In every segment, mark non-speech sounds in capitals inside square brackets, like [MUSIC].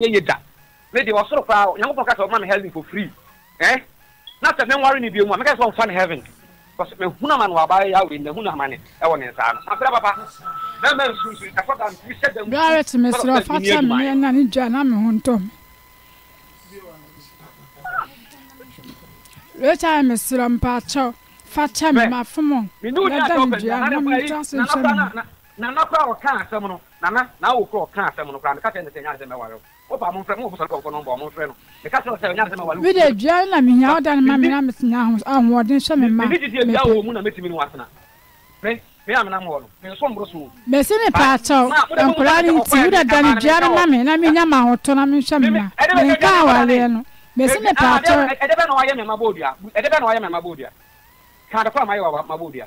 nye yie da ne deɛ ɔsoro koraa nyankopɔn kasa ɔma me heaven for free ɛn na sɛ mɛnware ne bio mu a mɛka sɛ ɔmfa ne heaven because mehunu ama no wabayɛ yɛ awei nahunu ama ne ɛwɔ ne nsaa no afrɛ papa na ma nsunsun ɛkɔ da ntumi hyɛ da mu garret mesrɛ ɔfa kyɛ me neɛ na ne dwa na me ho ntɔm rachel mesrɛ mpakyɛw fa kyɛ me mafom ɛda ne dua na metɔ se nhyɛ me nana koraa ɔka asɛm no nana na awo koraa ɔka asɛm no koraa meka kyɛ ne sɛ nya asɛm ɛware wo wopa mo mfrɛ mo wofosɔre pɔkɔ no mbɔ mo mfrɛ no meka sɛ sɛ ɔnyane sɛ ma wale wide dua na mehia wo da no ma mena mesena ahoɔden hyɛ me ma megye bia wɔ mu na mɛtumi no wasena me amena mɔ no menso mboro so mɛse ne paakyɛw nkɔraa no nti wode da ne dua no ma me na menya ma ahoto na menhwɛ me ma menka awareɛ no mɛse ne paakyɛw ɛdɛbɛ na wayɛ me ma bɔɔdua ɛdɛbɛ na wayɛ me ma bɔɔdua ka adekɔ a mayɛ wa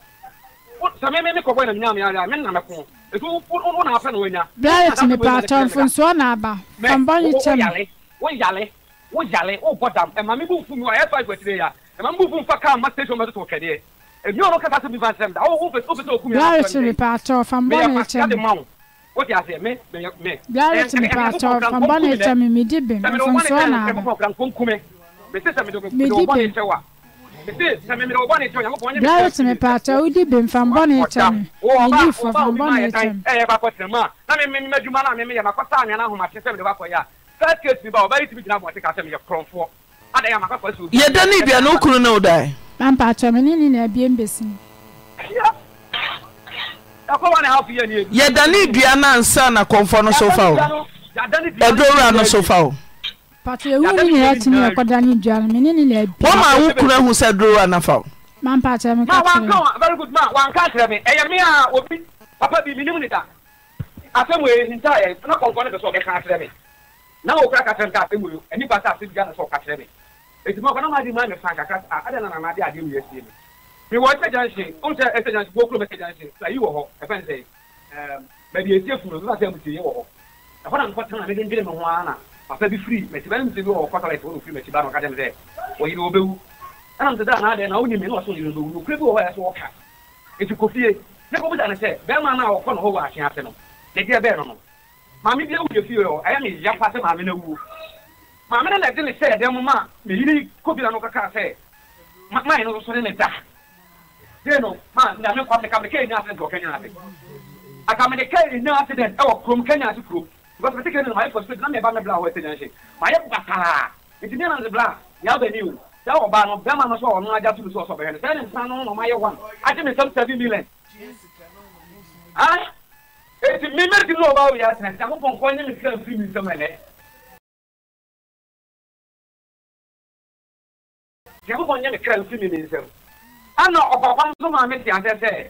sami mi mi kɔkɔ yɛlɛ nyaamu yaala mi nam ɛkò etu o na o nya. bia yɛ tumi paatɔ nfunsuo na aba fanba yi kyɛn mu. o yale o yale o bɔ dam ɛma mi wa o o fɛ o fɛ to o kun mi. bia yɛ tumi o ti a se mɛ mɛ mɛ. bia yɛ tumi paatɔ fanba yi kyɛn mu mi di bɛn nfunsuo Garrett mi paata o di bimfan bɔnni tɛn mi di fɔfan bɔnni tɛn. Ɛ yɛ bakɔ sinima na mi mi mɛ juma na mi mi yɛ makɔ saa ɲana ahoma sɛsɛ mi de b'a fɔ ya fɛn tiɲɛ tun b'a o b'a yi tibi jina mɔti k'a sɛ mi yɛ kɔrɔnfɔ a da yɛ makɔ kɔ su. Yɛ dɛ ni bi a n'o kunu n'o da yɛ. Ban paata mi ni nin na bie n bɛ sini. Yɛ dɛ ni bi a n'an sa na kɔnfɔ ni sofa o. Ɛdɔwura ni sofa o pàtó ewu mi nìyẹn ti ní ẹkọ dání duane mi ní nílẹ bi. wọn máa ń kúnra ehun sẹ dúró anafa. máa ń pa àtẹ mi ká tẹ. máa wà á kàn very good ma wà mi ẹ̀yẹ mi à òbí papa bíi mi ní mu nìta àfẹ́mu èyí nta ẹ̀ ẹ̀ kọ̀ọ̀kan níbi sọ ọ̀bẹ kàn tẹ mi náà òkúra kàtẹ́ nta àfẹ́mu yìí ẹni bá tà àfẹ́mu gánà sọ ọ̀kà tẹ mi ètùmọ̀ ọ̀kan náà máa di máa mi fan kàkà àdé nana náà adé àdé mi yẹ sí mi mi wọ ẹsẹ jansi ọhún sẹ ẹsẹ jansi gbókúrò mẹsẹ jansi sàyí wọ hɔ ẹfẹ nsẹ bẹẹbi esi efunu nípa sẹ mo ti yẹ wọ hɔ ẹfọ náà nkọ tán náà mi papa bi firi mɛti bɛ mi se bi wɔ kɔta la yi firi mɛti ba ma k'a dɛmɛ dɛ o yiri o bɛ wu ɛna n da n'a dɛ na ɲinɛ ne sɔn yiri o bɛ wu o bi wɔ hɔ yɛ sɔ ka eti ko fie ne ko bi da ne sɛ bɛrima n'a kɔ na wa tiɲɛ fɛ no ne diɛ bɛɛ nɔnɔ maami bi ewu de fie yɔ ɛyɛ mi ya pa se maami ne wu maami ne lɛ de sɛ ɛdɛ ma mɛ yiri ko bi la n'o ka k'a sɛ ma ma yɛ sɔ because mi ti kiri ni ma ye for spirit na mi ba mi bila awɔ ɛsɛ nyanse ma ye bataa nti mi na mi bila yaw bɛ ni o yaw wɔ baa no bɛɛ ma no so ɔno agya tulu so ɔsɔ bɛyɛ no sɛ ɛni nsa no na ɔma yɛ wan agye mi sɛm seven million ah eti mi mi ti ni o ba o yɛ asɛnɛ sako pɔnkɔ nye mi sika nfiri mi nsɛm ɛnɛ. sako pɔnkɔ nye mi kira nfiri mi nsɛm ɛna ɔpapa nso maa mi ti asɛ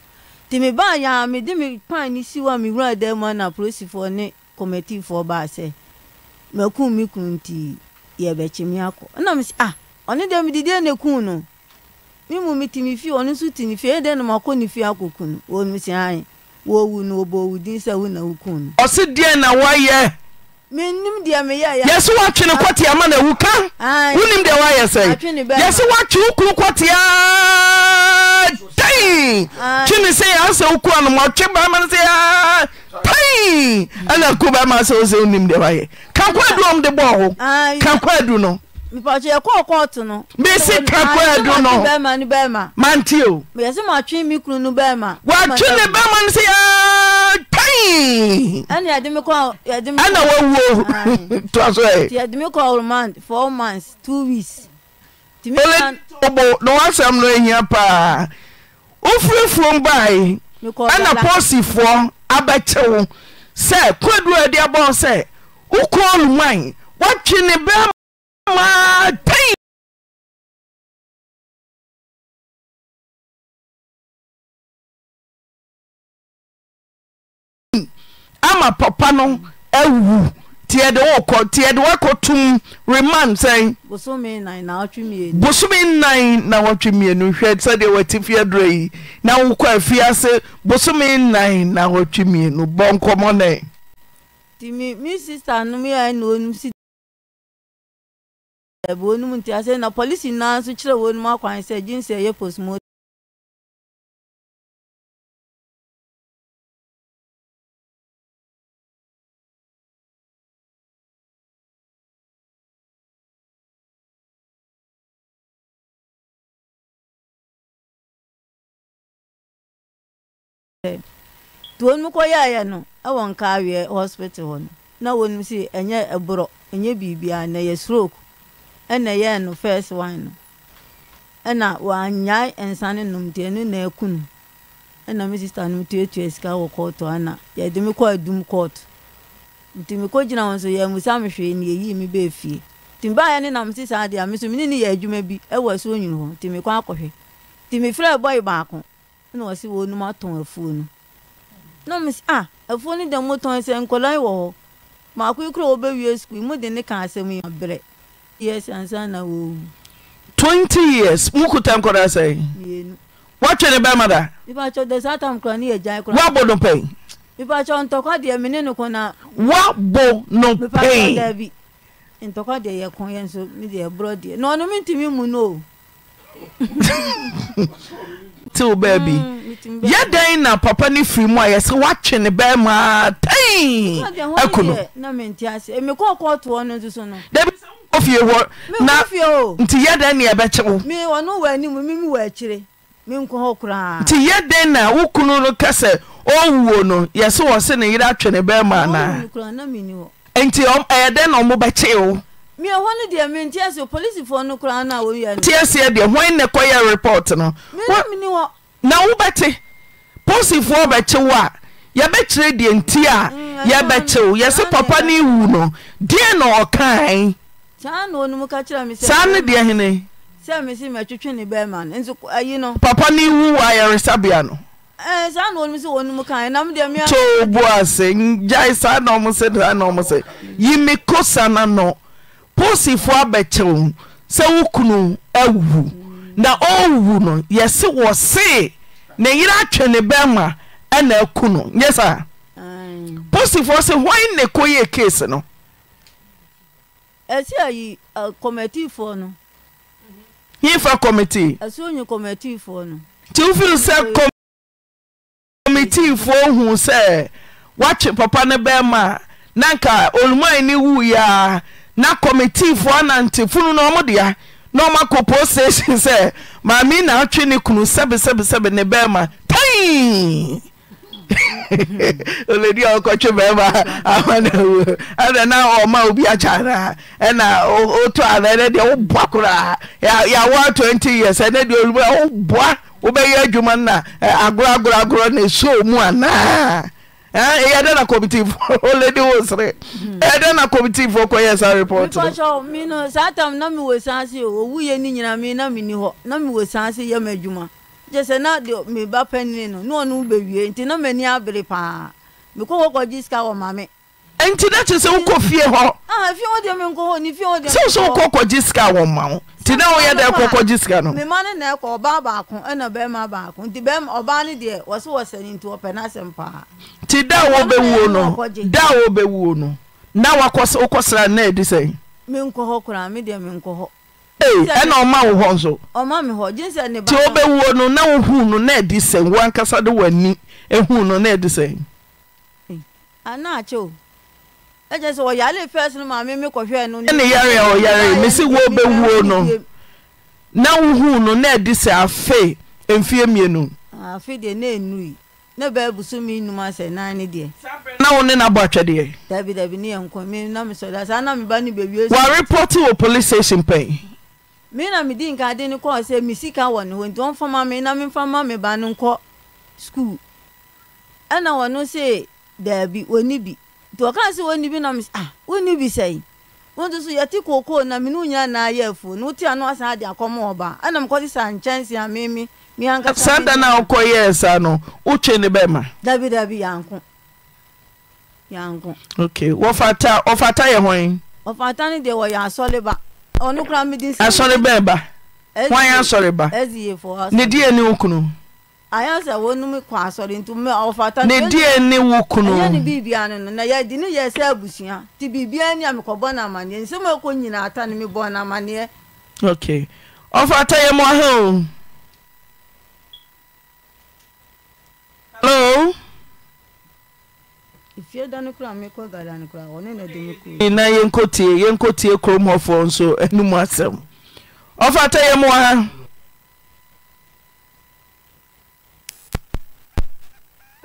tèmi báyà mi de mi kwan ni si wa mi wura dɛ mu na polisifoɔ ne kɔmɛtifoɔ baa sɛ mɛkun mi kun ti yɛbɛkye mi akɔ ɛna mi sɛ ah ɔne deɛ mi didi ɛna kun no mi mu mi ti mi fi ɔno nso ti mi fi ɛyɛ dɛ na ma kɔ ne fi akɔ kun no wɔn mi sɛ ayi wɔwu no wɔbɔ owu din sɛ wo na wo kun no. ɔsi deɛ na wayɛ. mi nim deɛ mi yɛ yɛ. yɛsi watwi ne kɔte ama na ewu ka. ayi wunim deɛ wayɛ sɛ. yɛsi watwi ukuru kɔte aa. twe ne sɛ yɛ asɛ wo ku anomɔɔtwe baima no sɛ yɛa tai ana ako baimaasɛ wosɛ wonim deɛ hɔyɛ ka ko ad ɔmde bɔhokakad no mɛse ka koadno mante woatwe ne baima no sɛ yɛaa a ana woawuo toasoɛbo na woasɛm no ahia paa wofirifuom bae ana posifoɔ abɛkyɛ wo sɛ koaduruade abɔɔ sɛ wokɔɔluman woatwe ne bɛmaa tai ama papa no tiɛ de wokɔ tiɛ de woakɔtom reman sɛn bosome nan na wɔtwe mmienu hwɛ sɛdeɛ wɔatifi adurɛ yi na wokɔ afie ase bosome nan na wɔtwe mmienu bɔ nkɔmmɔ ne me sister no meyɛ na ɔnum si ɛbɛ ɔnum nti asɛ na polisi naa nso kyerɛ wɔnum akwan sɛ gye nsɛ ɛyɛ postmod nti wɔn mu kɔ yɛɛyɛ no ɛwɔ nkaaweɛ hospital hɔ no na wɔn si ɛnyɛ ɛborɔ ɛnyɛ biribiara na ɛyɛ stroke ɛna ɛyɛ no first one no ɛna wɔanyae nsa ne nom deɛ no na ɛku no ɛna me sista no tuatua sika wɔ kɔɔto ana yɛde me kɔ adum kɔɔto nti me kɔ gyina wɔn so yɛ musa me hwee na yɛyi me bɛɛ fie nti mbaayɛ ne nam sisa adeɛ a me so me ne ne yɛ adwuma bi ɛwɔ ɛso onwini hɔ nti me kɔ akɔhwɛ nti me frɛ bɔyi baako ɛna wɔsi wɔn nom atɔn afuo no na ɔmo si ah afuo no dɛm tɔn sɛ nkɔlaa wɔ hɔ maako yi kura wɔbɛwie sukuu mu de ne ka asɛm yi abrɛ yɛ sansan na wɔwu. twenty years mu kuta nkɔlaa sɛ. mmienu. wɔatwe ne bɛrima da. nipa kyɛw de saa tam kura ne yɛ gyan kura. wɔabɔ no pɛn. nipa kyɛw ntɔkwa deɛ mi ne no na. wɔabɔ no pɛn. nipa kyɛw dɛbi ntɔkwa deɛ yɛ kɔn yɛ nso mi deɛ ɛborɔ deɛ na mi ntumi mu o. [LAUGHS] tew baabi yɛdɛn na papa no firi mu a yɛsɛ woatwe ne bɛmaa tai aku nodabifie hɔ nti yɛdɛn ne yɛbɛkye wo nti yɛdɛn na wo kunu no kɛ sɛ ɔwuo no yɛse wɔ se ne yere atwe ne bɛmaa naa nti ɛyɛ dɛn na ɔmo bɛkyee wo nteaseɛ deɛ hɔi ne kɔyɛ report nona wobɛte posifoɔ bɛkyewo a yɛbɛkyerɛ deɛ nti ayɛbɛkyewo yɛse papa no wu no deɛ na ɔkaesaa no deɛ hene papa no wu a yɛresabea no tobo ase ngyae saa nɔm sɛ saa nɔm sɛ yi me kosa na nɔ posifoɔ abɛkyɛwo sɛ wo kunu awuwu na ɔwuwu no yɛse wɔ see ne yera atwe ne bɛrima ɛna aku no nyɛ saa posifoɔ se hwan ne kɔ yɛ kase no ɛsi ayi kɔmitifoɔ no yimfa kɔmitii nti wofiri sɛ kɔmitifoɔ hu sɛ woatwe papa no bɛrima a na anka olumu aini wuiaa na kọmitii anantefunu no funu na ɔmakɔpo station sɛ maame na atwe ne kunu sɛbesɛbesɛbe ne bɛrima tai [LAUGHS] oledi a na ɔma obi akyara ɛna ɔtɔ ana ɛnɛ na woboa koraa wa 20 years ɛnɛ deɛ olumɛ adwuma na agorɔ agorɔ na ɛsuo mu ɛyɛ eh, eh, dɛ na kɔmitiifoɔ [LAUGHS] for lady sere ɛyɛ hmm. eh, dɛ na for kɔmitiifoɔ kɔyɛ saa report no. bikɔsɔ mi no saa tam na mi wɔ san se o wu yɛ ni nyina mi na mi ni hɔ na mi wɔ san se yɛ ma adwuma na de mi ba pɛ ne no na ɔno bɛ wie nti na ma ni abere paa mi kɔ kɔ kɔ gyi sika wɔ nti na kyerɛ sɛ wokɔ fie hɔ ah, sɛ wosɛ wokɔ kɔgye sika wɔ ma wo nti na woyɛ dɛ ɛkɔ kɔgye sika no mema ne na ɛkɔ ɔbaa baako ɛna bɛrima baako nti bɛrima ɔbaa no deɛ wɔse wɔsɛne nti wɔpɛ no paa nti da a wɔbɛwuo no da a wɔbɛwuo no na wakɔ wokɔsra na ɛdi sɛn menkɔ hɔ koraa me deɛ menkɔ hɔ ɛna ɔma wo hɔ nso ɔma me hɔ gye sɛ ne ba wobɛwuo no na wohuu no na ɛdi sɛn wankasa de w'ani ɛhuu no na ɛdi sɛn anaakyɛ ẹ jẹ sọ ọyàlẹ fẹsẹ ni maame mi kọhwẹ ẹnu. ẹni yẹrẹ ẹ ọyàrẹ mesi wo bẹ wuo no na huhu no na ẹdi sẹ afe mfie mienu. afe deɛ na enu yi ne bɛɛ busu mi num asɛ nan ne deɛ. na wo ne na bɔ atwɛdeɛ. dabi dabi ne yɛ nkɔ mi na mi sɔ da saa na mi ba ni beebi. wa report wɔ police station pɛn. mi na mi di nka adi ni kɔɔ sɛ mi sika wɔ ne ho nti wɔn fama mi na mi fama mi ba ni nkɔ school ɛna wɔn no sɛ dabi wɔn ni bi. nti ɔkaa sɛ wɔne bi nam ah wonni bi sɛi wonto so yɛte kookoo na mene wonyina naa yɛ afuo ne wotia no asan ade akɔm ɔba ɛnam kɔte sa nkyɛnse a meme saa da no a wokɔ yɛɛ saa no wotwe ne dabi dabi yanko yanko ok wɔfata ɔfata yɛ hɔn ɔfata no deɛ wɔyɛ asɔre ba ɔno kora mede asɔre bɛɛ ba hwan eh, ayasa wɔnom kɔ asɔre nti ɔfata ne die ne wo kunu ɛyɛ ne biribia na yɛde ne yɛ sɛ abusua nti biribia ni a mekɔbɔ no amịkọ nsɛm a ɛkɔ nyinaa ata no ok o na de me kuru na yɛnkɔtie yɛnkɔtie kurom [LAUGHS]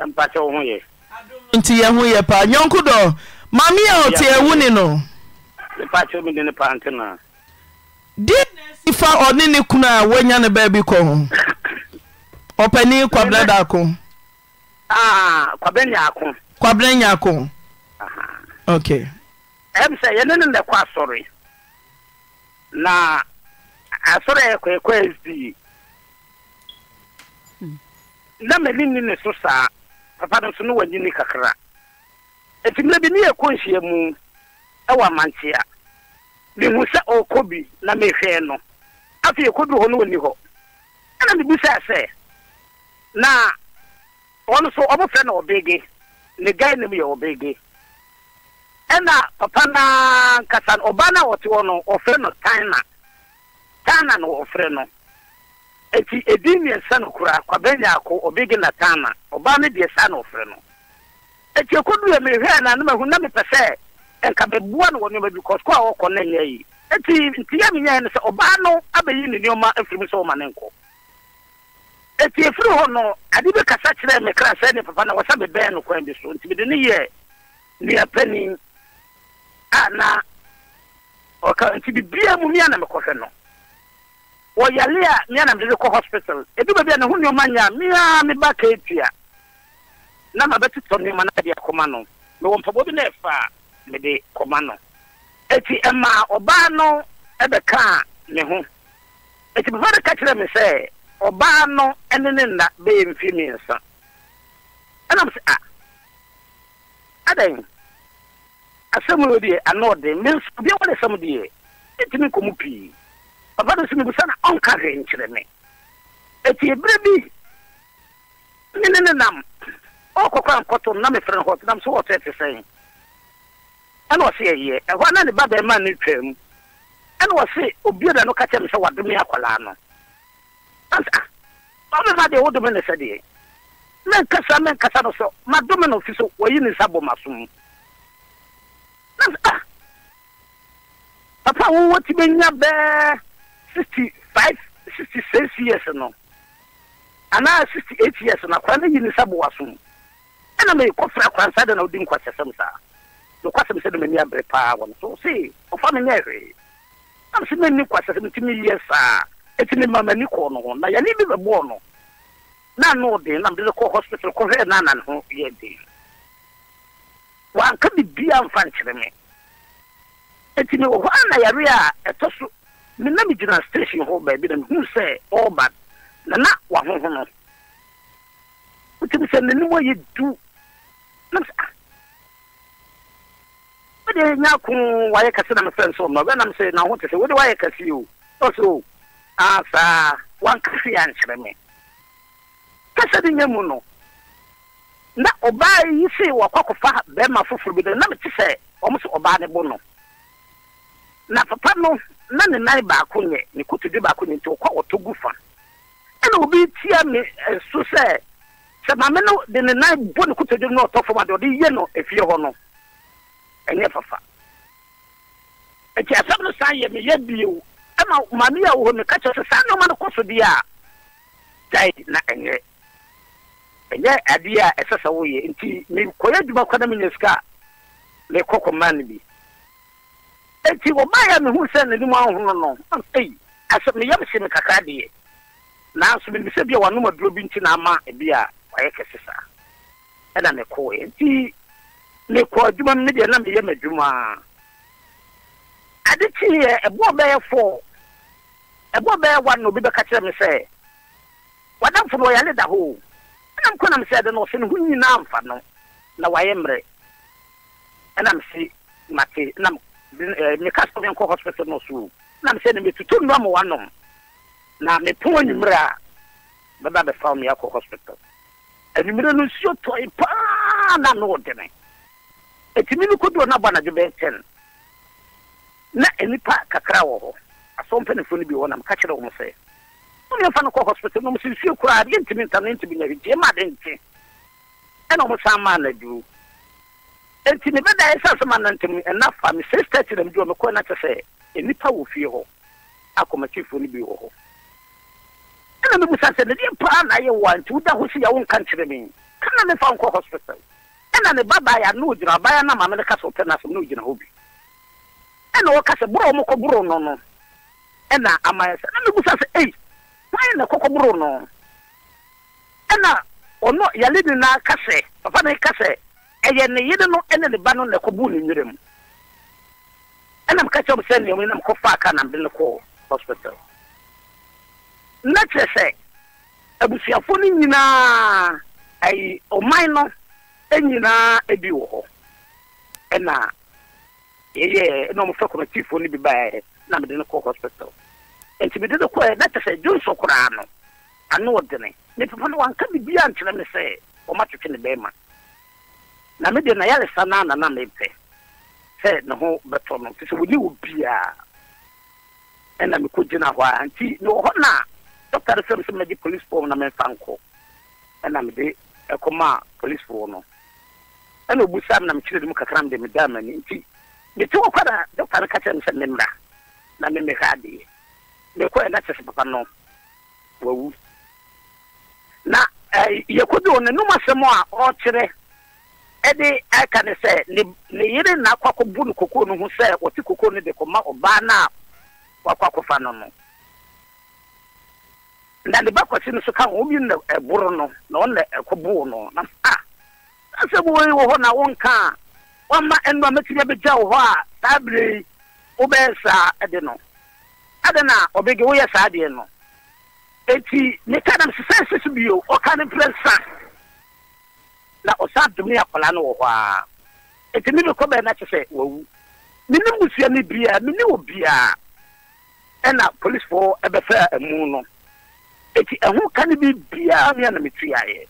mpakyɛ wo ho yɛ nti yɛ ho yɛ paa nyɔnko dɔ maame a ɔte ɛwu ne no mepakyɛ mede ne paa nte naa deɛ na asifa ɔne ne kunu a wanya ne baabi kɔ ho [COUGHS] ɔpani kwabena daako ah, kwabena nyaako kwabena nyaako ok ɛm sɛ yɛne ne ndɛkɔ asɔre na asɔre a yɛkɔɛkɔ asii hmm. na m'ani nni ne so saa papa no nso no w'ani ni kakra eti mmerɛ bi ne yɛ kɔ nhyia mu ɛwɔ e amante a mehu sɛ ɔrekɔ bi na mehwɛɛ no afei ɛkɔ bi hɔ no ɔni hɔ ɛna mebisaa sɛ na ɔno so ɔbofrɛ na ɔbege ne guy nim yɛ ɔbege ɛna papa na nkasa no ɔbaa no a ɔte hɔ no ɔfrɛ no tana tana na ɔfrɛ no eti edi mmiɛnsa no kura kwabɛnya ako obi gi na taama ɔbaa no deɛ saa na ɔfrɛ no eti ekodu yɛ mehwɛ na anam ehu na mepɛ sɛ nka bɛboa no wɔ nneɛma bi kɔsɔ a ɔkɔ ne nyɛ yi eti ntia mi nyɛ no sɛ ɔbaa no abɛyi ne nneɛma efiri mu sɛ ɔma ne nkɔ eti efiri hɔ no ade bi kasa kyerɛ mi kra sɛ ne papa na wɔsa bɛbɛn no kwan bi so nti mede ne yɛ nua panyin a na ɔka nti bibia mu mia na mekɔhwɛ no wɔyɛle a mea na mede kɔ hospital ebi baabi a ne ho nneɔma nyɛ a mea meba ka atua na mabɛtotɔ nneɔma no ade akɔma no mewɔ mpaboa bi na ɛfa a mede kɔma no eti ɛmaa ɔbaa no ɛbɛkaa ne ho eti bɛfa de ka kyerɛ me sɛ ɔbaa no ɛne ne nna bɛyɛ mfe mmiɛnsa ɛnam sɛ a adɛn asɛm wɔ deɛ anɔɔden me nso obiara wɔ ne sɛm deɛ ɛtumi nkɔ mu pii papa do so mebisa na ɔnka hwee nkyerɛ me ɛti ɛberɛ bi ne ne ne nam ɔkɔkɔ ankɔto na mefrɛ no hɔ nam so wɔtɔ ɛte sɛn ɛna ɔse ɛyɛ ɛhɔ na ne ba bɛma no twa mu ɛna ɔse obi da no ka kyɛ me sɛ wadome akɔlaa no ansa ɔbɛma deɛ wodome ne sɛdeɛ menkasa menkasa no sɛ madome no fi so wɔyi ne nsa bɔ maso mu nansa ah! papa wowɔ ti bɛnya bɛɛ sixty five years no anaa sixty years no yi ne nsa so mu ɛna mɛ kɔfra nsa de na wodi nkwasɛsɛm saa sɛ abere paa wɔ no so se ɔfa nyɛ hwee na mesɛ mani kwasɛsɛm ntimi yɛ saa ne na yɛne bi bɛbɔɔ no na ano den na mede kɔ na ne ho yɛ den wanka bibia mfa nkyerɛ me ɛti me wɔ hɔ na yare a mi nami megyina station hɔ baabi na mehu sɛ ɔreba na na wahoho no wotumi sɛ n'anim ayɛ du na mesɛ ah wode nya ko wayɛ kɛse na mefrɛ nsɛ ɔmna wɛnam sɛ naho te sɛ wode wayɛ kɛse o ɔsɛ o oh, asaa wankase yɛ ankyerɛ me kasa de nya mu no na ɔbaa yi se wakɔkɔfa bɛrima foforɔ bi no na mete sɛ ɔmo sɛ ɔbaa ne bo no na papa no na ne nan baako nyɛ ne kotodwe baako nyɛ nti ɔkɔ ɔtɔ gu fa ɛna obi tia me nso eh, sɛ sɛ maame no de ne nan bɔ ne kotodwe no ɔtɔ fam ade ɔde yɛ no efie hɔ no ɛnyɛ fafa nti asɛm no san yɛ me yɛ bio ɛma maame yi a wɔwɔ me sɛ saa nneɛma no kɔ so deɛ a gyae na ɛnyɛ ɛnyɛ adeɛ a ɛsɛ sɛ woyɛ nti mekɔyɛ adwuma kɔ na menya sika mekɔ kɔmaa no bi eti ọbaa ya mehu sị n'anim ahụhụ no eyi asị m yam si m kakra deɛ nanso mbisa bi a wanom aduro bi nti na-ama ebi a wayɛ kɛse saa ɛna ne kɔɔ yɛ nti ne kɔ adwuma mu ne deɛ na meyɛ m'adwuma ade kyi yɛ ɛboɔ bɛyɛ fɔɔ ɛboɔ bɛyɛ wa na obi bɛka kyerɛ me sɛ wadamfo no ɔyɛ ne da hɔ ɛna mkɔ nam sɛ ɛde no ɔsɛ ne ho nyinaa mfa no na wayɛ mmerɛ ɛna msi mate na mkɔ meka sɛ menkɔ hospital no so na mesɛ ne metutu nnua ma wanom na mepo anwummerɛ a bɛba bɛfa me akɔ hospital anwummerɛ no nsuo tɔe paa na no wo dene ɛtumi no kɔduɔ no abɔ anadwo bɛyɛ ten na nnipa kakra wɔ hɔ asɔmpanifoɔ no bi wɔ na meka kyerɛ wo m sɛ womemfa no kɔ hospital no msɛ nsuo koraa deɛ ntimi ntam no ntimi nya hwenti ɛma de nte ɛna ɔmo san maa naduru nti ne bɛda yɛ sɛ asɛm anantam ɛna fa me six thirty na mede ɔmekɔ no kyɛ sɛ nnipa wɔ fie hɔ akɔmakyifoɔ no bi wɔ hɔ ɛna mebusa sɛ nadeɛ paa na ayɛ a nti woda ho si yɛ wonka nkyerɛ me kana ne fa nkɔ hospital ɛna ne babaayɛ ne ogyina abaayɛ no ama me no ka sɛ ɔpɛ no asɛm ne ogyina hɔ bi ɛna wɔka sɛ borɔ mokɔ borɔ no no ɛna amayɛ sɛ na mebusa sɛ ei hwan na kɔkɔ borɔ no ɛna ɔno yɛle ne na ka sɛ papa ne ka sɛ ɛyɛ ne yere no ɛne ne no na ɛkɔbu ne nwere mu ɛna m sɛ na mekɔfa aka na mde no hospital na kyerɛ sɛ no nyinaa ayi ɔman no nyinaa ebi wɔ hɔ ɛna yɛyɛ ɛna ɔmfa kɔmatifoɔ no bi na mede no kɔɔ hospital nti na kyerɛ sɛ koraa no ano ne papa no sɛ ne na me de na yɛresa no ana e na mepɛ sɛ ne ho bɛtɔ e e no nti sɛ wɔne wo biaa ɛna mekɔgyina hɔ a nti mewɔ hɔ no dɔkta de sɛm sɛ mɛgye police pɔ na memfa nkɔ ɛna mede ɛkɔmaa police pɔ no ɛna obusaa me na mekyerɛ no mu kakra mede medaa m'ani nti mete wɔ kɔda dɔkta no ka kyerɛ me sɛ memmra na memmɛhwɛ adeɛ mekɔɛ na kyɛ papa no wawu na yɛkɔ bi wɔ n'anum asɛm a ɔrekyerɛ ɛde ɛka ne sɛ ne yere na akɔkɔ bu no koko no ho sɛ wɔte koko no de kɔma ɔbaa no a wakɔ akɔfa no no na ne ba kɔsi no so ka wɔn bi na ɛboro no na wɔn na ɛkɔboo no na a asɛm wɔyi wɔ hɔ na wɔnka a wɔma nneɛma ti abɛgya wɔ hɔ a saa bere yi wobɛyɛ saa ɛde no ɛde na ɔbɛgye woyɛ saa deɛ no eti ne ka na sisɛ sisi bio ɔka ne pere nsa. na ɔsan dumi akwadaa no wɔ hɔ a eti mi kɔ bɛyɛ n'akyɛ sɛ wawu mi ni musua ni bia mi ni wo bia ɛna polisifoɔ ɛbɛfɛ ɛmu no eti ɛho ka ne bi bia mi a na mi tu yɛ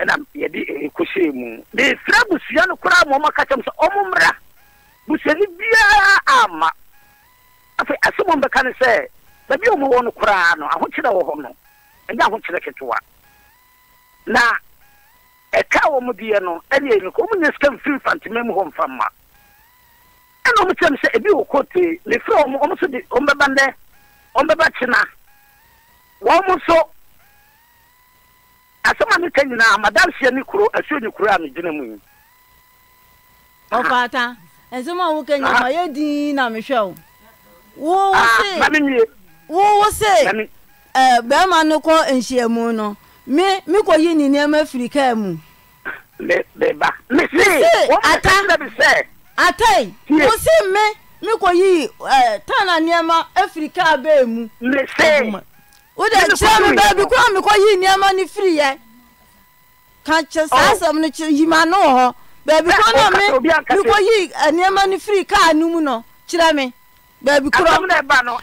ɛna yɛde ekosie eh, mu de sira busua no koraa mu ɔmo akakyɛ mu sɛ ɔmo mmra busua ni biara ama afei asɛm ɔmo bɛka ne sɛ baabi a ɔmo wɔ no koraa no ahokyerɛ wɔ hɔ no ɛnyɛ ahokyerɛ ketewa na. ɛka wɔ mu deɛ no ɛne ɛnu kɔ ɔmo nyɛ sika mfiri fantima mu hɔ mfamma ɛna ɔmo kyerɛ ebi wɔ kɔtee mefrɛ ɔmo ɔmo so de bɛba ndɛ bɛba kyena wɔn asɛm a nyinaa ne kuro asuo ne kuro a gyina mu yi a nyinaa ah. din na mehwɛ wo wo wo ah, se wo wo se ɛɛ eh, bɛrima no kɔ nhyiamu no me me ko yi neneɛma afiri ka muatai u si me me ko yi tana nneɛma afiri ka bemu od krɛme baabi kurɔ meko yi neɛma ne firi ɛ yima neɔ hɔ babi kro nmiko yi aneɛma ne firi ka nimu nɔ kyerɛ me baabi krɔ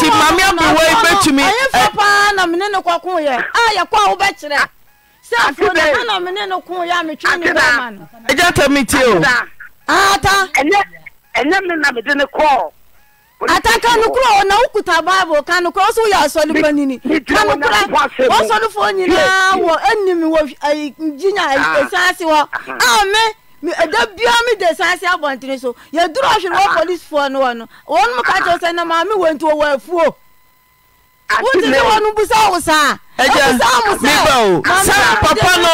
ti mame abewa yi na mene ne a yɛkɔ sɛ mene ne a no ata ɛnyɛ na mede ne kɔɔ ata ka nokora na wokuta bible ka nokora o. sɛ woyɛ asɔlepa nini ka nokora wɔsɔlefoɔ nyinaa wɔ wɔ ɛda eh, biaa mede abụọ se abɔntene so yɛduro ɔhwere wɔ policefoɔ no ah. wɔ no wɔnom ka kyɛw sɛ namaa me wɔ nti wɔwɔ afuo wote sɛ wɔno sa wo saa ɛgyamebao papa no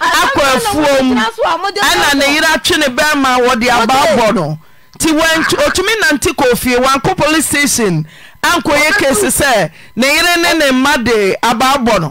akɔ afuom ana ne yera twe ne bɛrima wɔde abaabɔ no nti otumi nante kɔfie wankɔ police station ankɔyɛ kesi sɛ ne yere ne ne mma de abaabɔ no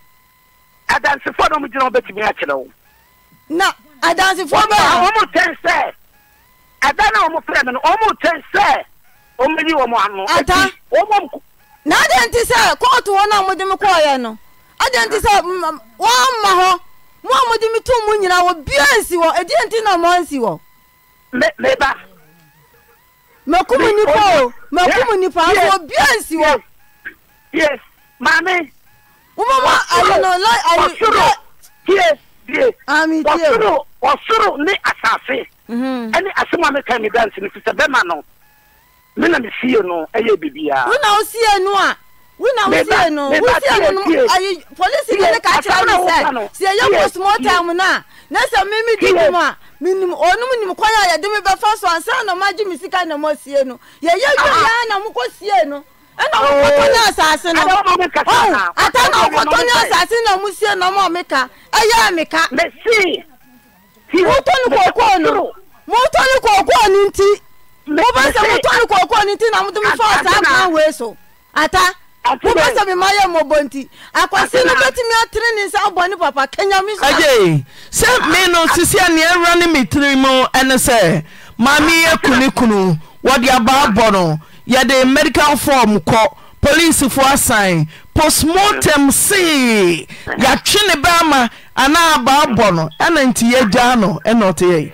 adansifoɔ na ɔmo gyina hɔ bɛtumi akyerɛ wo. na adansifoɔ bɛ a. ɔmo tɛn sɛ ɛda na ɔmo pɛrɛ mi no ɔmo tɛn sɛ ɔmo yi wɔn ano. ata ɔmo. na adan ti sɛ kóòtù hɔ na ɔmo de mi kɔɔ yɛ no adan ti sɛ wɔn ma hɔ mo a mo de mi tu mu nyinaa wɔ bia nsi wɔ edi nti na ɔmo nsi wɔ. mɛ mɛ ba. mɛkumu nipa o mɛkumu nipa o wɔ bia nsi wɔ. yes maame wọ́n ayé náà láì ayé. ọ̀ṣọ́rọ̀ díẹ̀ díẹ̀ ọ̀ṣọ́rọ̀ ọ̀ṣọ́rọ̀ ní àṣàṣe mhm. ẹni àṣemọ́mí kan mi dáǹtì ní sísẹ bẹ́ẹ̀ máa nọ mí nà mí sí yẹn ẹ yẹ bìbí ya. wọ́n náà ó sí yẹn nù à wọ́n náà ó sí yẹn nù wọ́n sí yẹn nù ayé polisi ní ká kyerẹ́ mi sẹ́ sí ẹ yẹ kó small time náà n'ẹsẹ̀ mi mi di mu a mi nim onum nim kwan a yẹ de bẹ fọ so ansa na ọmọ agye mi sika na ọmọ sie no yẹ yẹ dwa yẹ na ọmọ kọ sie no. ɛna ɔmokɔtɔ ne asase no ata na ɔkɔtɔ na ɔmosie na ɔma ɔmeka ɛyɛ meka motɔ ne kookoo no motɔ sɛ motɔ ne na mode mefaa saa kan wei so ata wobɛ sɛ mema yɛ mmɔbɔ nti akwase ne ɛwura ne metiri mu ɛne sɛ maame yɛ kunu kunu wɔde abaa no yɛde medical form kɔ policefoɔ asane postmortem see yɛatwe ne bɛ ama anaa abaabɔ no ɛna nti yɛagyaa no ɛna ɔte yɛi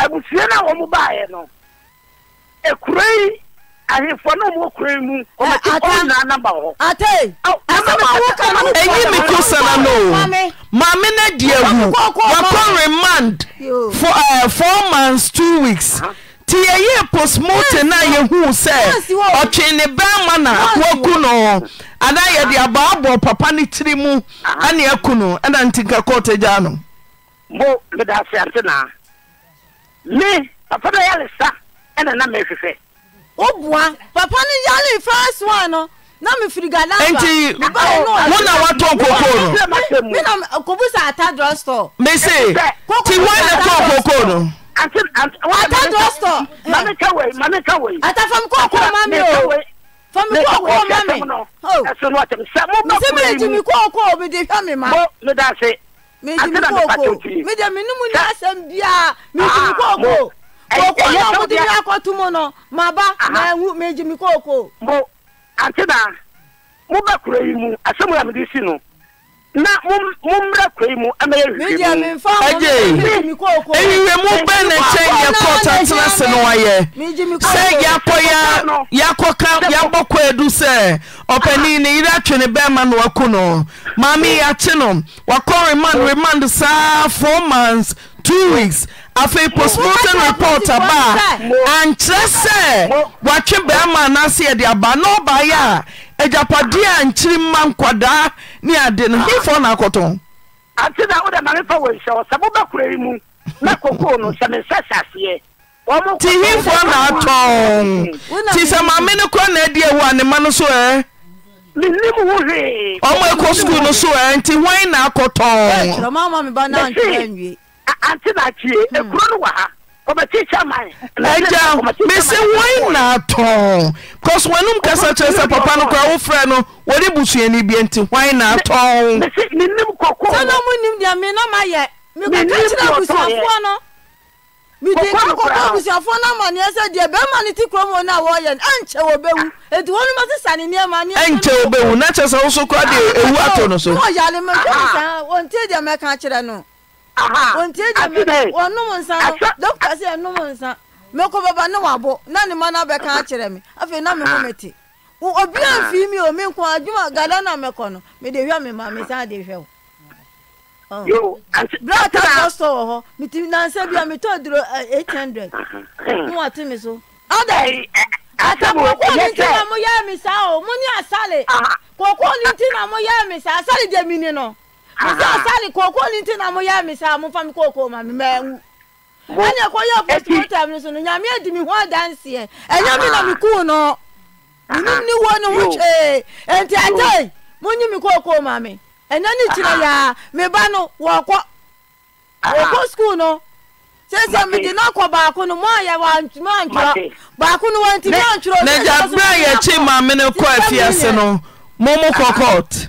abusua no a wɔn baeɛ no ekuro yi ɛyi eh, me kosana no o maame uh, uh-huh. no adeawuwakɔ remand f months t weeks nti yɛyɛe postmote na yɛhuu sɛ ɔtwee ne bɛrɛma na akoa ku no anaa yɛde abaabɔɔ papa ne tire mu uh-huh. ane ku no ɛna ntinkakɔ ta gya no o bua papa ni yali first one no na mi firi gada ba nti wọn na wa tọ koko no. mi na kobu sa ata drug store. mi se ti wọn na tọ koko no. ata drug store. mami kawe mami kawe. ata fam koko mami o fami koko mami. Oh. mi se mi le jimi koko mi de hwẹ mi ma. mi jimi koko mi de mi numu ni asem bia mi jimi ah, koko. ọkọ náà mo ti ní akọ́tún mu nọ mà na ah, ah. mà ma eji mi kókó. mo àti na mo bẹ kura yi mu yà mi di si na mo mmerɛ kura yi mu ɛmɛ yɛ hwehwɛ mu ɛgye eyiwe mu bɛ ne nkyɛn yɛ kɔ tantena se no ayɛ sɛ ya yakɔ ka yabɔ kɔ edu sɛ ɔpanin ne yiri atwe ne bɛrima na waku no maame yɛ akyi no wakɔ remand remand saa four months two weeks afei postmortem report aba a ankyerɛ sɛ watwe bɛrima anaasɛ yɛde aba na ɔbaeɛ a agyapadeɛ a nkyiri mma nkwadaa ne ade no hefoɔ na akɔtɔn ate na wode ma mefa wɔ nhyɛ sɛ mobɛkora yi mu na kokoo no sɛ mesɛ saseɛ ti hefoɔ na atɔn ti sɛ maame no kora na adi awu a ne ma no so ɛ eh? ɔmo ɛkɔ sukuu no so ɛ eh? nti hwan na akɔtɔn ante na akyie ekuro no wɔ ha kɔmɛti chairman. ɛgya mesi wɔn na atɔn kɔsu wɔn anum kasa kyerɛ sɛ papa no kora wofrɛ no wɔde busuani bi nti wɔn na atɔn. mesi mi nim kɔkɔɔ. sɛnɛ mo nim deɛ mi nam ayɛ mi kɔ kɛkyerɛ abusuafoɔ no mi di ka kɔkɔ abusuafoɔ no ama neɛ sɛ deɛ bɛrima ne ti kurom wɔn a wɔyɛ no ɛnkyɛ wɔ bɛwu etu wɔn mo sisan ne nneɛma ne. ɛnkyɛ wɔ bɛwu n'akyɛ sɛ wosokoa de ewu atɔ no so. n'oyale mi kɔmi sàn wɔn ti deɛ mɛka kyerɛ no. nti eji mmiri ọnụm nsa dọkịta si ọnụm nsa mmekọ baba ne wabọ na ne mma na abịaka akyerɛ m afei na mmekọ mete obi a mfi mi omi nkwa adwuma gada na mmekọ no mede hwɛ me maame san de hwɛ o. brata bɔ store wɔ hɔ meti nansa bi a metɔ duro eh, eight hundred mo wa te mi so. ɔdɛ eh, eh, atakɔkɔ ni ti na mụ ya mi o mụ ni asale kɔkɔ ni ti na mụ ya mi saa asale de mi ni no. musa asali ah! koko ni ti na mo yɛ mi sa mo fa mi koko ma mi mɛ nwu ɛni ɛkɔ yɛ postmortem ni so no nyame edi mi ho adanseɛ ɛnyɛ mi na ah! mi kuu no minim ah! ni wo ni ho twee nti ɛtɛ mo nyi mi koko ma mi ɛnyɛ ni kyerɛ yaa mi ba no wɔkɔ wɔkɔ sukuu no sese mi di n'akɔ baako no mu ayɛ wa ntoma ntwerɛ baako no wa ntoma ntwerɛ. n'egya abira yɛ kye maame no kɔ efiase no mo mu kɔ court.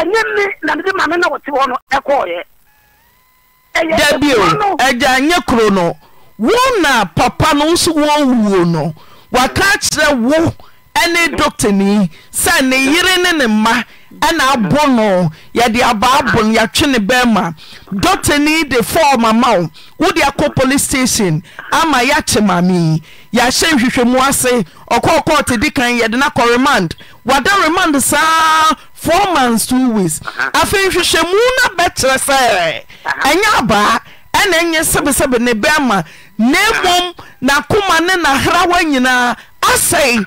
enye me na mede ma me na wɔte hɔ no ɛkɔɔyɛ dabi o agya nyɛ kuro no wọn na papa no nso nọ no waka akyerɛ wo ne doktani sɛ n'i yere na ne ɛna abo no yɛde abaabo no yɛatwe ne bɛrima dɔktani de fɔɔ mama wo wode akɔ police station ama yɛakye yɛahyɛ nhwehwɛmu ase ɔkɔɔkɔɔ te di kan yɛde remand wada four months two weeks uh-huh. afei nhwehwɛ mu na bɛkyerɛ sɛ uh-huh. ɛnyɛ abaa ɛna ɛnyɛ sɛbesɛbe ne bɛrima na uh-huh. mmom n'akoma ne n'aharawa nyinaa asɛe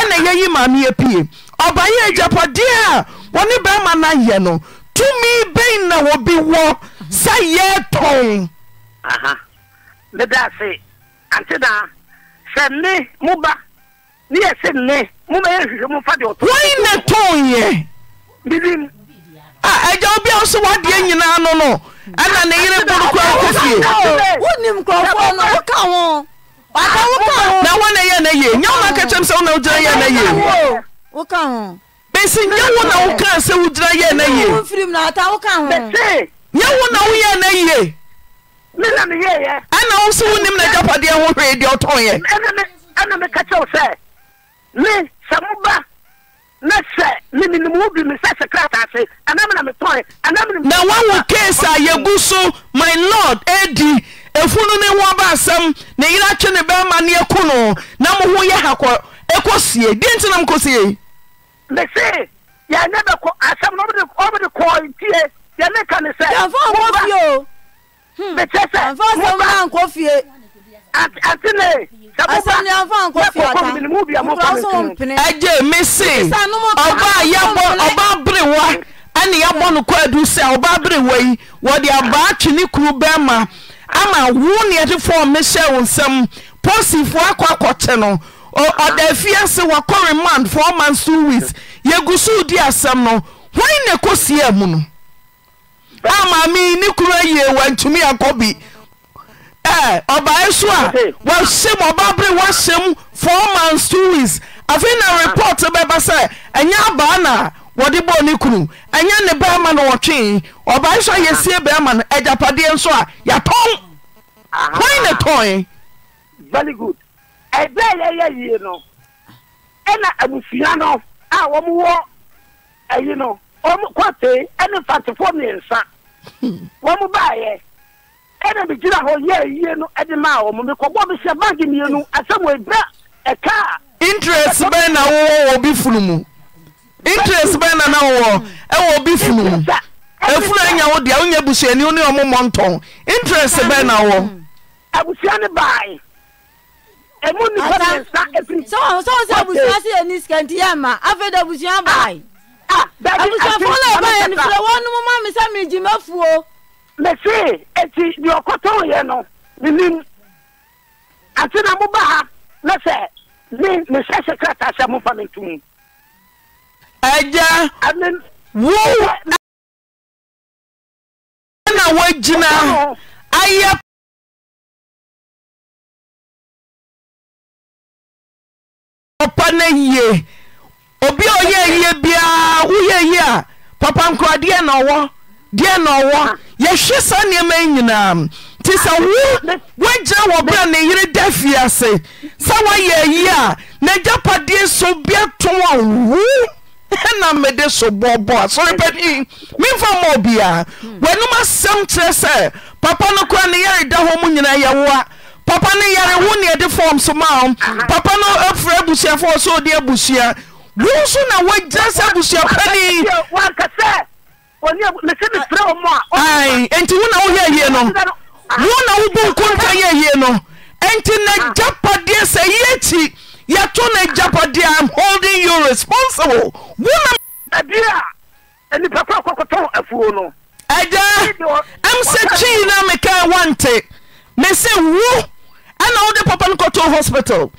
ɛna yɛyi maame yɛ pie ɔbayɛ a wɔne bɛrima no ayɛ no tumi bɛn na wɔbi wɔ sɛ yɛ tɔn. meda ase ante da sɛ nne mo ba ne yɛ sɛ nne mo bɛyɛ nhwehwɛ mo fa deɛ ɔtɔ. na tɔn yɛ. agya obia wo so woadeɛ nyinaa no no ɛna ne yere boro koraa kɔ fie na wone yɛ na ye nyɛ wona ka kyɛm sɛ wona wogyina yɛ na ye bɛsi nyɛ wo na wokaa sɛ wogyina yɛ na ye nyɛ wo na woyɛ na ye ɛna wo so wonim na agyapadeɛ ho hwee deɛ ɔtɔnyɛ na sɛ miminim wo bi mi sɛ sekrata ase anam na metɔe anam na wawo case a yɛgu so my lord adi efunu ne ho aba asɛm ne yere atwe ne bɛrima ne ɛko no na mo ho yɛ hakɔ ɛkɔ sie deɛ nti na mokɔ sie mese yɛanyɛ bɛkɔ asɛm no ɔmde kɔɔ ntie yɛne ka ne sɛ hmm. mekyɛ sɛ ɛgye me se ɔba yɛbɔ ɔba berewa ɛne yɛbɔ no kɔ adu sɛ ɔba berewa yi wɔde abaa twe ne kuru bɛrima ama wo neɛdefoɔ me hyɛ wo nsɛm posifoɔ akɔ akɔte no ɔda afie se wɔkɔ remand four months two weeks yɛgu so di asɛm no hwan na ɛkɔsiea mu no a maame ne kuru ayie wantumi akɔ bi ọbaa so a wɔahyɛm ɔbaabere wɔahyɛm four months two weeks afei na report bɛba sɛ ɛnyɛ abaa na wɔde bɔɔ ne kunu ɛnyɛ ne bɛrima na wɔtwee ɔbaa so a yɛsie bɛrima no agyapadeɛ nso a yɛtɔn wɔn na tɔn. very good ɛbɛɛ yɛyɛ yie no ɛna abusua no a wɔn wɔ ɛyi no wɔn kɔtee ɛne fatifoɔ mmiɛnsa wɔn baayɛ. ɛna megyina hɔ yɛ yie no de maa wɔ mo mekɔbɔ me hyɛ baage mmienu asɛm ɛbra ɛka a interest bɛn na wowɔ wɔ obi funu mu interest bɛn na na wowɔ ɛwɔ e bi funu mu ɛfunu anya wo deɛ wonya busuani wo ne ɔmomɔ ntɔn interest bɛn na wɔ abusua ne bae ɛmu nipa ne nsa ɛfiri sɛ wɔn sɛ abusua si ani sikanti yɛ ma afei de abusua bae abusuafoɔ na ɛbaeɛ no frɛ wɔn no mo ma me sɛ efuo. mese eti deɛ ɔkɔtɔn yɛ no minim ante na mo ba ha na sɛ ne ne sɛ sekrata sɛ mo fa mi tum. ɛgya wo na wogyina ayɛ papa no yie obi a ɔyɛ yie biara woyɛ yie a papa nkoradeɛ na ɔwɔ deɛ na ɔwɔ yɛhwɛ saa nnoɔma yi nyinaa nti sɛ wo woagyina wɔberɛ ne yere da fie ase sɛ woayɛ ayi a ah. nagyapadeɛ eh? so biato a wo ɛna mede so bɔɔbɔ a sɔre pani memfa mma obiaa w'anom asɛm kyerɛ sɛ papa no kora ne yareda hɔ mu nyinaa yɛwoa papa no yare wo neɛde fam so ma o um, ah. papa no afiri abusuafoɔ sɛ ode abusua wo so na woagyina sɛ abusua ntiwona woɛ ie no wo na wobunko nta yɛ hie no nti na ah. yapadeɛ sɛ yɛti yɛto ne yapadeɛ im hlding you responsible agya msɛkyiina a meka wante mese wu ɛna wode papa no kɔto hospital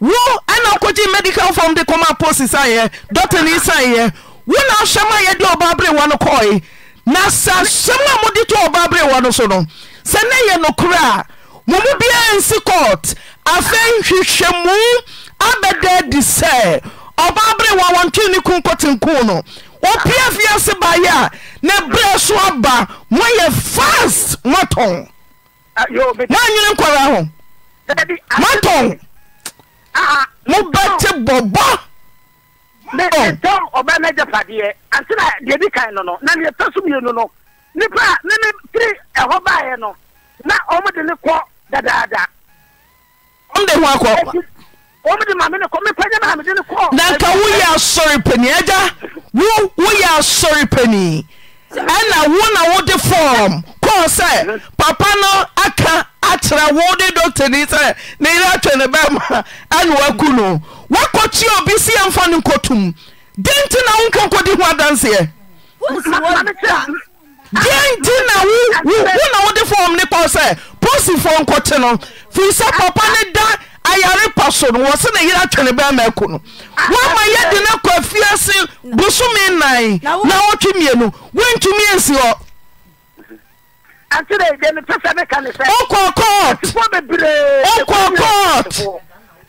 wo na wokɔkyi medical form de kɔmaposi saneɛ dnesaneeɛ wona asɛm a yɛde ɔba bere wɔ no na sa asɛm a mode to ɔba bere wɔ no so no sɛ nɛ yɛ nokorɛ a mo mu biaa nsi cort afei nhwehwɛ mu abɛda adi sɛ ɔba bere wɔ wɔntwe ne ku nkɔtenko no wɔpia fiase baeɛ a ne berɛ so aba moyɛ fast motɔn moanyere nkɔra ho motɔn mobɛte bɔbɔ ne ne tɔn ɔbaa n'agya padeɛ ante na deɛ di kan no no na deɛ tɔ so mmienu no nipa ne ne tiri ɛhɔ baayɛ no na wɔn de ne kɔ dadaada. wɔn de ho akɔ. wɔn de maame ne kɔ mepa nye maame de ne kɔ. na nka woyɛ asɔre panyin agya wo woyɛ asɔre panyin ɛna wo na wo de fɔɔm kɔɔ sɛ papa no aka akyerɛ wo de dɔkita ni sɛ ne yɛrɛ atwa ne bɛɛ ma ɛna waku no woakɔkyea obi si yɛmfa no nkɔtom Denti na na wonkɔnkɔdi ho adanseɛ deɛ nti na wona wode fom ne kpaw sɛ posifoɔ nkɔte no firi sɛ papa ne da ayare pa so no wɔ se ne yera atwene bɛama ako no woama yɛde ne kɔ afiase bosome nan na wɔtwe mmienu wontumi ansi hɔ wokɔ kɔɔt wokɔ kɔɔt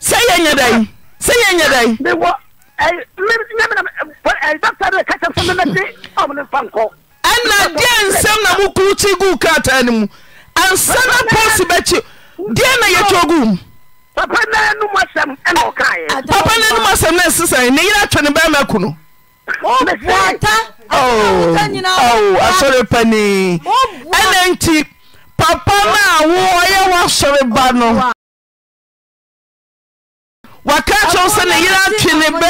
sɛ yɛ nyɛdai sɛ yɛ nyɛ dai ɛna deɛ nsɛm na mokuro ti guu kaataa ne mu ansa na posi bɛkyi deɛ na yɛtɔ guu mu papa na nomu asɛm na ɛse saei ne yera atwɛ ne bɛi ma aku no asɔre pane ɛna nti papa no a woɔ yɛ hɔ asɔre ba no waka kyɛw sɛ ne yera atwe ne bɛ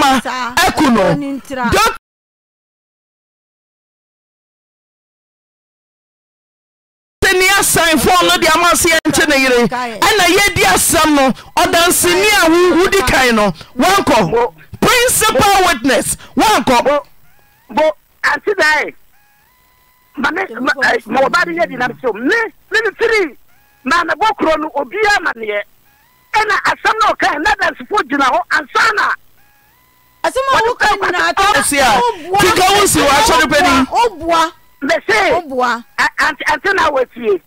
ma aku no dɔk ni asanfoɔ no de ama se yɛnkye ne yere ɛna yɛdi asɛm no ɔdanseni a wodi kan no wankɔ principal witness wankɔ bo, bo, ma ɔba no di nam me me ne tiri maamebɔ kuro no obiaa ma neɛ ɛna asɛm na ɔkae na dansefoɔ gyina hɔ ansa na tika wo si wɔasɔre pani mese ante na watie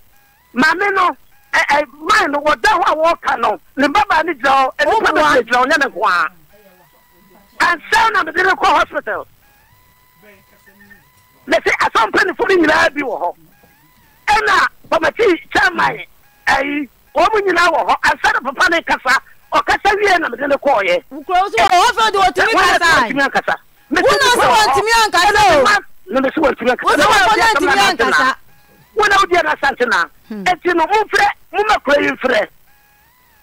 maame no man no wɔda hɔ a wɔɔka no ne babaa no gyina hɔ ɛnipa bɛgyina hɔ nyɛ ne nko a na mede ne kɔ hospital na sɛ asɔmpanifo no nyinaa bi wɔ hɔ ɛna pamati chairman ayi wɔn mu nyinaa wɔ hɔ ansa na papa ne kasa ɔkasa wie na mede ne kɔɔyɛ nkuro so wɔ hɔ fɛ de wɔtumi kasa wona sɛ wɔntumi ankasa o na mesi wɔntumi ankasa na wɔn ntumi ankasa wona wodi ana santena eti no mofrɛ moma kura yi mfrɛ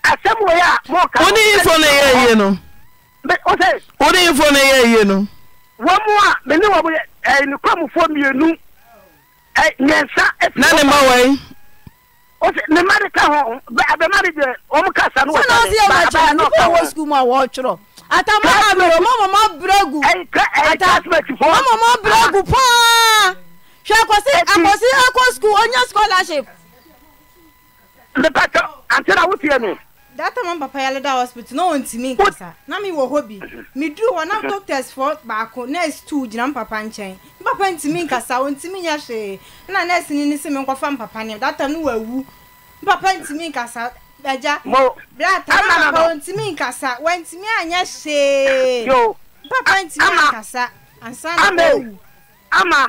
asɛm wɔ yɛ a mɔka wone info no yɛ yie no wone info no yɛ yie no wɔn mu a mene wɔn mu yɛ nkwamufo mmienu nyansa efi. na ne mba wa yi. o sɛ ne mma de ka ho abɛma de deɛ wɔn kasa no wɔ sɛ ne ba abɛma no ɔka ho. wɔ sukuu mu a wɔretwerɛ atama abere mo mɔmɔ bregu mo mɔmɔ bregu ah. paa hwɛ akɔsi akɔsi akɔ sukuu onya scholarship. ne ba tɔ antena wotia no that time papa yà da hospital náà wọ́n ti mi nkasa náà mi wọ hɔ bi mi duru hɔ náà doctors fɔ baako nurse two gyina papa nkyɛn papa nti mi nkasa wọ́n ti mi nya hwee ɛna nurse ni ne se mi nkɔfa papa ne that time no wɔ awu papa nti mi nkasa ɛgya bla time papa wọ́n ti mi nkasa wọ́n ti mi anya hwee papa nti mi nkasa ansa na ɔwu. ama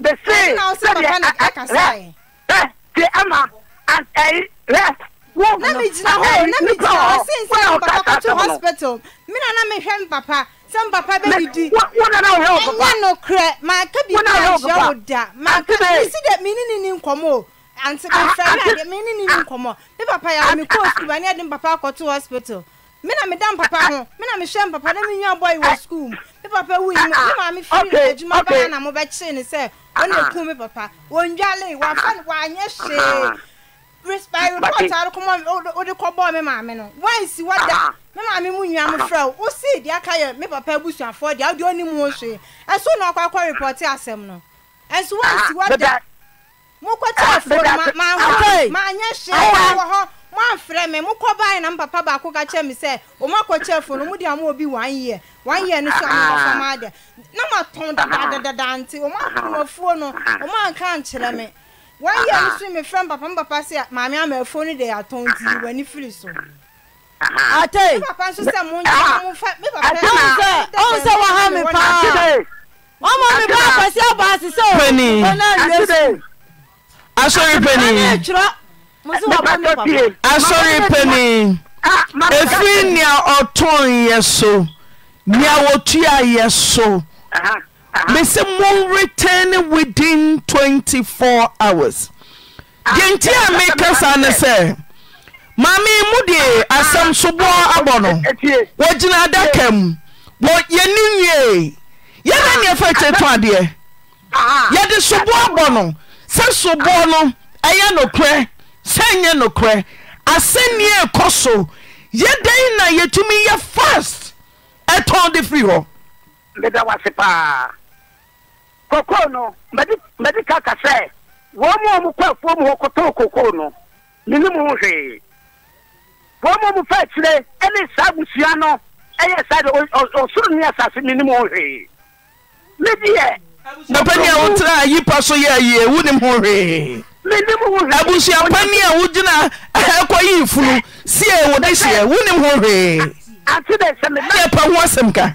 bese sɛdeɛ ɛɛ ɛɛ ti ama ɛɛ eh, eh, eh. rɛ na mi gyina hɔ na mi gyina hɔ sin sɛ papa kɔtɔ hospital mi na na mi hwɛ mi papa sɛ mi papa bɛ mi di ɛnyɛ no korɛ maa ka bi ka ahyia o da maa ka mi si dɛ mi ni ah, ni nkɔmɔ o anti ah, mi fɛ mi mi ni ni nkɔmɔ mi papa yɛ mi kɔ sukuu ba ne yɛ mi papa kɔtɔ hospital mi na mi da mi papa ho mi na mi hwɛ mi papa na mi nwa bɔ wɔ sukuu mu mi papa wu yi mu ah, mi maa mi firi adwuma baa mo bɛ kye ne sɛ ɔna ekum mi papa wɔn dwale wɔn afa wɔn anyɛ hwee. by report a wokɔmɔ wode kɔbɔɔ me maame no wansi wada me maame mu nwa fura o o si aka yɛ me papa abusuafoɔ deɛ wodeɛ ɔnim wo yi ɛso na ɔkɔ akɔ repɔte asɛm no wansi wada ma wɔ hɔ na mpapa baako ka kyerɛ me sɛ ɔmakɔkyerɛ fo no mode obi na no nkyerɛ wọ́n yẹ mi sún mi fẹ́ papa mi papa sẹ́ maame ama ẹ̀fọ́ ni de atọ́ nti wọ́n ní firi so. ate mi papa nso sẹ mo n yẹ mo fẹ mi papa ẹ ọhún sẹ ọhún sẹ wọ́n hàn mi paa wọ́n mọ mi bá àpàsí ọba àṣìṣe o wọ́n náà lè sùn. asọ́rí pẹ̀lú asọ́rí pẹ̀lú efi ni ọ̀tún yẹ so ni àwọn tí a yẹ so. Ah. mese mo return within twenty four hours. Yenti ah. a meka saa ne sɛ maame mu de ah, asɛm soboɔ abɔ no eh, eh, eh, wɔgyina adaka mu wɔ yɛni nwie yɛde ne yɛfa kyɛ to adeɛ yɛde soboɔ abɔ no sɛ soboɔ no ɛyɛ nokorɛ sɛ nyɛ nokorɛ asɛnniɛ ɛkɔ so yɛdɛn na yɛtumi yɛ fast ɛtɔn de firi hɔ. Meda wase paa kokoo no mɛde ka ka sɛ wɔn mu a wɔn kɔ afuo mu hɔ kɔtɔɔ kokoo no nini mu hwee wɔn mu a wɔn fa akyire ne saa abusua no ɛyɛ saa de ɔsoro ne asase nini mu hwee ne deɛ. napani a wotena yipa so yɛ yie wo nim ho hwee abusuapani a wogyina ɛkɔ yi funu sie wode hyeɛ wo nim ho hwee yɛpa ho asɛm ka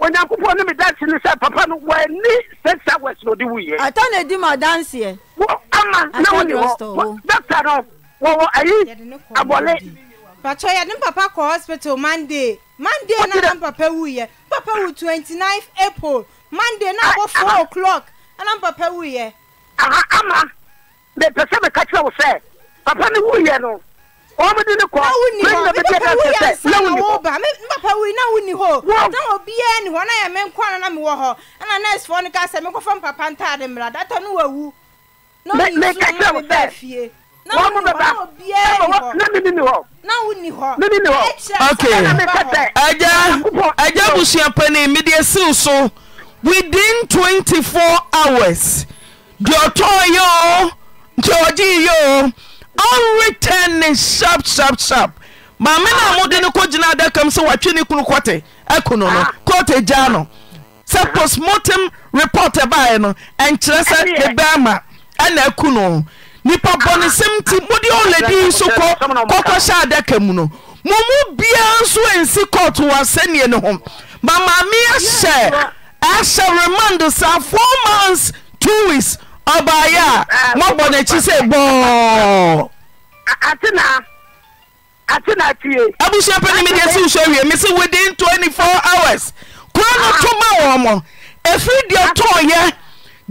onyankopɔn ne me danse no sɛ papa no wani sɛ sa wes na ɔde wuyɛ ɛtɔ na ɛdi ma danseɛ ama na wone hɔ dɔkta no wɔwɔ ayi abɔle patɔ yɛde papa kɔ hospital monday monday na na papa wuyɛ papa wu 29 april monday na abɔ four o'clock na papa wuyɛ aha ama mepɛ sɛ meka kyerɛ wo sɛ papa no wuyɛ no wọ́n mi di ni kọ́ lẹ́yìn náà bẹ́ẹ̀ bẹ́ẹ̀ bẹ́ẹ̀ lẹ́wọ̀n ni kọ́. mbapa wuyi náà wù ní hó náà obi ẹ̀ ní hó náà mi nkọ́ náà mi wọ̀ hó ẹ̀nà nẹ́ẹ̀sì fọ́ ni ká sẹ́ mi kọ́ fọ́ mpapa ntaade mìíràn dátọ́ ni wà wú náà yìí sùn mi bẹ́ẹ̀ fie náà wù ní hó náà obi ní hó náà wù ní hó ok ẹja ẹja busua mi di esiw so within twenty four hours di ọtọ yẹ o di ọjì yẹ o ɔretɛn sharp sharp sharp maame na ah, mode ne kɔgyina adakam sɛ watwe ne kunu kɔte ako no no kɔte ah. gyaa no sɛ postmortem report baeɛ no ɛnkyerɛ sɛ ne bɛrima ah. ɛna aku no nipa bɔne sɛm nti mode ɔlɛdi so kɔ kɔkɔhyɛ adaka mu no mumu biara nso ɛnsi kɔɔto wɔ asɛnniɛ ne ho ma maame ahyɛ ahyɛ remand saa four months two weeks ọba ya mọbọ ah, n'ekyi sẹ bọọ. atena atena tie. abusua pẹ ni mi diẹ si nsuo wie mi si within twenty four hours kuro no ah. to ma wọn mọ efiri deɛ ah. tɔn yɛ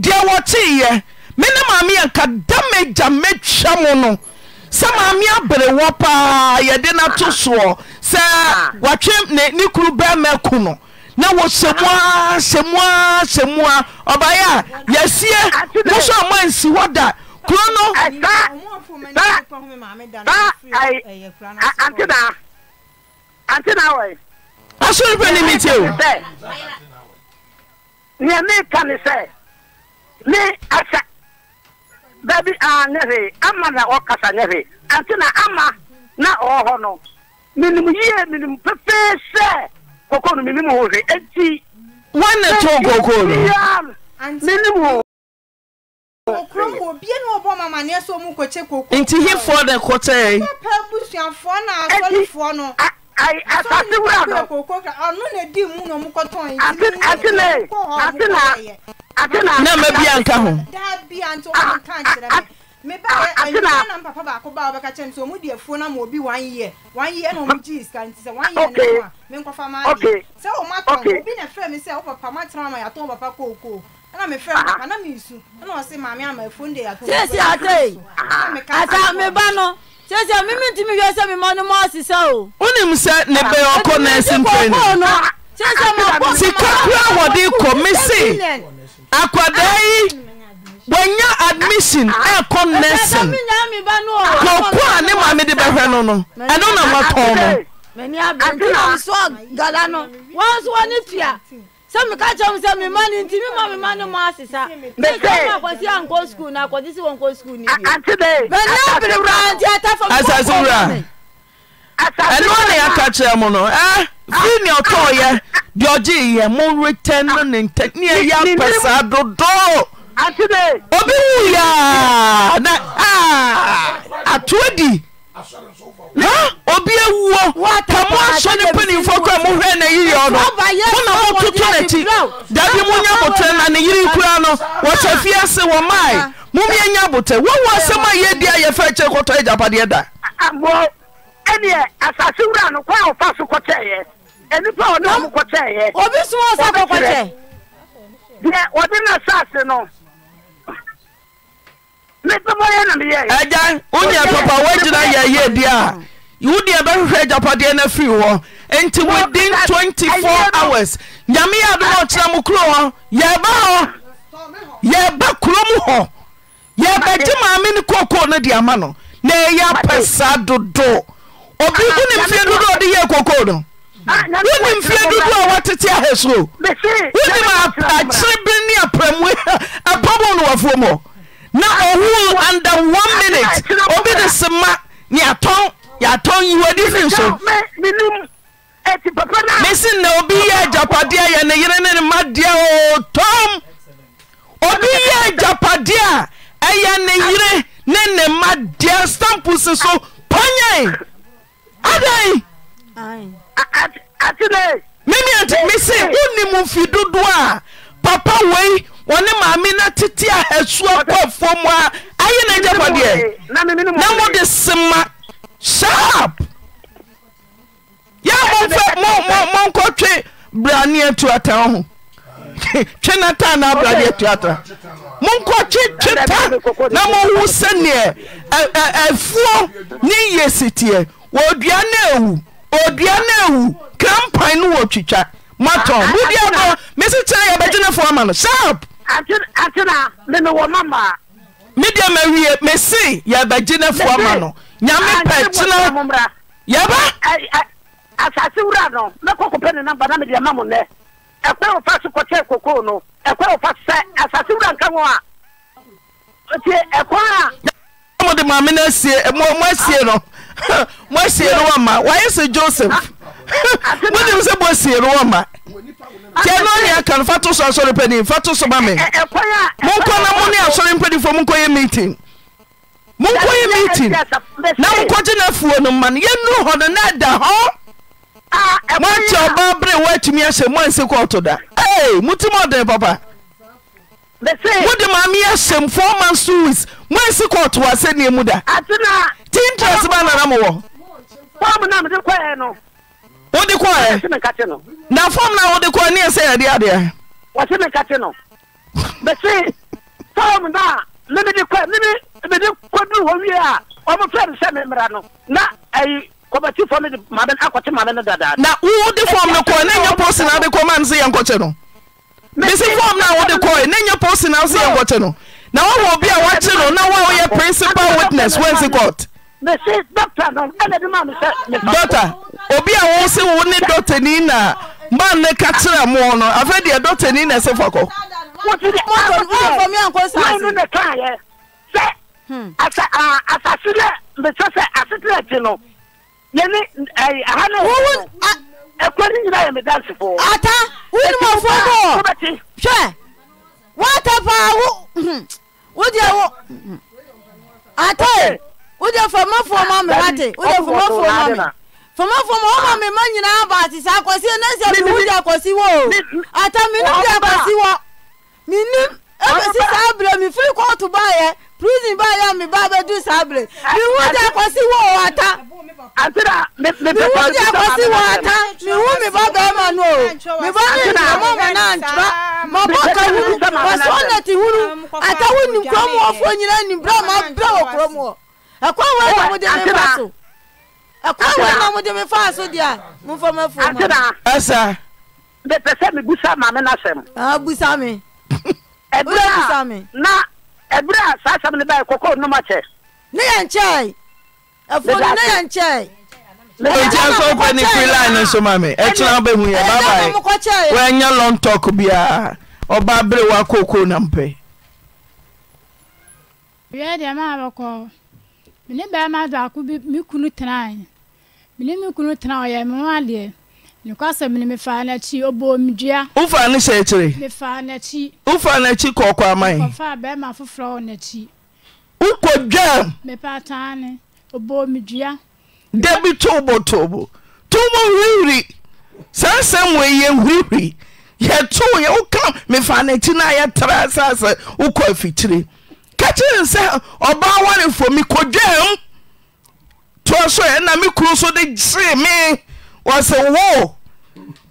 deɛ wɔkye yɛ me ne maame ka nka damagya metwa mu no sɛ maame abere wɔ paa yɛde n'ato soɔ sɛ wɔatwe ne ne kuru bɛrima ku no. na wɔhyɛ mu a hyɛ mu a hyɛ mu a ɔbaeɛ a yɛsie mo so ba ba. ansi Antena da kuro no. asɔre pɛ ne mi tie o. nea meka ne sɛ ne asa dabi a ne he ama na ɔkasa ne he ante ama na ɔwɔ hɔ no menim yie menim pefee koko no menim wo sɛ ɛnti wane to koko no menim wo nti hefoɔ dɛ kɔtɛe asase wura no atena atena na ma bia nka ho mepɛpapa baako ba wobɛka kyɛm sɛ ɔmu de afuo no ma obi one year one year na ɔmu gye sika nti sɛ one year ne ma menkɔfa ma ade sɛ ɔmu atɔn obi na frɛ me sɛ wo papa matena ma yɛatɔn papa kookoo ɛna mefrɛ papa na mensu ɛna ɔse maame ama afuo no de yɛatɔn o wonim sɛ ne bɛ ɔkɔ nursing training sika kura wɔanya admission ɛkɔ nursing. noko a ne maa mede bɛhwɛ no no ɛno na matɔn no sɛ meka kyɛ m sɛ mema no nti mema mema no mɔ asesa mekama akɔsi ankɔ skul na akɔgye se wɔnkɔ skul ne bɛna bere wura nti ɛtafasase wura ɛno ne aka kyerɛ mo no ɛ fii ne ɔtɔɔyɛ deɛ ɔgyeyɛ mo retɛn no ne ntɛ ne ɛyɛ apɛ saa dodoo obi wu ya na atu-edi na obi ewu awuo kamo asɔ ne panimfo kora mohwɛ na yiri ɔ na mona tutu n'akyi dabi monya abotɛ na ne yere koraa no ah. wɔhyɛ fie ase wɔ mae ah. momianya abotɛ wowo asɛm a yɛdi a yɛfa kyɛ kɔtɔ agyapadeɛ da ɛneɛ ah, asase wura no kwa ɔfa so kɔkyɛeɛ anipa ɔne ɔmo kɔkyɛeɛ obi so wɔ sa kɔkɔkyɛ deɛ ɔde na saase no agyan woneɛ papa woagyina yɛ yɛ a wodeɛ bɛhwehwɛ agyapadeɛ no afiri hɔ nti within 24 hours nyame yɛ adom ɔkyerɛ mo kuro hɔ yɛba hɔ yɛba kurom hɔ yɛbɛgye maame no kookoo no de ama no na ɛyɛ apɛ saa dodo obi ah, wone mfie dodo ɔde yɛɛ kookoo no ah, wone mfie dodo a wɔtete ahɛ soo wonim akyere bi ne apramu [LAUGHS] no hɔ na ohul nda minut obi de se ma neatɔn yatɔn yiwadi fi some sena obi yɛɛ ajapadeɛa ɛyɛ ne yere ne ne ma deɛ otɔm obi yɛɛ ajapadeɛ a ɛyɛ ne yere ne ne ma deɛ stampo se so panyan adɛi mein me se wonnim mfidodoɔa papa wei wɔne maame no tete a asuo kɔfoɔ mu a ayɛ no agya pɔdeɛ na mode sema sharp yɛ momfɛ monkɔtwe brane atuata ho [LAUGHS] twe na taa na abrade mo monkɔtwe twe ta na mohu sɛneɛ afuo ne yɛ siteɛ wɔdua no awu odua no awu krampan no wɔ twitwa matɔ mudi abɔ mesi kyerɛ yɛ bɛgye ne fo ama no sharp. atena mene wɔ mama. media mawie mesi yɛ bɛgye ne fo ama no nyame pɛ tena yɛba. asase wura no mɛkɔ kɔpɛ ne namba na mede ama mo nɛ ɛkwa wofa so kɔkyɛ kokoo no ɛkwa wofa sɛ asase wura nka ho a nti ɛkwa a mode maame [LAUGHS] no asie mo asie no mo asie no wama wayɛ sɛ joseph monim sɛ mo asie no wama tiɛno ne aka no fa to so asɔre pani fa to so ma me monkɔ na mo ne asɔre mpanifo monkɔ yɛ meeting monkɔ yɛ meeting na monkɔgye no afuo no ma no yɛnu hɔ no na ada hɔ moakyɛ ɔbaa bere woatumi ahyɛ mo ansi kɔɔto da ee motim ɔden papa mode maame yɛ ahyɛm four months two weeks mo ansi kɔɔto wɔ asɛnniɛ mu da ti interest ba nana mowɔ wode kɔɛ na fam na wode kɔ neɛ sɛ yɛde adeɛ wɔse meka te no bɛse fam no a memede kɔ meme mede kɔduru hɔ wie a ɔmofrɛ no sɛ memmra no na ayi kɔbati fam de mabɛ akɔte mabɛ no dadaa na wode fam no kɔe ne nyɛ posi na wode kɔ ma no sɛ yɛnkɔkyɛ no mese fam no a wode kɔe ne nyɛ posi na wo sɛ yɛnkɔkyɛ no na wɔwɔ obi a wɔakye no na woa woyɛ principal witness wansi court dɔta obi a wo se wo ne dɔtani na man ne ka kyerɛ mo no afei deɛ dɔkta ni na ɛsɛ fakɔ. mọtò mi ànkó sàásì. wọn nínú ká yẹ sẹ asase dẹ mbese sẹ asetere ti no yẹni ẹ ahanu wọn ẹkọ ni nyina yẹ mi dansi fo. ata wúni mọ fún bọ hwẹ wọta paa wọ wọdi ẹwọ ata wọdi ẹfọmọfọmọ mi wati wọdi ẹfọmọfọmọ mi. fmfmm yia twu nkomuynmu ɛkɔsɛ na mode me faa so deɛ a momfa mafuo ɛsa mepɛ sɛ mebusa ma me no asɛm busa me ɛberɛ me na ɛberɛ a saa asɛm no bɛɛ kɔkɔ nom akyɛ ne yɛ nkyɛe afuo no ne yɛ nkyɛe ɛnti nso kɔ ne free line nso ma me ɛkyena wobɛhu yɛ babae woanyɛ long talk biaa ɔba wa koko na mpɛ wiɛ deɛ maa bɛkɔ mene bɛɛma baako bi me kunu tenaeɛ mene me kunu tena ɔyɛ me ho adeɛ nokwasɛ mene mefaa n'akyi ɔbɔɔ me dua wofaa ne hyɛ akyire mefaa n'akyi wofaa n'akyi kɔɔkɔ aman kɔfaa bɛrima foforɔ wɔ n'akyi wokɔ dwam mepaataa ne ɔbɔɔ me dua da bi tobo tobo tobo hurihuri saa sɛm wɔ yɛ hurihuri yɛtoo yɛ woka mefaa n'akyi no a yɛtra saa sɛ wokɔ afikyire ka kyerɛ sɛ ɔbaa warefo mekɔdwam toa so ɛna mi kuro so de gyee me wɔsɛ wo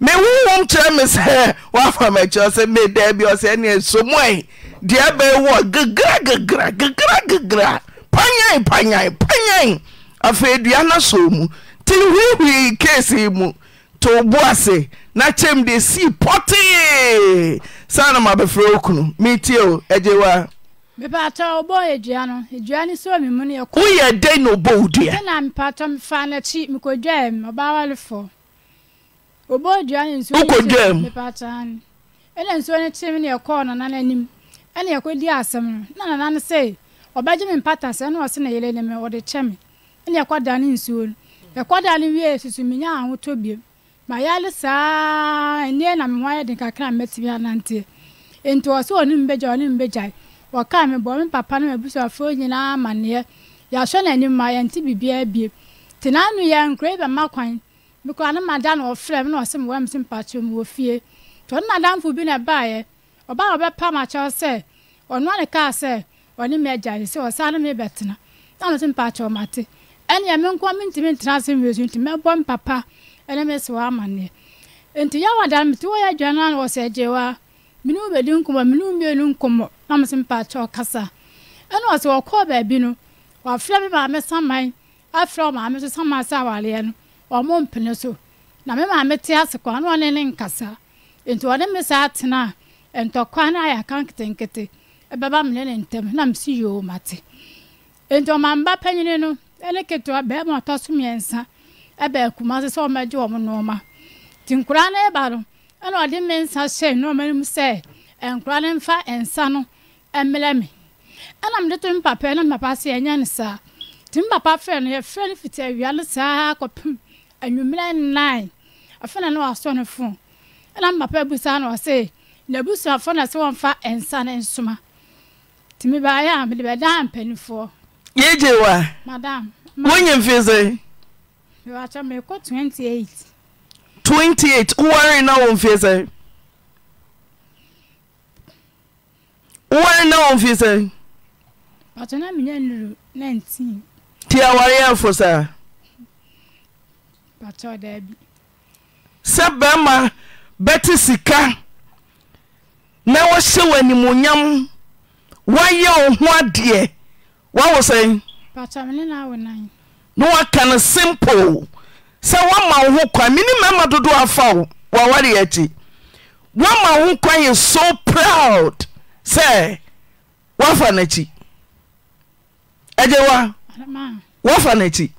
mewowom kyerɛ me sɛ [LAUGHS] woafa makyerɛ sɛ medaa bi ɔsɛ ɛne asomu ai deɛ bɛwɔ gegra gegra gegra gegra panyan panyan panyan afei dua no so mu nti hwihwii keesi mu to bo ase na kyɛm de sii pɔtee saa na mabɛfrɛ okunu metie o agyewa mepatɔ wobɔ yɛdua no ɛdua ne sɛ mi no yɛkɔ dɛn na ɔbɔ wo dua na mepatɔ mefa n'akyi mekɔdwaɛ m ɔbɔ dua no nsuo no ɛna nsuo no kyem ne yɛkɔɔ nana no anim ɛna yɛkɔdi asɛm no na nana no sɛ ɔbɛgye me mpata sɛ ɛna ɔse na yɛlɛ ne me ɔde kyɛ me ɛna yɛkɔda ne nsuo no yɛkɔda no wie susu menya ahotɔ biom mayale saa ɛneɛ na me ho ayɛ den kakra mɛtumi ananteɛ enti ɔ sɛ ɔne mbɛgya ɔne mbɛgyae wɔkaa me bɔ me papa ne m'abusuafoɔ nyinaa amanneɛ yɛahwɛ n'anim ma yɛnte biribiara bie te n'ano yɛ nkura yi bɛma kwan mekora ne mada na ɔfrɛ me na ɔse mewɔ me se mpatwo mu wɔ fie nti ɔno nadamfo bi na ɛbaeɛ ɔba a ɔbɛpa ma kyɛw sɛ ɔno ane kaa sɛ ɔne me agya sɛ ɔsaa ne me bɛtena na ɔno se mpatwo mate ɛneɛ me nkoa mentumi ntena ase mmiesu nti mɛbɔ mpapa ɛne me se wɔ amanneɛ nti yɛwɔ da no mete wɔ yɛ adwa no a na wɔsɛ agyewa mene wo bɛdi nkɔmmɔ mene wo mmienu nkɔmmɔ na mo se mpaakyɛ ɔkasa ɛna ɔsɛ wɔkɔɔ baabi no wafrɛ me maame saman afrɛ maame so saman sɛ awareɛ no ɔmo mpene so na me maame te ase kɔ ano ɔne ne nkasa nti ɔne me saa tena a ntɔkwa no ayɛ aka nketenkete ɛbɛba mene ne ntɛm na mesi yoo mate nti ɔmamba panyini no ɛne ketewa bɛrima ɔtɔ so mmiɛnsa ɛbɛ akuma se sɛ ɔmɛgye wɔn nneɛma nti nkoraa no ɛba no ɛna ɔde me nsa hyɛ nneɛma no mu sɛ nkura no mfa nsa no mmerɛ me ɛna mede to mpapa ɛna mpapa sɛ ɛnyɛ no saa te mpapa fɛ no yɛfrɛ no fiti awia no saa kɔpem anwummerɛ nnan ɔfɛ na ne wasɔ no fo ɛna mpapa bu no na ɔse n'abusuafo na sɛ wɔmfa nsa no nsoma tumi baayɛ a mede bɛdaa mpanimfoɔ yɛgye wa madam wonyɛ mfii sɛ mewɔakyɛ mekɔ 28 28 woware no wɔmfie sɛe woware no wɔmfie sɛe nti aware afo sɛ sɛ bɛrima bɛte sika na wɔhyɛ w' animonyam woayɛ o ho adeɛ wawo sɛina woaka no simple sɛ woama wo ho kwan mene mama dodoɔ afa wo waware akyi woama wo ho kwan yɛ so proud sɛ woafa n'akyi agye wa woafa n'akyi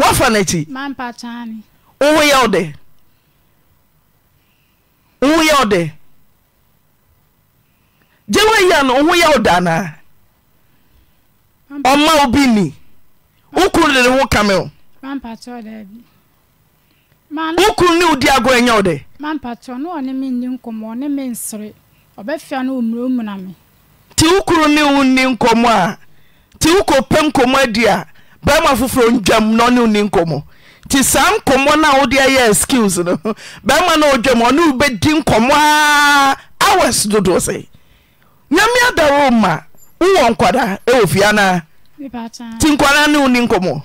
woafa n'akyi woho yɛ wo dɛ woho yɛ wo dɛ gye woayia no wo ho yɛ wo da anaa ɔma wo bi ni wo kuru de ne ho kame wo wokun ne wodi agorɔ ɛnyɛ wo dɛ nti ọ kuro ne wo nni nkɔmmɔ a nti wokɔpɛ nkɔmmɔ adi a barima foforɔ ndwam na ɔne wo nni nkɔmmɔ nti saa nkɔmmɔ no a wode ayɛ skills no [LAUGHS] barima na ɔdwam ɔne wobɛdi nkɔmmɔ a hours dodoɔ sɛ nyame ada ma wowɔ nkwadaa ɛwɔ fie anaa nti nkwadaa ne wo nkɔmmɔ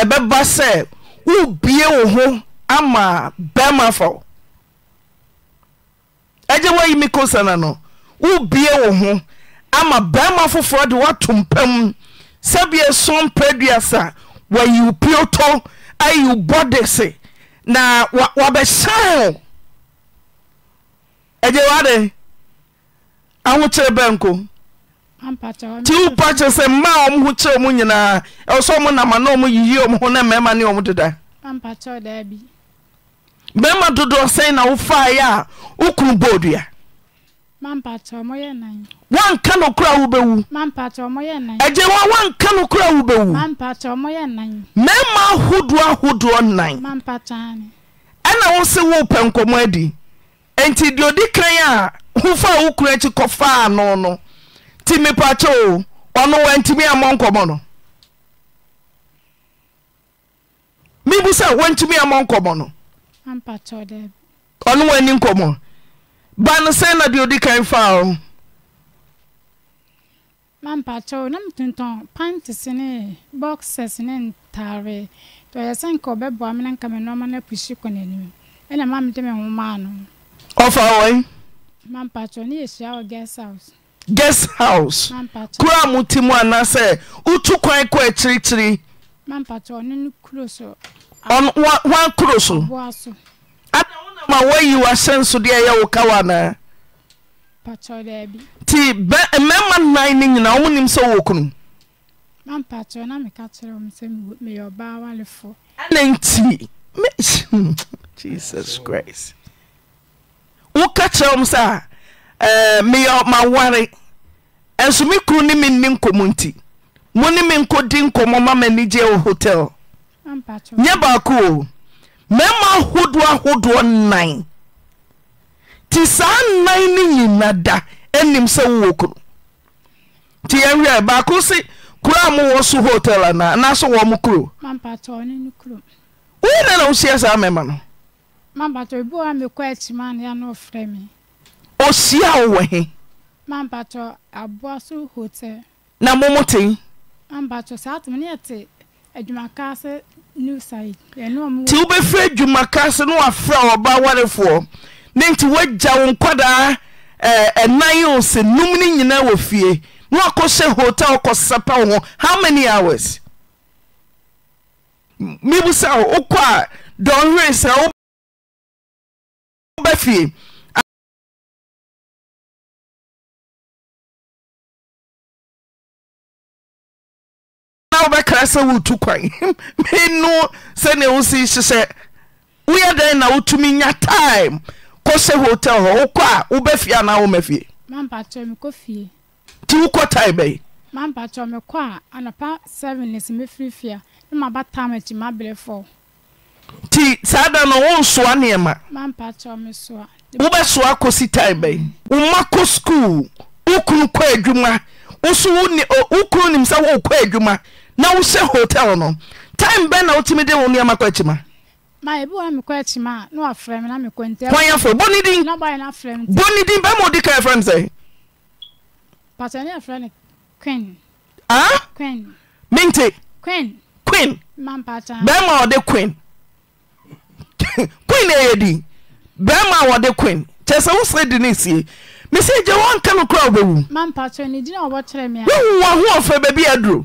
ɛbɛba sɛ wobie wo ho ama bɛrima fa wo agye woayi me kosana no wobie wo ho ama barima foforɔ de woato mpam sɛbia so mprɛduasa wɔayi wo pioto ayiwo bɔde se na wabɛhyɛn wo agye woade ahokyerɛ bɛnko nti wopa kyerɛ sɛ mmaa ɔm ho kyerɛ mu nyinaa ɛwɔ sɛ nama na ɔmo yiyi ɔm ho na mmarima ne ɔm deda mmarima dodoɔ sɛn na wofaeɛ a wo kunu bɔɔdua woanka no kora wo bɛwu agye wa woanka no kora wo bɛwu mmarima ahodoɔ ahodoɔ nan ɛna wo se woepɛ nkɔmmɔ adi enti deɛ odi kan a wofaa wo kunu akyi kɔfaa no no ti mepa kyɛo ɔno wantimi ammɔ nkɔmmɔ no mebu sɛ wantimi ammɔ nkɔmmɔ no ɔno wani nkɔmmɔ ba no sɛn na deɛ odi kan faa o mampakyɛw na metontɔn pantes ne boxes ne ntaare nti ɔyɛ sɛ nka ɔbɛboa me na nka me nɔɔma no apuhyi kɔ n'anim ɛna ma mede e me homaa no ɔfa wɔi mampakyɛw ne yɛhyia wɔ guest house guest house kuro a mo te mu anaasɛ wotu kwan kɔ akyirikyiri woa kuro so ma woayi w'ahyɛnsodeɛ ɛyɛ wo ka w anaa nti mmarima nnan no nyinaa womunim sɛ wowɔ kunu ɛna nti jesus christ woka kyerɛ wom sɛ a meyɛ eh, maware ɛnso me ni ne menni nkɔmmɔ nti mo ne me nkɔdi nkɔmmɔ ma m'anigye wɔ hotel Nye baako o marima ahodoɔ ahodoɔ nan nti saa nnan ne nyina da anim sɛ wowɔ kuro nti yɛnhwɛ baako si, kuru a mowɔ so hotel anaa naso wɔ mo kuro woyi na na wosia saa mɛma no ohyia wo wɔ he mambatɔ aboa hotel na momo ten mambatɔ saa tome ne yɛte adwumaka ase new side ɛne ɔmo nti wobɛfiri adwumaka ase ne wafrɛ ɔba warefoɔ ne nti woagya wo nkwadaa eh, ɛnan wo se num no nyinaa wɔ fie na wakɔhyɛ hotel kɔsapa wo ho how many hours mebusa wo wokɔ a dɔnhwere sɛ wobɛ fie wobɛkra sɛ horetu kwai [LAUGHS] menu sɛneɛ wosi hyehyɛ woyɛ dan na wotumi nya tim kɔsɛ ho ta hɔ wokɔ a wobɛfieanaa woma fie nti wokɔ te bi nti saa da no wonsoa nneɔma wobɛsoa kosi tae bɛi woma kɔ skuul wo kunu kɔ adwuma sowo kunu nim sɛ woekɔ adwuma na wosɛ hotel no time bɛn na wotumi de wo nneɛma kɔ akyima kwanafo bɔne din bɔne din bɛma odi kae frɛ no [LAUGHS] sɛ mente queen bɛrima a wɔde queen queen ɛyɛ din bɛrima a wɔde queen kyɛɛ sɛ wosɛ di ne sie mesɛ gye wɔnka no kora wobɛwu wowu wɔ ho ɔfɛ baabi aduro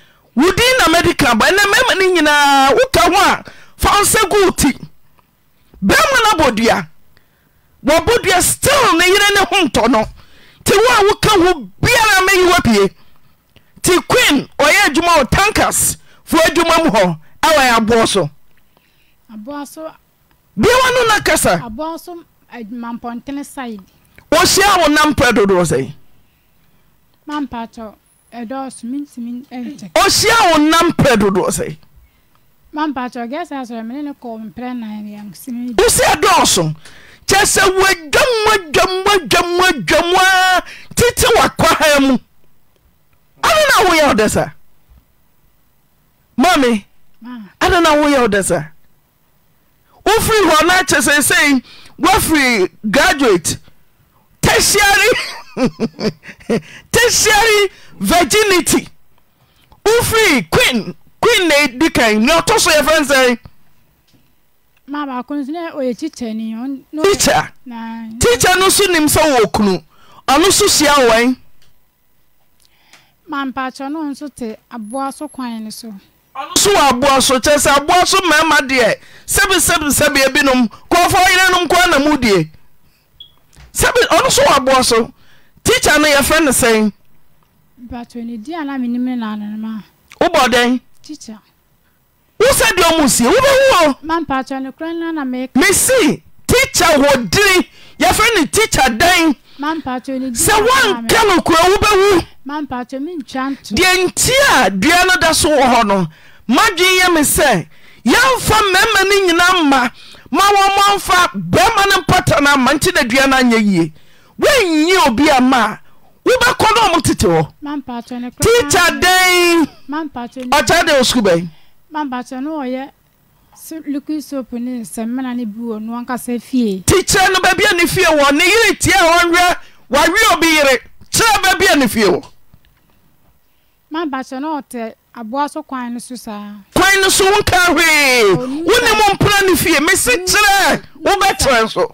wodin na medical ba ɛnɛ mɛma no nyinaa woka ho a fawo sɛ goo ti bɛrima no abɔdua wɔabɔdua still ne yere ne ho ntɔ no nti wo a woka ho biara mɛyiwa pie nti queen ɔyɛ adwuma wɔ tankers fo adwuma mu hɔ a wɔyɛ aboɔ so biawa no na kasa wɔhyia a nampɛ dodoɔ sɛi ɔhyia wo nam si dodoɔ sɛ wosi ɛdɔɔso kyɛɛ sɛ woadwamwadwamwadwamadwamu a ha wakɔhaa mu ada na woyɛ wo dɛ sa mame ada na woyɛ wo dɛ sa wofiri hɔ no akyɛ sɛesei graduate tasiare [LAUGHS] tesiary virginity wofrii queen queen na ɛdi kan na ọtọ so yɛfrɛ n sɛn tikha tikha no so nim sɛ wɔ kunu ɔno so sia wɔn ɔno so wɔ aboa so kyɛrɛ sɛ aboa so mmarima deɛ sɛbisɛbisɛbi binom kɔɔfa yerenom koa na mu die sɛbi ɔno so wɔ aboa so tikya no yɛfrɛ no sɛn wobɔ dɛn wo sɛ deɛ ɔmu sie wobɛwuo mesi tikya wɔ diri yɛfrɛ ne tikya dɛn sɛ woanka no kora wobɛwu deɛ nti a dua no da so wɔ hɔ no madwen yɛ me sɛ yɛmfa mmarima no nyina mma ma wɔmmɔmfa barima no mpɔtano amma nti na dua no anyɛ yie wonyi obi ama a wobɛkɔ no ɔmo tete hɔ teacha dɛn ɔkyɛ de wo sukuu bɛn tikyerɛ no baabia ne fie wɔ ne yere tie a ɔnwerɛ wawe obi yere kyerɛ baabia ne fie abuaso kwan no so wonka hwee wone mo mpona ne fie mese kyerɛ wobɛkyerɛ so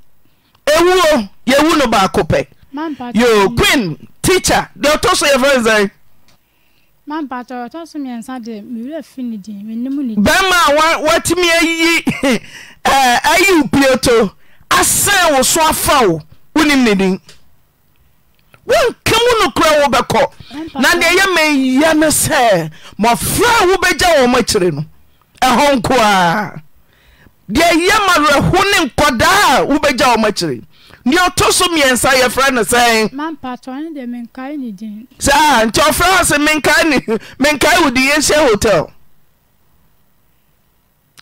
ɛwuo ewu no baako pɛ yo queen teacher deɛ ɔtɔ so yɛfrɛ sɛn bɛima a woatumi ayi [LAUGHS] ayi wo pioto asɛn wo so afa wo wonim ne din wonka mu no kora wobɛkɔ na deɛ yɛ mayia no sɛ mɔfra a wobɛgya wɔ mɔkyere no ɛhɔ nko deɛ yɛ mawerɛho ne nkɔdaa a wobɛgya wɔ makyire deɛ ɔto so mmiɛnsa yɛfrɛ no sɛn saa ah, nti ɔfrɛ a sɛ menkae [LAUGHS] wo de yɛhyia hotel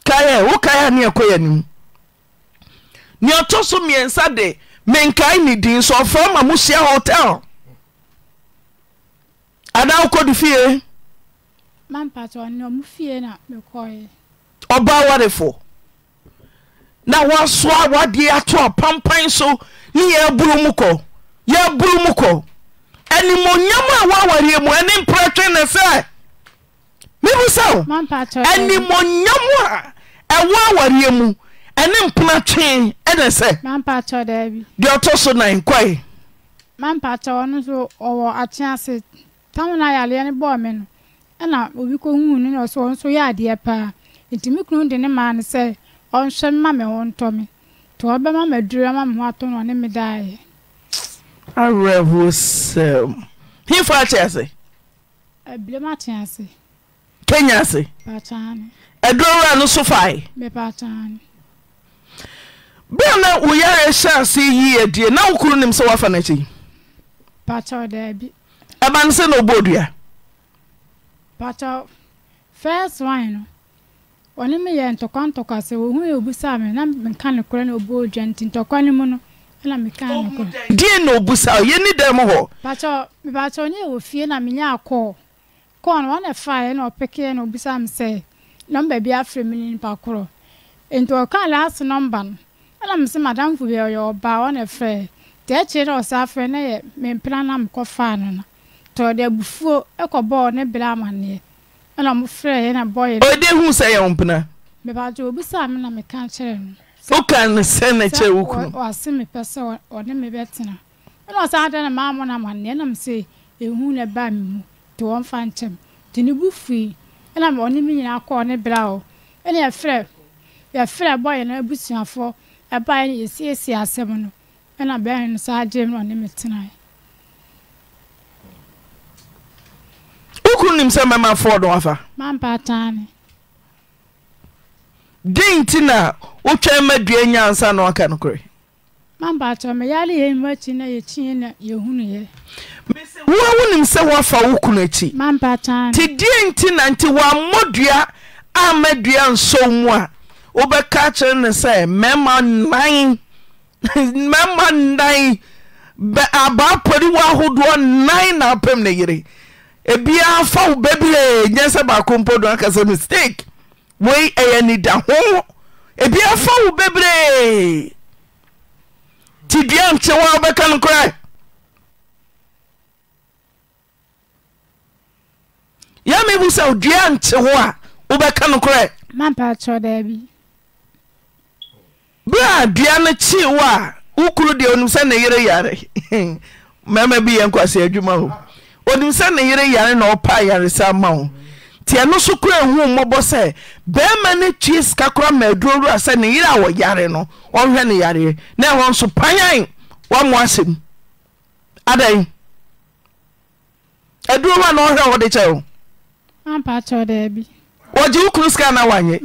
kaɛ wo kae a ne ɛkɔ yɛnim nea ɔto so mmiɛnsa de menkae ne din so ɔfrɛ ma mohyia hotel anaa wokɔde fie ɔbaa warefo na woasoa woadeɛ atoa pampan so ne yɛaboro mu kɔ yɛaboro mu kɔ animonyam a woawareɛ mu ɛne mprɛ ne sɛ mebu sɛwo a ɛwɔ mu ɛne mpena ɛne sɛ deɛ ɔtɔ so nan kwae na obi kɔhuhu no na nso yɛ adeɛ paa nti kunu de ne maa ɔsɛ me ma mawo ntɔ me t bɛmamaamanedaɛ aweɛho sɛm hefa ate ase knya ase aurɛwura noso fae bɛ na woyare hyɛase yiadiɛ na wokoro nem sɛ woafa no akyiyi a aba ne sɛ na ɔbɔduas ɔne me yɛ ntɔkwa ntɔkwa sɛ ohu yɛ obusa me na meka ne korɛ na ɔbɔ odwa nti ntɔkwa ne mu no ɛna meka ne korɛ deɛ na obusa yɛ ni dɛm hɔ pakyɛ mepakyɛ ne yɛwɔ fie na menya akɔɔ kɔɔ no ɔne faeɛ na ɔpekeɛ na obusa me sɛ nɔmba bi afrɛ me ne nipa korɔ nti ɔkaa laase nɔmba no ɛna me sɛ madam bi ɔyɛ ɔbaa ɔne frɛ deɛ akyire dɛ ɔsa afrɛ na yɛ mempena na mekɔfaa no no tɔ ɔde abufuo ɛkɔbɔɔ ne berɛ amanneɛ ɛna mo frɛ yɛ na bɔ yɛ. ɔde hu sɛ yɛ mpena. mibaajo obi sá mi na mi ka kyerɛ no. woka ne sɛ na kyerɛ wo kunu. wase mi pɛ sɛ ɔne mi bɛ tena ɛna ɔsan de na maa mo na ma neɛ nam sɛ ehu na ba mi mu te wɔn fa nkyɛn te ne bu fui ɛna ɔne mi nyinaa kɔ ɔne bra o ɛna yɛfrɛ yɛfrɛ bɔ yɛ na abusuafoɔ ɛba yɛ na yɛsiesie asɛm no ɛna bɛyɛ no saa gye mu na ɔne mi tena yɛ. wokro nim sɛ mɛma fɔɔ no wafa den nti na wotwɛn madua nyansa na waka nokorɛ woa wonim sɛ woafa wo kunu akyi nti deɛ nti na nti woammɔdua a madua nsɔw mu a wobɛka kyerɛ ne sɛ mɛma nan [LAUGHS] mɛma nan abaa pɔri wɔ ahodoɔ nan na apɛm na yere bia fawo bebre yasɛ baakompodokasɛ mistake eiyɛ nidaho biafao be ti dua nkyew awoɛa ameb sɛ dua nkye h a woɛa k erɛ dua no kyew a wokro deɛn sɛneyeraɛkasw onim sɛ ne yere yare na ɔpaa yaresa ma wo nti ɛno so kora hu mmɔbɔ sɛ bɛrima no tue sika kora maaduro wura sɛ ne yere a wɔyare no ɔnhwɛ ne yareɛ na ɛhɔ nso panyan woamo asɛm adɛn aduro hɔ a na ɔhwɛ wɔde kyɛ wo wɔgye wo sika na wanyɛ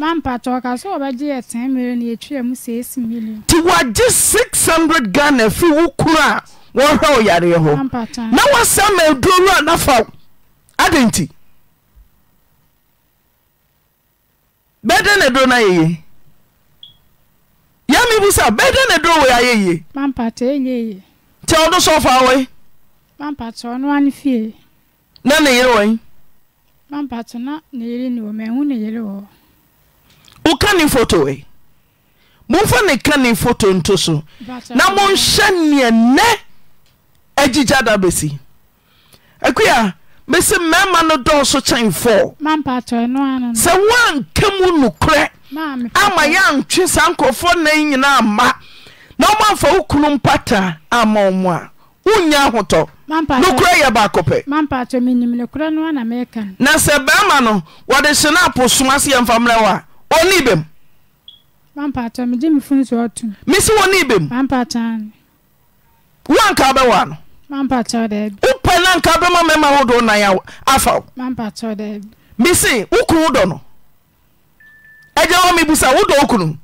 nti wɔagye 600 ghana firi wo a wɔhwɛ ɔyareɛ hɔ na woasa ma aduru anafaw adɛn nti bɛdɛn ne duro no ayɛye yɛ mebu sa bɛdɛn ne duro wei ayɛye nti ɔno sɛ ɔfa wei na ne yere wɔi woka ne foto ei momfa ne ka ne foto nto so na monhyɛ neɛ nɛ agyigya da bɛsi ak a mɛsi marima no dɔɔso kyɛnefoɔ sɛ woankamu nukorɛ ama yɛantwe sa nkɔɔfoɔ na nyinaa amma na ɔmamfa wo kunu mpataa ama o mo a wonnya ahotɔ nokora yɛ baakɔpɛ na sɛ bɛrima no wɔde hye ne aposoma se yɛmfa mmerɛ wɔ a ɔne bam mesi wone ba m woankaw bɛwo a no wopɛ na nka bɛma mɛma wodoɔ nan afa wo mese wo kunu wodɔ no ɛgya wɔ mebusa wodɔ wo kunu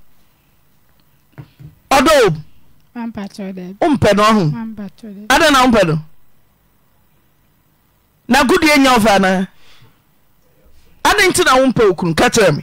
ɔdɔ o wompɛ no ɔho adɛn na wompɛ no na godie nya wo fa anaa adɛn nti na wompɛ wo kunu ka kyerɛ me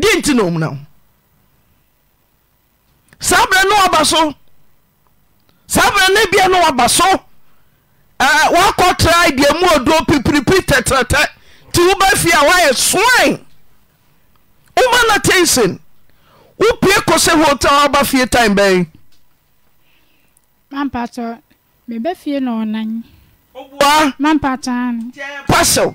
deɛ nti na omuna ho saa berɛ ne waba so saa berɛ ne bia ne waba so woakɔ trae deɛ mu ɔduro pipiripi tɛtrɛtɛ nti woba fie a woayɛ soae woma na tensin wopie kɔ sɛ hotel woba fie time bɛn mampatɔ mebɛ fie na ɔnan pasɛw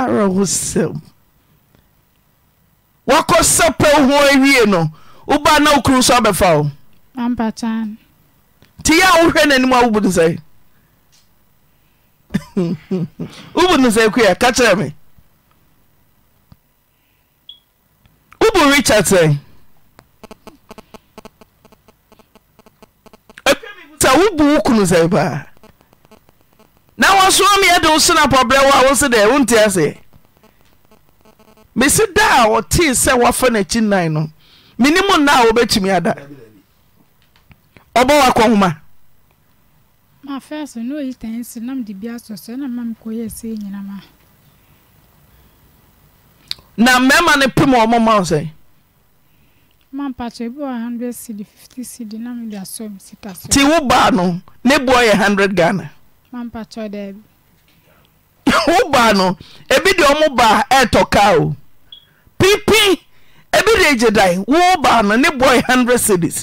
arahosɛm woakɔ sɛpɛw ho awie no wobaa na wo kuru so abɛfa wo nti yɛ a wohwɛ n'anim a wobu no sɛ [LAUGHS] wobu no sɛ kua ka kyerɛ me wobu richard sɛ sɛ wobu wo kunu sɛ paa na wɔnso a meyɛde wo seno pa brɛ wɔ a wose dɛ wonti ase mesi da a ɔtee sɛ woafa noakyi nan no mennim nna a wobɛkyimi ada ɔbɔwo akɔhoma na marima no pem ɔmɔma wo sɛnti wo baa no ne bua yɛ 100 ghana wo baa no ebi deɛ ɔmo baa ɛtɔ ka o pipi ebi deɛ gye dae wo baa no ne 100 cities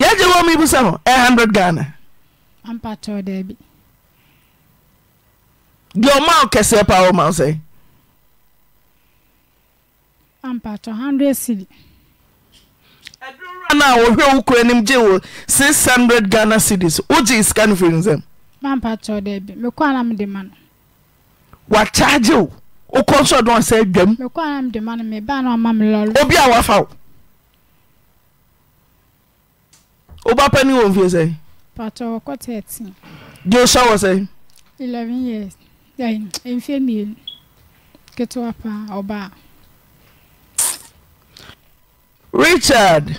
yɛgye wɔ mibu sɛ no 100 ghana deɛ ɔma wo kɛseɛ paa wɔ ma hundred sɛ no a wɔhwɛ wo kura anim gye wo 600 ghana cities wogye sika no firi nsɛm mampatɔ dɛ bi mekɔ a na mede ma no wakyagye wo wokɔ nso ɔdɔn sɛ adwam mekɔ a na mede ma no mebaa na ɔma me lɔre obi a wafa wo woba pani wɔ mfie sɛ patɔ wɔkɔ 13 deɛ ɔhyɛ wɔ sɛ 11 years mfie mmienu ketewa paa ɔbaa richard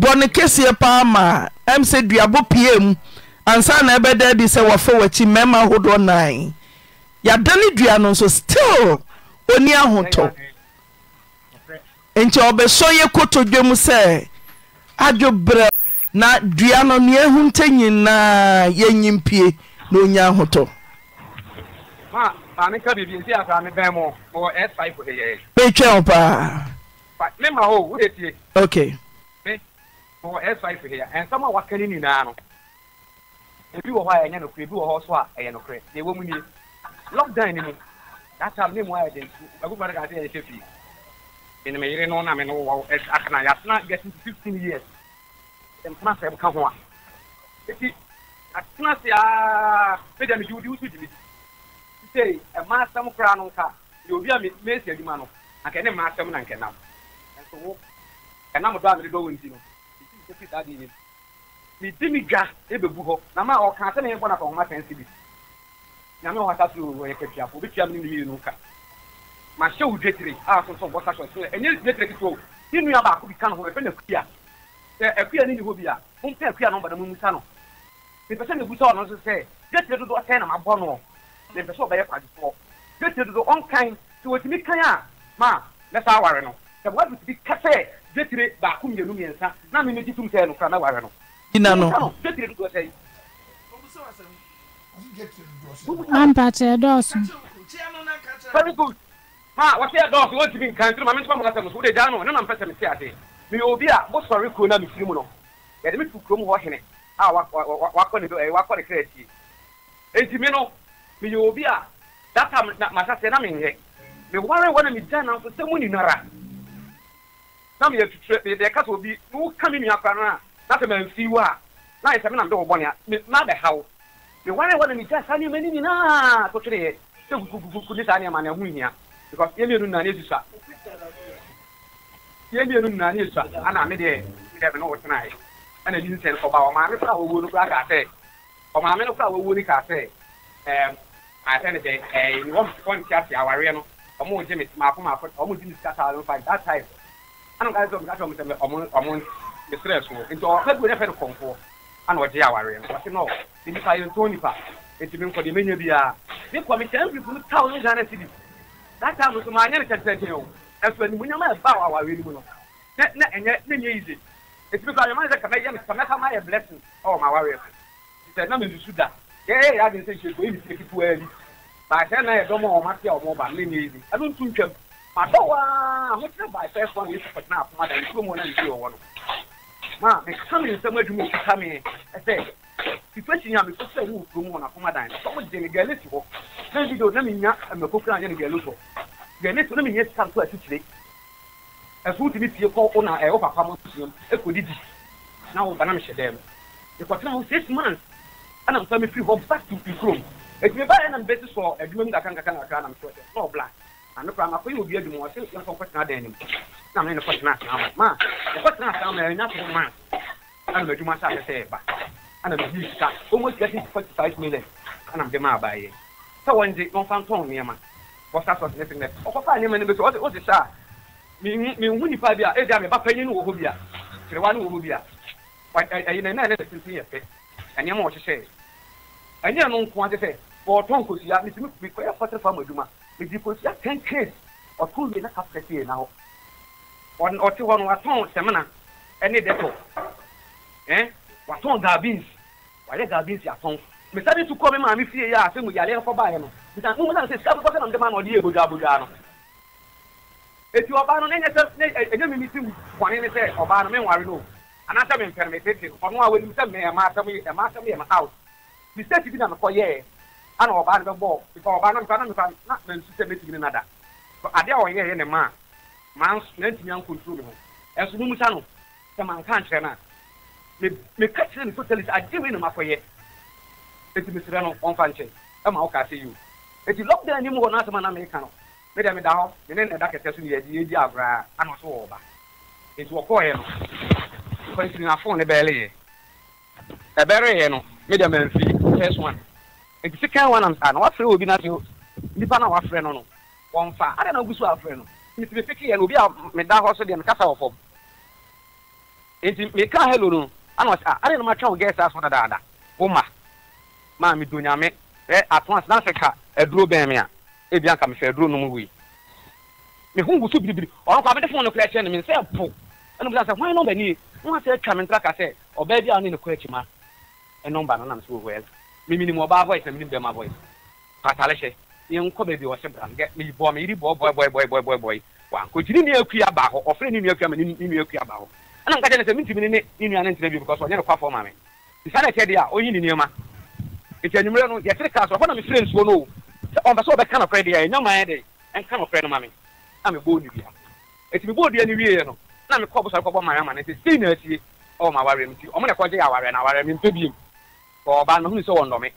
bɔne kɛseɛ paa maa m sɛ duabɔ pie mu ansa na ɛbɛda adi sɛ wɔfa w'akyi mmarima ahodoɔ nan yɛada ne dua no nso still ɔni ahotɔ nti ɔbɛsɔ yɛ kotodwe mu sɛ adwo berɛ na dua no nea ahu nta nyinaa yɛnyimpie na ɔnya ahotɔ bɛtwa wo paa wɔ ɛsɔre fi hia nsɛm a waka ne nyinaa no ebi wɔ hɔ a ɛnyɛ nokorɛ ebi wɔ hɔ so a ɛyɛ nokorɛ deɛ ɛwɔ mu nie lockdown ni mu that time ne mu ayɛ den agogo adaka ase yɛ hyɛ fie ɛnum yere no na me no wɔ akana yasena getting to fifteen years mpona sɛ ɛka ho a eti atena se aa media mi di wudi wusu di mi sisei ɛma asɛm koraa no nka yɛ obi a mesi adwuma no anka ne ma asɛm na nkɛnam nso wo ɛnam do a mede dɔ wɔ nti no kosi saa deɛ yɛm medi me dwa ɛbɛbu hɔ na ma ɔka sɛ ne yɛbɔ na kɔhoma sɛn si bi nyame wɔ hasa so ɔyɛ katuafo obɛtua me ne nemeyɛ no ka mahyɛ wo dwetire a sonso bɔ sa hyɛ so ɛnyɛ dwetire ketewa o ne nua baako bi ka no ho ɛfɛ na kua sɛ akua ne ne hɔ bi a mompɛ akua no mbana momusa no mepɛ sɛ mebusa ɔno nso sɛ dwetire dodo ɔsɛn na mabɔ no na mpɛ sɛ ɔbɛyɛ kwadefoɔ dwetire dodo ɔnkan sɛ wɔtumi kan a ma na saa aware no sɛ boadotibi ka sɛ vetire baako mmienu mmiɛnsa na mi ni titum sɛ no kora na wahwɛ no. ina no vetire dodoɔ sɛ yi. ampakyɛ dɔɔso. very good ha wɔte yɛ dɔɔso wɔn ti mi nkan tiri ma mi n tɔgɔ mo kasɛm so o de gya no ne nam pɛsɛm si ase mi yɛ obi a mo sɔre kuro na mi firi mu no yɛde mi tu kurom hɔ hene a wakɔ ne ɛɛ eh, wakɔ ne kra tie eti mi no mi yɛ obi a data ma sase na mi nhɛ mi wari wɔ na mi gya na nso sɛ mo nyinara na mi yɛ tutu mi yɛ kasa obi na o ka mi nua kora no a na sɛ mɛ nfi wa na yɛ sɛ mi na mi de wɔ bɔnea mi na bɛ ha wo mi wari wɔ na mi gya saa nneɛma ni nyinaa kotwe ne yɛ sɛ kukukuku ne saa nneɛma na ɛho hia because yɛ mienu nna ne susa yɛ mienu nna ne susa ana mi deɛ mi deɛ mi na o tena yɛ ɛna ni nsɛn ɔba ɔmaame kora wɔwɔ no kora kaa sɛ ɔmaame no kora wɔwɔ no kaa sɛ ɛɛm asɛn ne sɛ ɛɛ wɔn ti awariɛ no ɔmo gye mi maako maako ɔmo gye mi sika saa no fa that time ana ka sɛ ɔmo sɛ ɔmo sɛ ɔmo ɔmo yɛsrɛ so nti ɔka bi ɔnɛfɛ no ana ɔgye awareɛ no wɔte no nipa yɛ ntɔn nipa nti mi nkɔdeɛ menya biara mi kɔ mi kyɛn mfirifiri taw ne ghana city that time nso maa nyɛ ne kyɛnkyɛnkyɛn o ɛso animuonyam a ɛba awareɛ no mu no na na ɛnyɛ na nyɛ yize nti mi kɔ ayɔmɔ sɛ kama yɛ kama adɔwa ahokyerɛ baafɛɛfo a yesu kɔtena akoma da nkuro mu na nti wɔwɔ no ma meka me nsɛm adwuma okita me ɛsɛ situation a mekɔ sɛ wowɔ kurom wɔ nakoma dan no sɛ wogye ne galesi hɔ na ndi do na menya mmako kra anyɛ ne galesi hɔ galesi na menya sika nso akyikyire ɛso wotumi pie kɔ wo na ɛwo papa mo suam ɛkɔdidi na woba na mehyɛ dɛm mekɔtena ho six months ana mfa mefiri hɔ back to nkurom ɛtumi baɛ na mbɛsi sɔ adwuma mu kakra nkakra nkakra ano kora makɔyɛ obi adwuma ɔsɛ nsia sɛ ɔkɔtena dan anim na mene ne kɔtena asena ama ma ɔkɔtena asena ama ɛnya sɛ ma ana madwuma sɛ asɛ sɛ ɛba ana medii sika ɔmɔ sika sɛ forty five million ana mede ma abaayɛ sɛ wɔngye wɔmfa ntɔn nneɛma wɔsa sɔ sene sene ɔkɔfa nneɛma no bi so wode sɛ a menhu nipa bi a ɛdi a meba panyin no wɔ hɔ bi a kerewa no wɔ hɔ bi a ɛyi na ɛna ɛne ne tenten yɛ pɛ ɛnneɛma wɔhyehyɛ ɛnyɛ no nko ate sɛ wɔɔtɔn nkosua metumi mekɔyɛ fɔtere fa ma adwuma nniposia ten case ɔtɔn wie na kapita si yɛ na hɔ ɔte hɔ no watɔn sɛmina ɛne dɛtɔ ɛn watɔn gaabins wayɛ gaabins atɔn mesa bi tu kɔ mi maame fie yɛ a sɛ mo yare kɔ ba yɛ no nta mo mo san sɛ sika bɛ kɔ sɛ na mo de ma na ɔde yɛ boja boja no eti ɔbaa no n'enye sɛ ne enye e, e mi mi ti kɔni ne sɛ ɔbaa no mi nware no anaasɛ mi mpɛrɛmɛ tete ɔno e a wɔnim sɛ mɛ ɛma asɛm yɛ ɛma asɛm yɛ ma out mistake bi na mi kɔ yɛɛ ana ɔbaa no bɛbɔ because ɔbaa no mekɔ na mekɔ na nansu sɛ mɛtumi ne nada adeɛ a ɔyɛ yɛ ne ma a maa nantumi ankontrol me ho ɛnso mumu sa no sɛ manka nkyerɛ no a meka kyerɛ no totalis adeɛ wei na makɔyɛ ɛti mesrɛ no ɔmfa nkyɛ ɛma wo kaa sɛ yio ɛti lockdown anim hɔ no asɛm a na meka no mede meda hɔ mene ne da kɛtɛ so ne yɛdi yɛdi agoraa ana ɔso wɔ ɔba nti wɔkɔɔyɛ no kwansirinafo ne bɛɛleyɛ ɛbɛreyɛ no mede mamfi first one nti second one am saa na wafrɛ obi na so nipa na wafrɛ no no wɔmfa adeɛ na ogu so afrɛ no nti me peke yɛ no obi a meda hɔ so deɛ mekasa wɔ fam nti meka hello no ana ɔsɛ ah, adeɛ na matwa wo gɛ saa so dadaada wo ma maa medo nyame ɛ atons na sɛ ka aduro bɛn me a ebi anka mefɛ aduro no mu wei mehu gu so biribiri ɔno kɔ amede fon no kora kyerɛ no me nsɛ po ɛno bisa sɛ hwan nɔmba nie wo asɛ atwa me ntra ka sɛ ɔbaa bi a ɔne ne kɔ akyi ma ɛnɔmba no nam sɛ wɔhɔ ɛsa mímí ni mo bá voice mímí bẹ́ẹ̀ ma voice pàtàlẹ́ hyɛ yẹn nkɔ baabi wɔhyɛ bra nkɛ bo bɔ meyi bo bɔ bɔ bɔ bɔ bɔ bɔ wa nkotiri nua kui aba hɔ ɔfrɛ ne nua kui ni ni nua kui aba hɔ ɛna nka kyɛ ne sɛ mi ntumi ne ne ne nua ne bi because ɔnyɛ ne kwafɔ maame nsa na ɛkyɛ deɛ a oyi ne nneɛma nti enyimire no yɛtiri kaa so ɔfɔ na mi firi nsuo no o sɛ ɔn bɛ sɛ ɔbɛ ka nɔkɔrɛ deɛ ɛnyɛ ɔman yɛ de ɛnka nɔkɔrɛ no maame na mi bɔ onibia eti mi bɔ odua ne wie yɛ no na mi kɔ bɔsɔ kɔ bɔ maame ama ne nti sei oh, na etie ɔwɔ ma awaare mi ti ɔmo na ɛkɔ gye yɛ awaare na awaare mi mpɛ biem ɔbaa no hunu sɛ ɔnɔme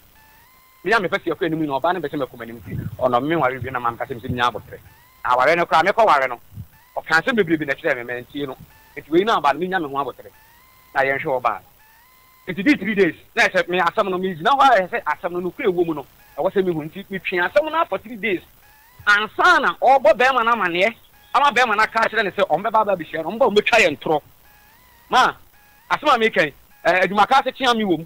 menya mepɛ sɛ yɛkɔ anim no ɔbaa no bɛkyɛ makoma anim nti ɔnɔme me ware bi na mankasɛ m sɛ menya abotire na aware no koraa mekɔ ware no ɔka sɛ bebrebe na kyerɛ me mantie no nti wei no aba no menya me ho abotire na yɛnhwɛ ɔbaa nti di three days na ɛsɛ me asɛm no megyina hɔ a ɛsɛ asɛm no nokorɛ ɛwɔ mu no ɛwɔ sɛ mehu nti metwe asɛm no afɔ three days ansa na ɔbɔ bɛrima no amanneɛ ama bɛrima na aka kyerɛ ne sɛ ɔmbɛba ba bɛhyia no ɔmbɔ ɔmbɛtwa yɛ ntorɔ ma asɛm a mekɛn adwumaka ase kyea me wɔ mu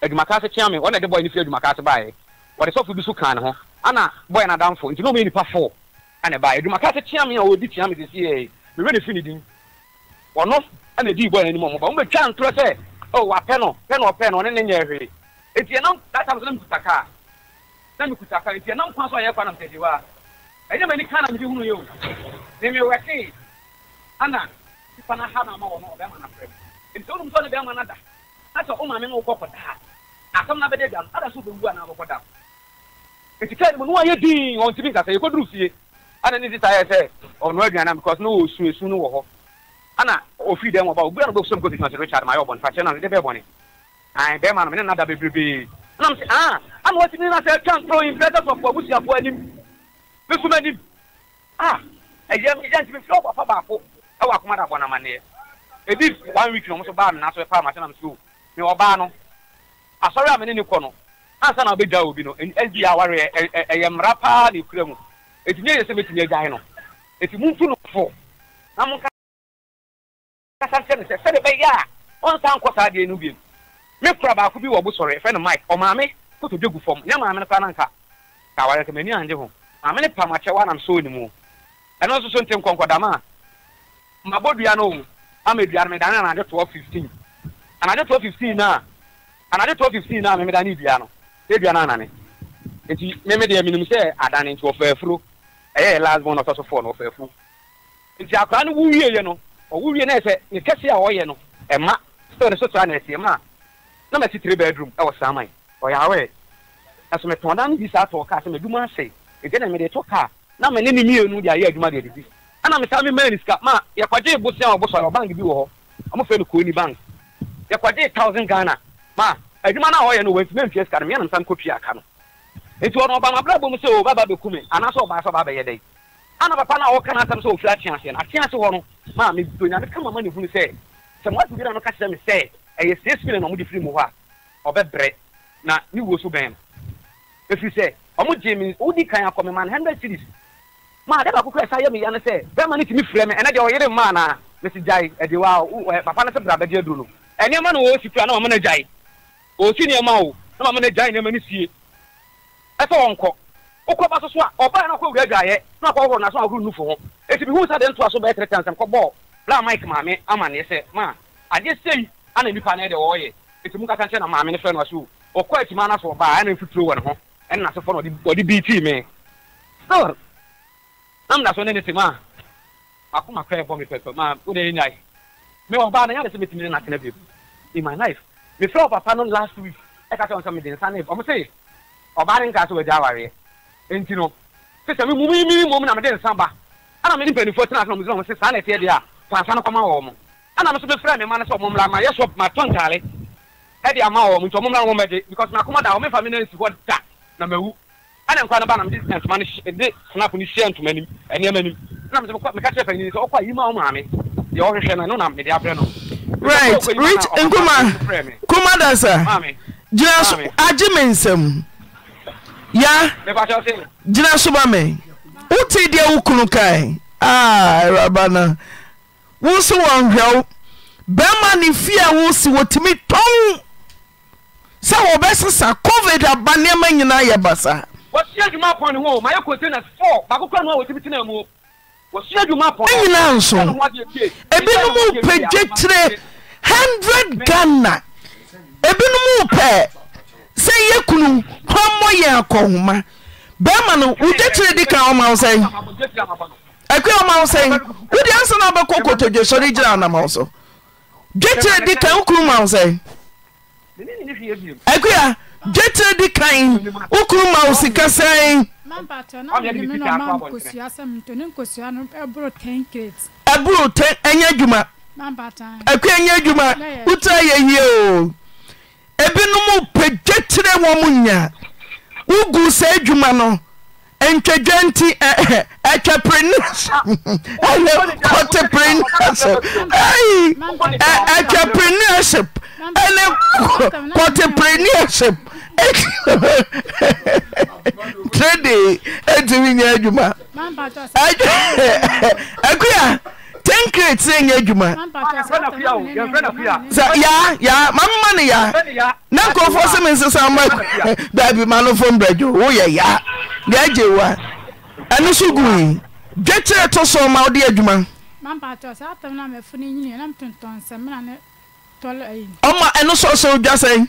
adwumakase kyea me ɔna de bɔyɛ no firi adwumakase baeɛ wɔde sɔfo bi so ka ne ho ana bɔyɛ n'adamfo nti na ɔmɛ nipa fo ɛna baeɛ adwumakase kyea me a ɔdi kyea me sisi mewɛ ne fi ne din ɔno ɛna edi bɔyɛ n'anim ɔmo ba ntorɔ sɛ ɔ oh, wapɛ no pɛ no ɔpɛ no ɔne ne nyɛ hwee eti ɛnam data mi sɛ ne kaa na mi kaa eti ɛnam kwan so a yɛ kwan na mi wa ɛnyɛ mɛ kaa na mi hunu yɛ o ne mi ana nipa na ha na ama wɔ no ɔbɛma na fɛ eti ɔnum sɔ ne bɛma na da sɛ wo maame no wokɔ kɔda ha asɛm no bɛdɛ da no ada so wobɛwu anaa wobɛkɔ da nti kaa nimu no wayɛ din ɔntimi nkasa yɛkɔduru fie ana ne sisa yɛ sɛ ɔnoa aduana because na ɔsu esu no wɔ hɔ ana ofiri dɛm wɔba obia no bɛkusɛm kɔsi sɛ richard ma yɛ ɔbɔne fakyɛ no de bɛ bɔne ae bɛrima no mene nada bebrebee nam sɛ a ah, ana watimi na sɛ twa ntoro impressors of abusuafoɔ anim me som anim a ah, ɛyɛ meyɛ ntimi mfiri ɔbɔfa baako ɛwɔ akoma da abɔnamanneɛ ebi one week na ɔmo so baa me na so ɛpaa makyɛ nam sɛ o ne ɔbaa no asɔre a mene ne kɔ no ansa na ɔbɛgya obi no awareɛ ɛyɛ mmara paa na mu nyɛ yɛ sɛ agyae no eti no fo na no sɛ sɛde bɛyɛ a ɔnsan nkɔ saa bi me kura baako bi wɔ sɔre ɛfɛ no mike ɔmaame fam nyɛ maame no na nka ka aware angye ho maame ne pam akyɛ wanam so ne mu ɛno nso so nte nkɔnkɔdam a mabɔ dua no o ama dua no medane na ade anadze twelve fifteen na anadze twelve fifteen na mímí dání dua no edua na anane nti mímí deɛ mímí sɛ adane nti ɔfɛ afuro ɛyɛ yɛ last born ɔtɔ so four na ɔfɛ afuro nti akora no wuwie yɛ no ɔwuwie na yɛ sɛ ne kɛse a ɔyɛ no ɛma sɛ ɔde soso ana ɛsi ɛma na mɛ si three bedroom ɛwɔ saman ɔyɛ awɛ ɛso mɛ tɔn dan bi saa tɔ kaa sɛ mɛ duma asɛ ɛdi na mɛ de tɔ kaa na mɛ ne ne mienu de ayɛ adwuma de adidi ɛna mɛ saa mi mɛ nisika ma yɛ kɔgye bosia ɔbosɔ ɔbank bi wɔ hɔ ɔmo fɛ no kooni bank yɛkɔgye thousand ghana ma adwuma no a ɔyɛ no wɔntumi mfie sika no meɛ no nsam kɔtwi aka no nti ɔno ɔba mabrɛ bom sɛ ɔbaba oh, bɛku me anaasɛ ɔbaa sɛ ɔbaa bɛyɛ dɛn ana papa no a wɔka no asɛm sɛ ɔfiri ate aseɛ no ate hɔ no ma medo nyame kama ma ne hunu sɛ sɛ moate bi na no ka kyerɛ me sɛ ɛyɛ sɛ na ɔmode firi mu hɔ a ɔbɛbrɛ na ne wuo so bɛn no ɛfiri sɛ ɔmo gye me wodi kan akɔ ma no hundred series ma ade baako kura ɛsa yɛ me ya no sɛ bɛrima no tumi frɛ me ɛnɛ deɛ ɔyere mmaa naa mesi gyae ɛde wa papa no sɛ brabɛdeɛ duro no nneɛma na wɔsi kura na wɔn na gyae wɔsi nneɛma o na wɔn na gyae nneɛma no sie ɛsɛ wɔn kɔ okɔ ba soso a ɔbaa na ɔkɔ wura gyaeɛ na ɔkɔ ɔhoro na so ɔhoro nufu ho esi bi hu sa de ntoa so bɛyɛ tere kansa kɔ bɔɔl bla mike maame ama ne sɛ ma adeɛ sei ana nipa na yɛ de wɔɔyɛ esi mu kaka nkyɛn na maame ne fɛ no aso ɔkɔ akyi maa n'asɔ ɔbaa ɛna nfuturo wɔ ne ho ɛna n'asɛ fɔ na ɔde bii tii mee sɔr nam na so ne ne te ma akoma kɔ ɛbɔ mi pɛpɛ ma o de ne nyae mi wɔ baa na yàrá sɛ mi ti mi ní n'atena bi in my life mi fẹ́ wọ papa no last week ɛka e sɛ ɔn sɛ mi di nsa ne ɔmo sɛ ɔbaa ne nka so wɔ di awareɛ nti no sisan mi mu mi mi mu na mi di nsa ba ɛna mi ni mpanyinfoɔ tena ase na ɔmo sɛ ɔmo sɛ saa na ɛteɛ deɛ a fa nsa no kɔma wɔ ɔmo ɛna mi nso bɛ fira mi ma ne sɛ ɔmo mla ma yɛ sɔ ma tɔ ntaare ɛde ama wɔ ɔmo nti ɔmo mla wɔn bɛ de because na akoma da ɔmo nfa mi na nsi hɔ da na ma wu ɛna nkwa no ba na mi di ntoma no de snap no hyɛ ntoma nim ɛnneɛma nim e ɛna mi sɛ mi ka kyerɛ panyin sɛ ɔkɔ ayi ma ɔmo maame deɛ right rich nkuma kuma dasa gyina so agye me nsɛm ya gyina so ba me wote deɛ wo kunu kae awuraba no wo nso wɔ nhwɛw bɛrima ne fie a wosi wɔtumi tɔn sɛ wɔbɛsesa covid aba nneɛma nyinaa yɛ basa wɔte adwuma apɔne hɔ mayɛ containers 4 baako kora no a wɔtumi tena mu ɛnyinaa nso ebinom pɛ gye kyerɛ 100 ghana ebinom pɛ sɛ yɛ kunu hɔmmɔ yɛn akɔhoma bɛrima no wogye kyerɛ di ka ɔma wo sɛn akwe ɔma wo sɛn wode ansa na wobɛkɔ kotodwe sɔre gyina anama wo so gye kyerɛ di kan wokunu ma wo sɛn akwe a gye kyerɛ di kan wokunu ma wo sika sɛn mampatɔ na mene me na ɔma nkosua sɛm nto ne nkosua no ɛboro ten crate ɛboro ten ɛnyɛ adwuma ɛkɔ ɛnyɛ adwuma wotaa yɛ yie o ebinom pɛgye kyerɛ wɔn mu nya wogu sɛ adwuma no ntwadwa nti atwapreneurship [LAUGHS] ɛnɛ kɔtepreneurship ɛyi atwapreneurship ɛnɛ kɔtepreneurship trade ɛtumi nyɛ adwuma akua ten crate sɛ nyɛ adwuma Ya! Ya! mamma no ya! na nkorofo sɛ me ama. ma baabi ma no fo mbrɛdwo woyɛ yaa deɛ agye wo a ɛno so gui dwa kyerɛ to so ma wode adwuma ɔma ɛno sɔ sɛ wodwa sɛn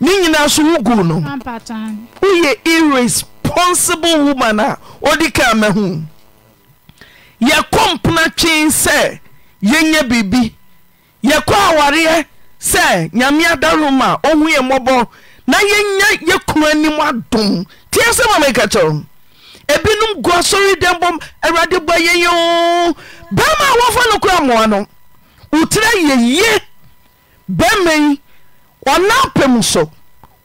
ne nyinaa so wo gu no woyɛ irresponsible woman a ɔdi kaa ma hu yɛkɔ mpena twee sɛ yɛnyɛ biribi yɛkɔ awareɛ sɛ nyame adarom a ɔhu yɛ mmɔbɔ na yɛnya yɛkunu anim adom tiɛ sɛ ma meka kyɛw ebinom gu asɔre dɛm bɔm awurade bɔ yɛyɛ oo bɛrima a wɔfa no kora mmoa no wotira yɛye bɛrima yi ɔnaapɛm so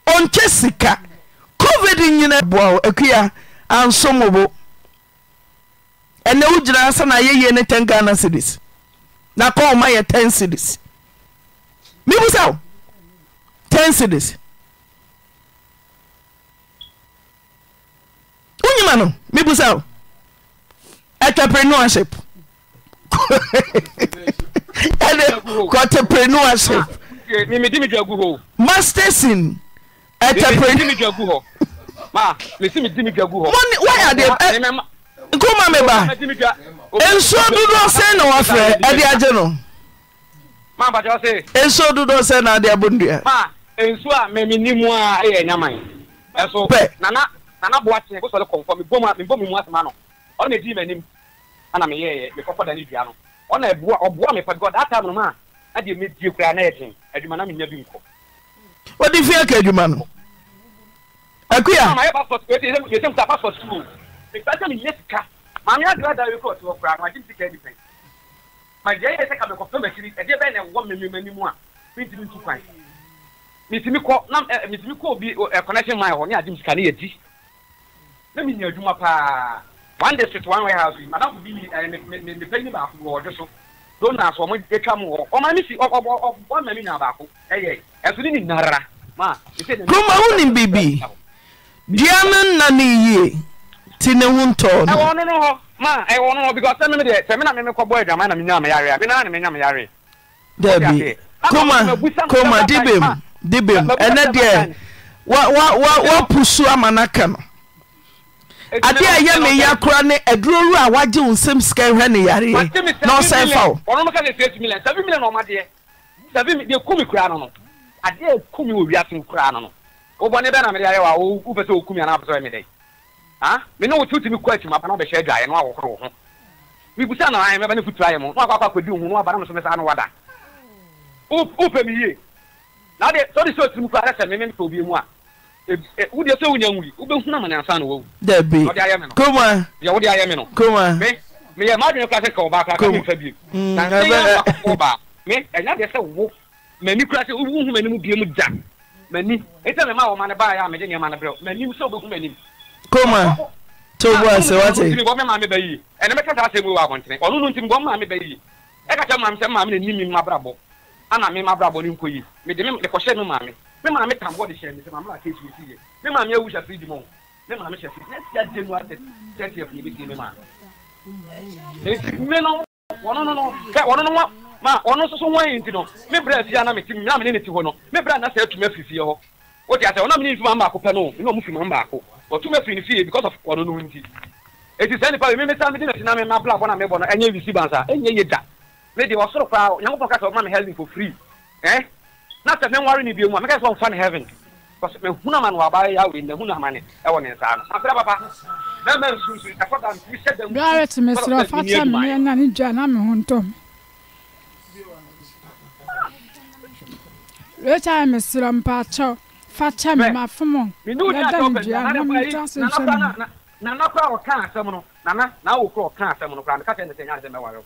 ɔnkyɛ sika covid nyina boa o akua ansomɔbo ɛnɛ wo gyinaa sa na ne 10 ghana cities na kɔwoma yɛ ten cities mibu sɛ 10 cities wonyima no mibu sɛ wo entrepreneurship [LAUGHS] masterson entrepreneur. ma mesi mi di mi dwa gu hɔ. mɔni waya de ɛ nkuma mi ba nsuo dodo sɛn na wafɛ Ma, agye no. maa bàtà ɔsè. na adi abo ndua. maa nsuo a mɛmi ni mu a ɛyɛ e nyaman ɛso nana nana bu akyɛ kó sɔrɔ kɔnkɔn mi bɔ mu mi bɔ mi mu na edi mi anim ana mi yɛ yɛ mi kɔkɔ da ne dua ọ na ɛbua ɔbua mi pa bi kɔ daa taa mu no adi mi die kura na adwuma na menya bi nkɔ wode fi aka adwuma no akua yɛsɛ msa passport school mepɛ sɛ menya sika maame adra da wekɔ ɔte hɔ koraa magye m sika nipɛn magyeɛ yɛ sɛ ka mekɔpɛ makyiri ɛdeɛ bɛyɛ na ɛwɔ mmemmem anim a mentimi ntu kwan metumi kɔ na metumi kɔ obi connection mine hɔ ne agye m sika ne yɛdi na menya adwuma paa one district one warehouse yi madamfo bi mepɛ ni baako wɔ ɔde donors wɔn atwa mu wɔ ɔman mi si ɔbɔ ɔman mi nya baako ɛyɛ ɛso ne nyinara ma. kuruma wo ni bibi dua no nna ne yie ti ne ho ntɔ no. ɛwɔ no no hɔ ma ɛwɔ no hɔ because sɛ mi deɛ sɛ mi na mi mi kɔ bɔ aduama na mi nya mi yare a mi na mi nya mi yare. dabi koma koma dibem dibem ɛnɛ deɛ wa wa wa wa pusu ama ade a ɛyɛ me ya kora ne aduroro a wagye wo nsɛm sika hwɛ ne yareɛ na ɔsɛn fa wo ɔno meka sɛ fɛtumi lɛ sɛbi milɛ na ɔmadeɛ sɛbi deɛ ku kura no adeɛ a ku mi wɔ wiase kura no no wobɔ ne bɛ na mede ayɛ wa wopɛ sɛ wɔku mi anaa wopɛ sɛ ɔyɛ me dɛn ha me ne wototumi kɔ akyim apa na wobɛhyɛ adwaeɛ na wawokoro wo ho mibusa na ayɛ mɛba ne futu ayɛ mu na wakɔ akɔ akɔdi wo ho na waba na mesome saa no wada wopɛ me yie na wode sɛ ɔde sɛ ɔtirim kora sɛ meme ne pɛ obi mu a wodi sɛ wonya wuri wobɛhuna ma ne ansa na wawu dabi koma deɛ wode ayɛ me no koma me meyɛ madwene kora sɛ ka ɔbaa kora kamfa bio nansɛyɛbaa me ɛnya deɛ sɛ wo m'ani kora sɛ wohu m'anim bie mu da m'ani ɛsɛ mema wɔma no baayɛ a mede nneɛma no berɛ m'anim sɛ wobɛhu m'anim koma tobu ase wate bɔ me maame bɛyie ɛne mɛka saa asɛm wɔ abɔntene ɔno no ntimi bɔ me maame bɛyie ɛka kyɛ maame sɛ maame na nim mabrabɔ ana me mabrabɔ no nkɔ yi mede me mekɔhyɛ me maame ne maame tam bɔ de hyɛ mi sɛ maame ake esu esi yɛ ne maame awu hyɛ fi di mu ne maame hyɛ fi ne ti adi nu ati tɛti ɛfu ne bi si ne maame esi mi no wɔn no no kɛ wɔn no no ma ɔno no, so wɔn yi nti no mi brɛ fia na mi ti mi na mi ne ne ti hɔ no mi brɛ anasa etuma fi fie hɔ o ti asɛ ɔna mi ne nfuma mbaako pɛ no mi na ɔmo fi ma mbaako ɔtuma fi ne fie because of ɔno no nti eti sɛ nipa mi mi sa mi di na si na mi ma bla bɔ na mi bɔ no ɛnyɛ wisi bansa ɛnyɛ yɛ da mi di ɔsoro paa nyankopɔn kasa ɔma mi hɛlin for free ɛɛ. Eh? na sɛ menware ne bio mu a meka sɛ ɔmfa no heaven bcause mehunu ama no wabayɛ yɛ awei nahunu ama ne ɛwɔ ne nsaa no maserɛ papa mɛma nsunsun ɛfɔ da mesɛ da garet meserɛ fa kyɛ memeɛ na ne gya na me ho ntɔm rachel meserɛ mpakyɛw fa kyɛ me mafom ɛda ne dua na metɔ se nhyɛ me nana koraa ɔka asɛm no nana na awo koraa ɔka asɛm no koraa meka kyɛ ne sɛ nya asɛm ɛware wo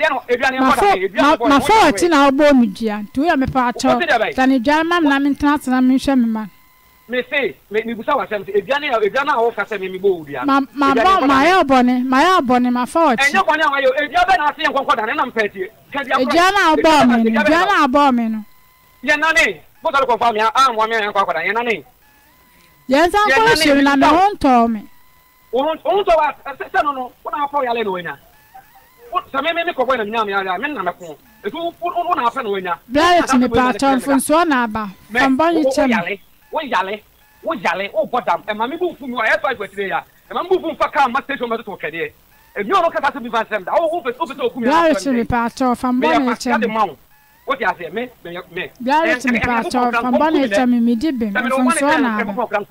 mafa ɔte na ɔbɔ mi dua nti woyɛ mepa akyɛw tane dua ma mena mentena tena menhwɛ me ma mese mebusa wasɛm sɛ aduane aduane a wofa sɛ memebɔ wo dua mabɔ mayɛ ɔbɔne mayɛ ɔbɔne mafa ɔte ɛnyɛ kwane a wayɛ adua bɛ na aseyɛ nkɔnkɔ dane na mpɛ tie aduane a ɔbɔɔ me no aduane a ɔbɔɔ me no yɛnane botɔre kɔmfa me ammoa me ɛnkɔ akɔda yɛnane yɛnsa nkɔ hyɛ me na me ho ntɔɔ me wo ho ntɔɔ sɛ no no wona akɔ yale na wanya sami mi mi kɔkɔ yɛrɛ nyaamu yɛrɛ mi nam ɛkún etu o na afɛ na o nya. bila yɛ tini paatɔ nfunsuo na aba fambɔ yi kyɛn. mɛ o yale o yale o bɔ dam ɛma mi b'u fun mi wa ɛyɛ tɔ ayi gbɛtire ya ɛma mi b'u fun fa kan ma station mɛ tuntun kɛdɛ ɛmi ɔno kata se mi fa sɛm da o o fɛ o fɛ sɛ o kun mi. bila yɛ tini paatɔ fambɔ yi kyɛn. o ti a se mɛ mɛ mɛ. bila yɛ tini paatɔ fambɔ yi kyɛn mi mi di bɛn nfunsuo na aba.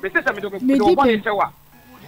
mɛ di bɛn.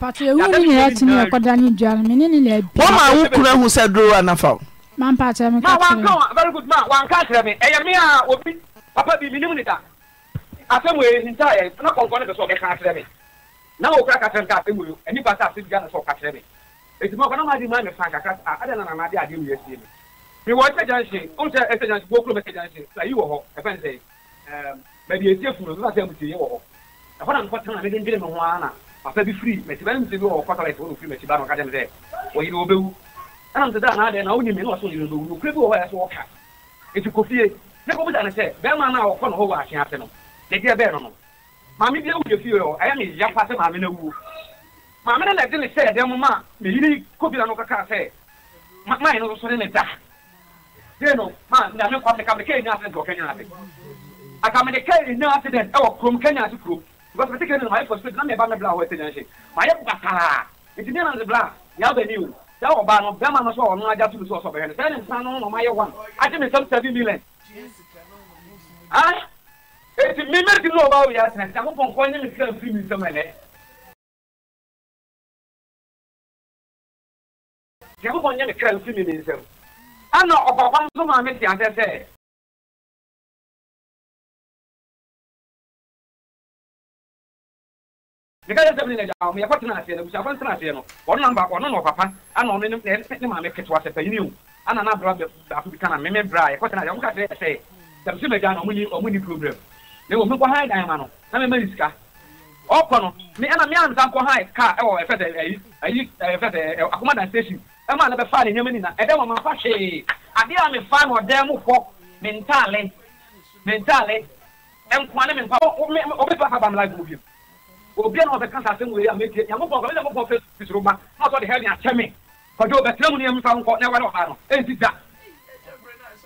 pàtó ewu ni yẹn ti ni ọkọdà ni dùn mí ní nílẹ̀ bí. wọ́n máa ń kúrẹ́ hun sẹ́ dúró ànáfà o. máa ń pa àtẹ mi ká tẹ̀lé. máa wà á very good máa wà á ká tẹ̀lé mi ẹ̀yẹ mi à òbí papa bíi mi ní mu nìta àfẹ́mu èyí nta ẹ̀ ẹ̀ kọ̀ọ̀kan bẹ̀ sọ ọ̀bẹ ká tẹ̀lé mi náà wò kúrẹ́ ká tẹ̀lé mi ká àfẹ́mu yìí ẹni bá sá àfẹ́ bí gánà sọ ọ̀ká tẹ̀lé mi ètò mọ̀ ọ̀kan náà máa di máa mi fa kàkà sá adé nana papa bi firi mɛtiba ne muso bi wɔ kɔtɔ la ɛsɛ wɔn firi mɛtiba ma k'a dɛmɛ dɛ wɔyi ni o bɛ wu ɛna muso da n'a dɛ na o nyimɛ n'o sɔn yiri bɛ wu okure bi wɔ hɔ yɛ sɛ ɔka eti kofi ye ne ko bisa ne sɛ bɛrima na ɔkɔ na o wɔ a ase no dedeɛ bɛɛ no no maame bi ewu yɛ fi yɛ o ɛyɛ mi yafa sɛ maame na wu maame na lɛde ne sɛ ɛdɛm ma mɛ yiri kofi na no kaka sɛ ma ma yi no so ne ne da de no ma na me kɔ se kamɛ kɛyɛ nyɛ ase ne kɔ kɛnyɛ ase akamɛ de kɛyɛ nyɛ ase dɛ ɛwɔ kurom because mistake ni maa yɛ frustrate na mɛ ba mɛ bila awɔ ɛsɛ nyɛnse maa yɛ basaa nti ne nana bila y'a bɛ niw sɛ ɔbaa no bɛɛ ma no so ɔno agya tulu so ɔsɔ bɛhɛ no sɛ ne nsa no na ɔma yɛ wan agye ne nsɛm seven million ah eti mi mɛ di n'o b'a wuli asena sisan ko pɔnkɔ ne ni sira firi mi nsɛm ɛnɛ sisan ko pɔnkɔ ne ni sira firi mi nsɛm ɛna ɔbaa kwan so maa mi ti asɛ sɛ meka yɛ sɛm ne nagya awo meyɛkɔ tena aseɛ no abusuafo ntena aseɛ no ɔno na mbaako ɔno na ɔpapa ana ɔno ne maame ketewa sɛ panyini o ana na abra baako bi ka na meme bra yɛkɔ tena aseɛ ɔmo ka kyerɛ sɛ sɛm sɛ nagya no ɔmo ɔmo ni program na wɔn mekɔ ha dan ma no na mema ne sika ɔkɔ no me ɛna me ansa nkɔ ha kaa ɛwɔ ɛfɛ sɛ ɛyi ɛyi ɛfɛ sɛ akomadan station ɛma na bɛfa ne nneɛma nyina ɛdɛm ɔmo afa hwee adeɛ a mefa na ɔdan mu fɔ me ntaale me ntaale nkwa ne me mpa ɔbɛba kaba mla gu bi mu obi na ɔbɛka sase mu wei a metie nyankopɔn kɔmi nyankopɔn fɛ fitiri ma na ɔtɔ de hɛli akyɛ mi kɔdze o bɛtɛn mu ni emu fa nkɔ na ɛwɛrɛ ɔha no esi da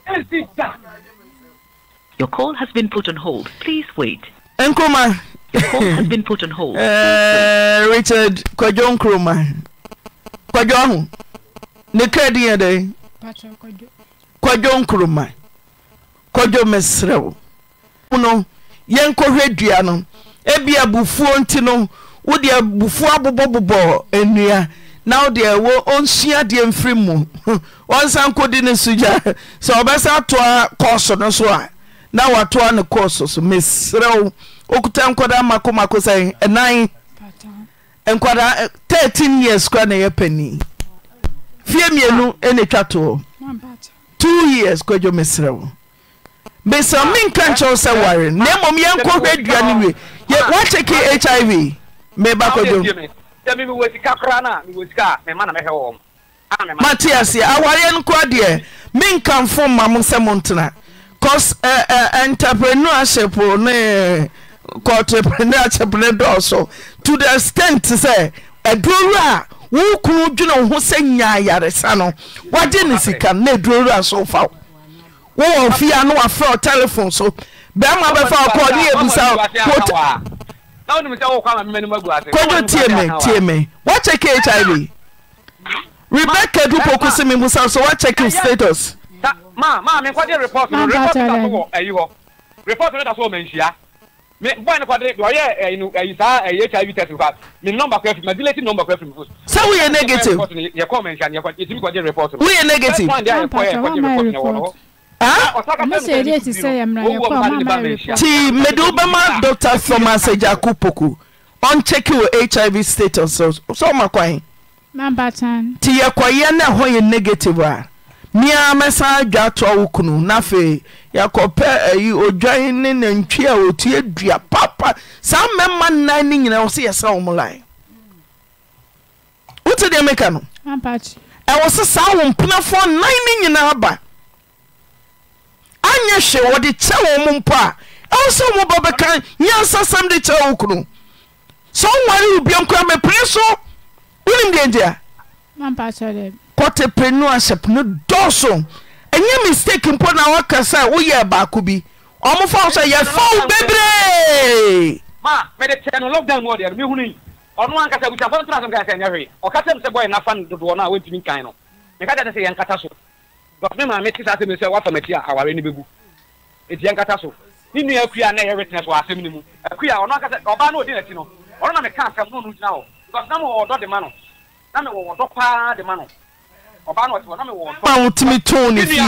esi da. Your call has been put on hold. Please wait. Nkrumah. Your call has been put on hold. [LAUGHS] Eh, Richard Kwajo Nkrumah. Kwajo ahu. Ne kadi yɛ dɛ. Kwajo Nkrumah. Kwajo mesrɛw. Mu no yɛn kɔhwɛ dua no. ebia bufuo nti no wode bufuo abobɔbobɔ anua na wode wɔ ɔnsua deɛ mfiri mu [LAUGHS] ɔnsa nkɔdi ne so gya sɛ ɔbɛsa atoa kɔɔso no so a na watoa ne kɔɔso so mesrɛ wo okuta nkɔda makomako sɛ ɛnan nkwadaa 13 eh, years kora na yɛ panyin fie mmienu ɛne twa toɔ 2 years kwadwo mesrɛ wo mesrɛ menka nkyɛw sɛ ware na mmom yɛnkɔhwɛ dua no wie wọ́n cheki hiv mẹ́ẹ̀bá kojú. matias awareɛ no kora deɛ menkamfo ma mo sɛ mo ntena cause ɛ eh, ɛ eh, oh, entrepreneurship ne entrepreneurship ne dɔɔso to the extent sɛ aduro a wo kunu dwene ho sɛ nya ayaresa no wagye ne sika na aduro a so fa wo wɔ fie a no wafrɛ telephone so bẹẹma bẹfa ọkọ ni ebusa kota kojú tie mi tie mi wọ́n check hiv rebecca dupo kusi mi musa so wọ́n check his status. maa maa mi nkɔ de report mi report mi ta so wɔ ɛyi hɔ report mi ta so wɔ mɛ nhyia mi bɔn ne kɔ de ɔyɛ ɛyinu ɛyi saa ɛyi hiv test nfa mi nɔmba kɔ efiri mi dileti nɔmba kɔ efiri mi fo. sɛ wuyɛ negative yɛ kɔ mɛ nhyia yɛ kɔ yɛ ti mi kɔ de report mi. wuyɛ negative. nti mede wobɛma dr thomas agyako poku ɔnkyɛke wɔ hiv status sɛ ɔma kwan nti yɛkɔyɛ ne ɛhɔ yɛ negative a meara mɛsan adwa atoa wo kunu na afei yɛkɔpɛ ayi odwan ne nantwi a wɔtue dua papa saa mɛma nnan no nyinaa wɔ sɛ yɛsra wɔ mu lae wote deɛ meka no ɛwɔ sɛ saa wo mpenafoɔ nan no nyinaa aba anyɛ hye wɔde kyɛ wɔ mo mpo a ɛwo sɛ mobɔ bɛka nyansasɛm de kyerɛ wo kunu sɛ woware wobia nkora mepere so wonim deɛ nti a kɔteprenuaship no dɔɔso ɛnyɛ mistake mpo na woaka sɛ woyɛ baako bi ɔmofa wo sɛ yɛfa wo bebree ma mede kyɛ no lockdown mu ɔdeɛ no mehu no yi ɔno ankasa abusuafoɔ no tena asɛm kaa sɛ ɛnyɛ hwee ɔka sɛm sɛ bɔyɛ nafa dodoɔ no wɔntumi nkan no meka kyɛ sɛ sɛ yɛnkata so because me maame ti sa asɛm sɛ wafa m'akyi a aware no bɛbu eti ɛnkata so ne nua akui a na ɛyɛ witness wɔ asɛm no mu akui a ɔno akasa ɔbaa no ɔdi n'akyi no ɔno na meka asɛm no no gyina hɔ because na mewɔ ɔdɔ de ma no na mewɔ ɔdɔ paa de ma no ɔbaa no ɔte hɔ na mewɔ ɔdɔ. awo tumi tún ne fie ne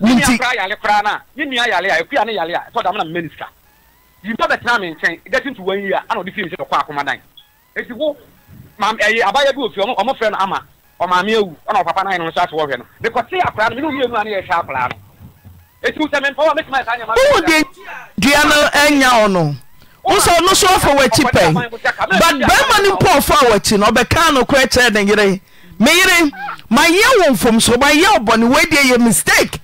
nua ne nua kura yale kura na ne nua yale a akui ne yale a ɛtɔ dam na mi nkyɛn gɛti ntu wɔn yi a mi sɛ ɔmaame awu ɔna ɔpapa nan no nso ase wɔhwɛ no mekɔte akora no mene omienu a ne yɛhwɛ akora no ɛtim sɛ memfa wɔ mɛtumi ɛsa nyɛma wowu de dua no anya wo no wo sɛ ɔno so ɔfa w'akyi pɛn but bɛrima no mpo ɔfa w'akyi no ɔbɛkaa no korɛ kyerɛ ne yere me yere mayɛ wo mfom so mayɛ ɔbɔne woadie yɛ mistake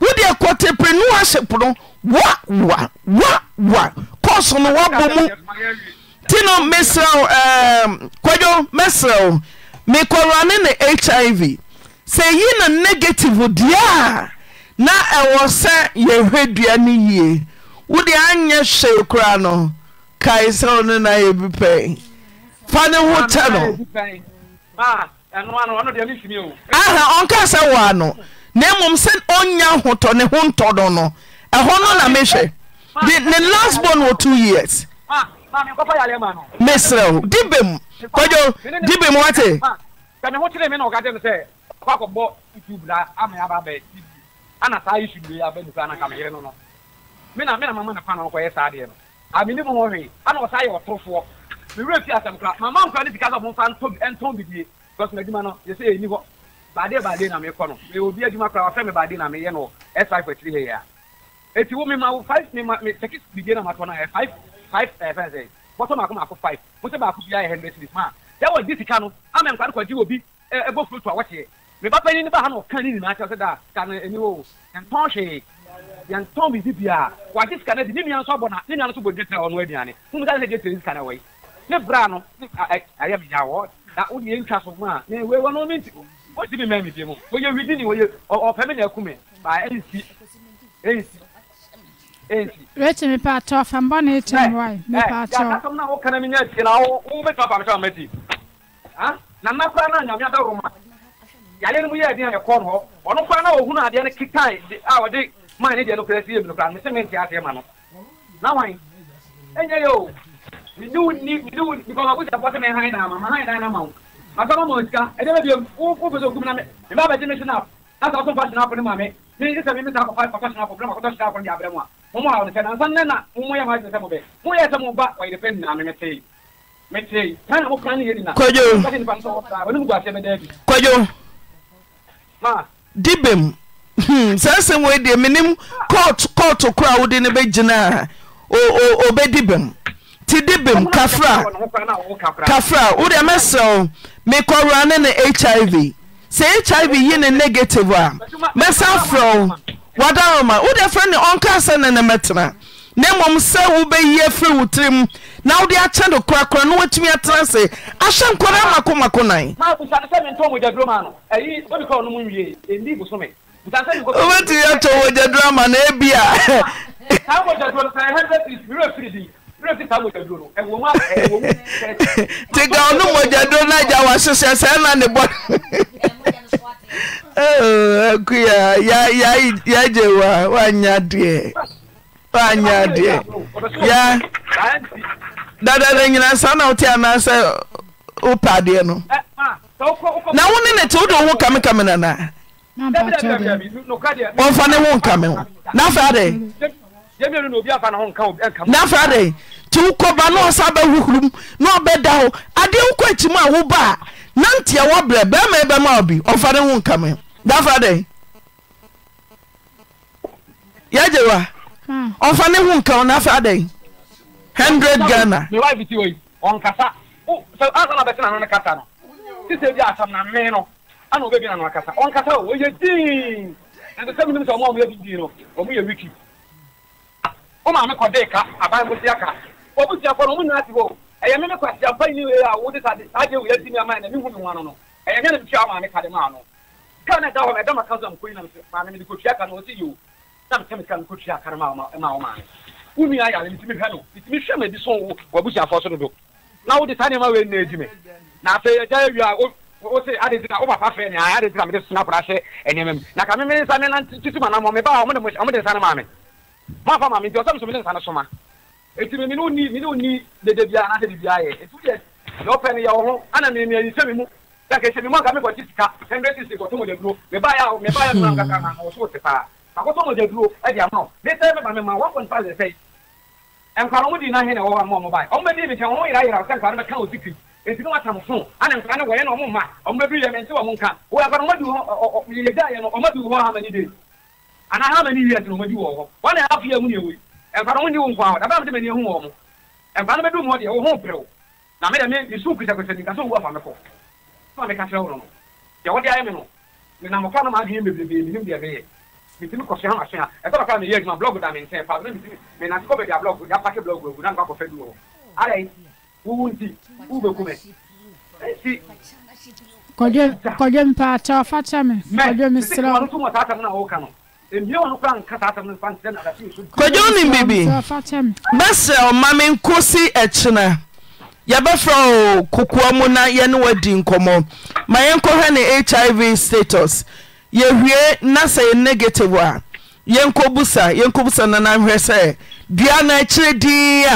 wodeɛ kɔteprenuaship no wa wa wa wa kɔɔso no woabɔ mu nti no mesrɛ wo kwadwo mɛsrɛ wo mekɔwuane ne hiv sɛ yi na negative deɛ a na ɛwɔ sɛ yɛhwɛ dua ne yie wode ayɛ hyɛ koraa no kae sɛ no nayɛbi pɛn fa ne hota no aha ɔnka sɛ wɔ a no na mmom sɛ ɔnya hotɔ ne ho ntɔ no no ɛho no na mehwɛ de ne last bon wɔ t years meserɛ wo de bam kọjọ dibi mu wate. kàmi ho tẹ́lẹ̀ mi na ọ̀gá dẹ́nu sẹ́ ọkọ akọ̀bọ youtube la ama ya ba bẹ tv ana saa isu lu ya bẹ nufa ana kàmi yẹrẹ nínú mi na mi na mama na fa na ọkọ yẹ saa deɛ no àmì ni mo wọ hwee ana ọsa yɛ ɔtorofoɔ mi wúlò fi asɛm kura màmá nkura ni sika sọ fún fa ntɔn bìbí kɔsùn adwuma no yẹ sẹ yẹ ni hɔ baade baade na mi kɔ no mi obi adwuma kura wafɛ mi baade na mi yɛ no ɛsɛ ayi fɔ akyiri yɛ yɛ a eti wo mi ma wo five mi ma mi sɛkis bìbí na ma tɔ na yɛ five five ɛɛ fɛn sɛ bɔtɔ mako mako five bɔtɔ mako bi ayɛ hundred cities ma yɛwɔ di sika no ama nkwa nkwa di obi ɛbɔ furu to a wɔteɛ mɛ ba panyin ne ba ha na ɔkan ne nyinaa kyerɛ sɛ da ka na ɛni o yɛntɔn hwee yɛntɔn bibi bia wagye sika no di ne nua nso abɔ na ne nua nso bɔ gyetire ɔno aduane funu sani sɛ gyetire sika na wɔyi ne bra no ne ayɛ mi yawɔ na o deɛ ntwa so mu a ne wei wɔn mi nti o ti mi mɛ mi bi mu o yɛ widi ni o yɛ ɔpɛ mi na ɛku mi ba ɛnsi ɛnsi enti reti mi pa atɔ fam bɔ ne eh, eh, kyɛn wa yi mi pa atɔ. yàtọ̀ na wọ́n kàn mí nyɛ tigi na wọ́n bɛ tɔ fam sɛ wọ́n bɛ ti na nna kura náà nyàmúnyà dɔrɔ ma yàrá ni mu yɛ ɛdín yɛ kɔn hɔ ɔno kura náà òhun adeɛ ni kíkà a ɔde maa ni deɛ no kura si yɛ mi sɛ mi n ti aseɛ ma no na wɔn ɛnyɛ yɛ o nidiw ni ni isa mi ta ko fa ko sna problem ko to sna ko ndi abrɛ mu a mo mo ha ne kana san na mo mo ya ma se mo be mo ya se mo ba wa ire pen na me mete mete tan mo kan ye na kojo kojo ma dibem saa sɛm wei deɛ menim kɔɔto kora wode no bɛgyina o o bɛm nti di dibem kafra kafra o mɛsrɛ wo mekɔwura ne ne hiv say hiv yi na negative a mɛsan frɛ wo wadaroma wode frɛ ne ɔnka sɛ ne ne mɛtena na mmom sɛ wobɛyi afiri wo tirim na wode akyɛ no korakora na woatumi atena ase ahyɛ nkɔre amakomako nan wobɛtumi atɔ wɔgyaduro ama na ebi a tiga ɔno mɔgyaduro no agya wahyehyɛ sɛ na ne bɔ ọkụ ya ya jewa wanya adịghị wanya adịghị ya dadada nyina saa na ọtị anaasị ụpa adịghị nọ na wọn ne nete ụdị ọhụụ kame kame na na ọfa ne hụ nkame hụ n'afọ adịghị. na friday nti wokɔba na ɔsa bɛhuhurum na ɔbɛda hɔ adeɛ wokɔ akyi mu a woba a na nteɛ wɔbrɛ bɛrima bɛma wo bi ɔfa ne ho nkame na friday yɛgye wa ɔfa ne ho nka na friday hmm. hundred ghana. mi wa ibi ti wo yi ɔnkasa o sɛ ansa na bɛtena ano ne kasa asam na mmee no ana na ano akasa ɔnkasa o oye diin ɛnso sɛ mi nim sɛ ɔmo a yɛ bi diin no ɔmo yɛ wiki o maame kɔ de ka aban busia ka o busia kɔ no ɔmo nyinaa ti hɔ ɛyɛ mímí kwasi afa yi ni wei a wodi sa de saa de wei esi mi na mi hu mi wa no no ɛyɛ nyɛ na mi tia maame ka de maa no kaa na ɛda hɔ ɛda ma kan so a nkoyi na maame mi ko tia ka na ɔsi yi o na mi sɛmi ka mi ko tia ma ɔma maame wumi ayɛ ale mi ti mi hwɛ no ma ebi so wo wɔ busia afɔ so dodo na wodi saa nneɛma wei na edi mi na afei ɛgya ewia o o se adi ti na o papa fɛ ni a adi ti na mi de sinapura hyɛ ɛnìyɛn mi na ka mi mi nsa mi na tutu ma na mɔ mi ba ɔmo de nsa ne maame maa fa maame nti ọsẹ musomi ne nsa ne soma eti mi ne oni mi ne oni dede bia anase de bia yɛ etu yɛ yɛ ɔpɛ ne yɛ ɔho ana mi mi ayi sɛ mi mu yɛ kɛ sɛ mi mu anka mi kɔ ti sika hundred sixty kɔ to mo de duro mi ba yɛ mi ba yɛ duro anka kan na ɔso ti paa akɔ to mo de duro ɛdi ama o mi sɛ mi ma mi ma one point five ɛsɛ nkwaraa mo di na hin na ɛwɔ mo mo ba yɛ ɔmo bɛ di mi kyɛn ɔmo yira yira ɔsɛ nkwaraa bɛ kan o sikiri eti mi wa tam fun ana nkwaraa ne wɔyɛ na ɔmo ma ɔmo bɛ bi yɛ mi nti wɔn mo nka wɔyɛ akwaraa ɔmo di hɔ ɔ ɔ yɛ gya yɛ no ɔmo di hɔ ha ma ni de ana how many years na ɔmadi wɔ hɔ wɔn na afi ɛmu na ewu nkwa no ho ni wo nkwa hɔ daba mi tɛmɛ ni ehu wɔn mo nkwa no bɛ dum hɔ deɛ wo ho perew na mi dɛ mi nsu kusakusa ni nkasa owu afa mi kɔ ɛna mi ka kyerɛ wɔn no deɛ wɔde ayɛ mi no na nam kɔ no ma adwene me mi nim deɛ mi yɛ mi ti mi kɔ soa ma soa ɛtɔ na kora mi yɛ adwuma blɔg da mi nsɛn pa mi mi nante kɔ bɛbi a blɔg ya paki blɔg wɔ egu na nkɔ akɔfɛ du wɔ ara yi wuwu nti wuwu bɛ kumɛ esi kɔdwe kɔdwe mpaata ɔfa kyɛ mi kɔdwe mi sira. mɛ sisi kɔnɔ tó mɔ taata mu na ɔwɔ ka kodwaw nem birbi mɛsɛw ma menko si akyena yɛbɛfrɛ o kokoa mu na yɛne waadi nkɔmmɔ ma yɛnkɔhwɛ ne hiv status yɛhie na sɛyɛ negative a yɛnkɔbusa yɛnkɔ busa nananhwɛ sɛ dua na akyerɛ din a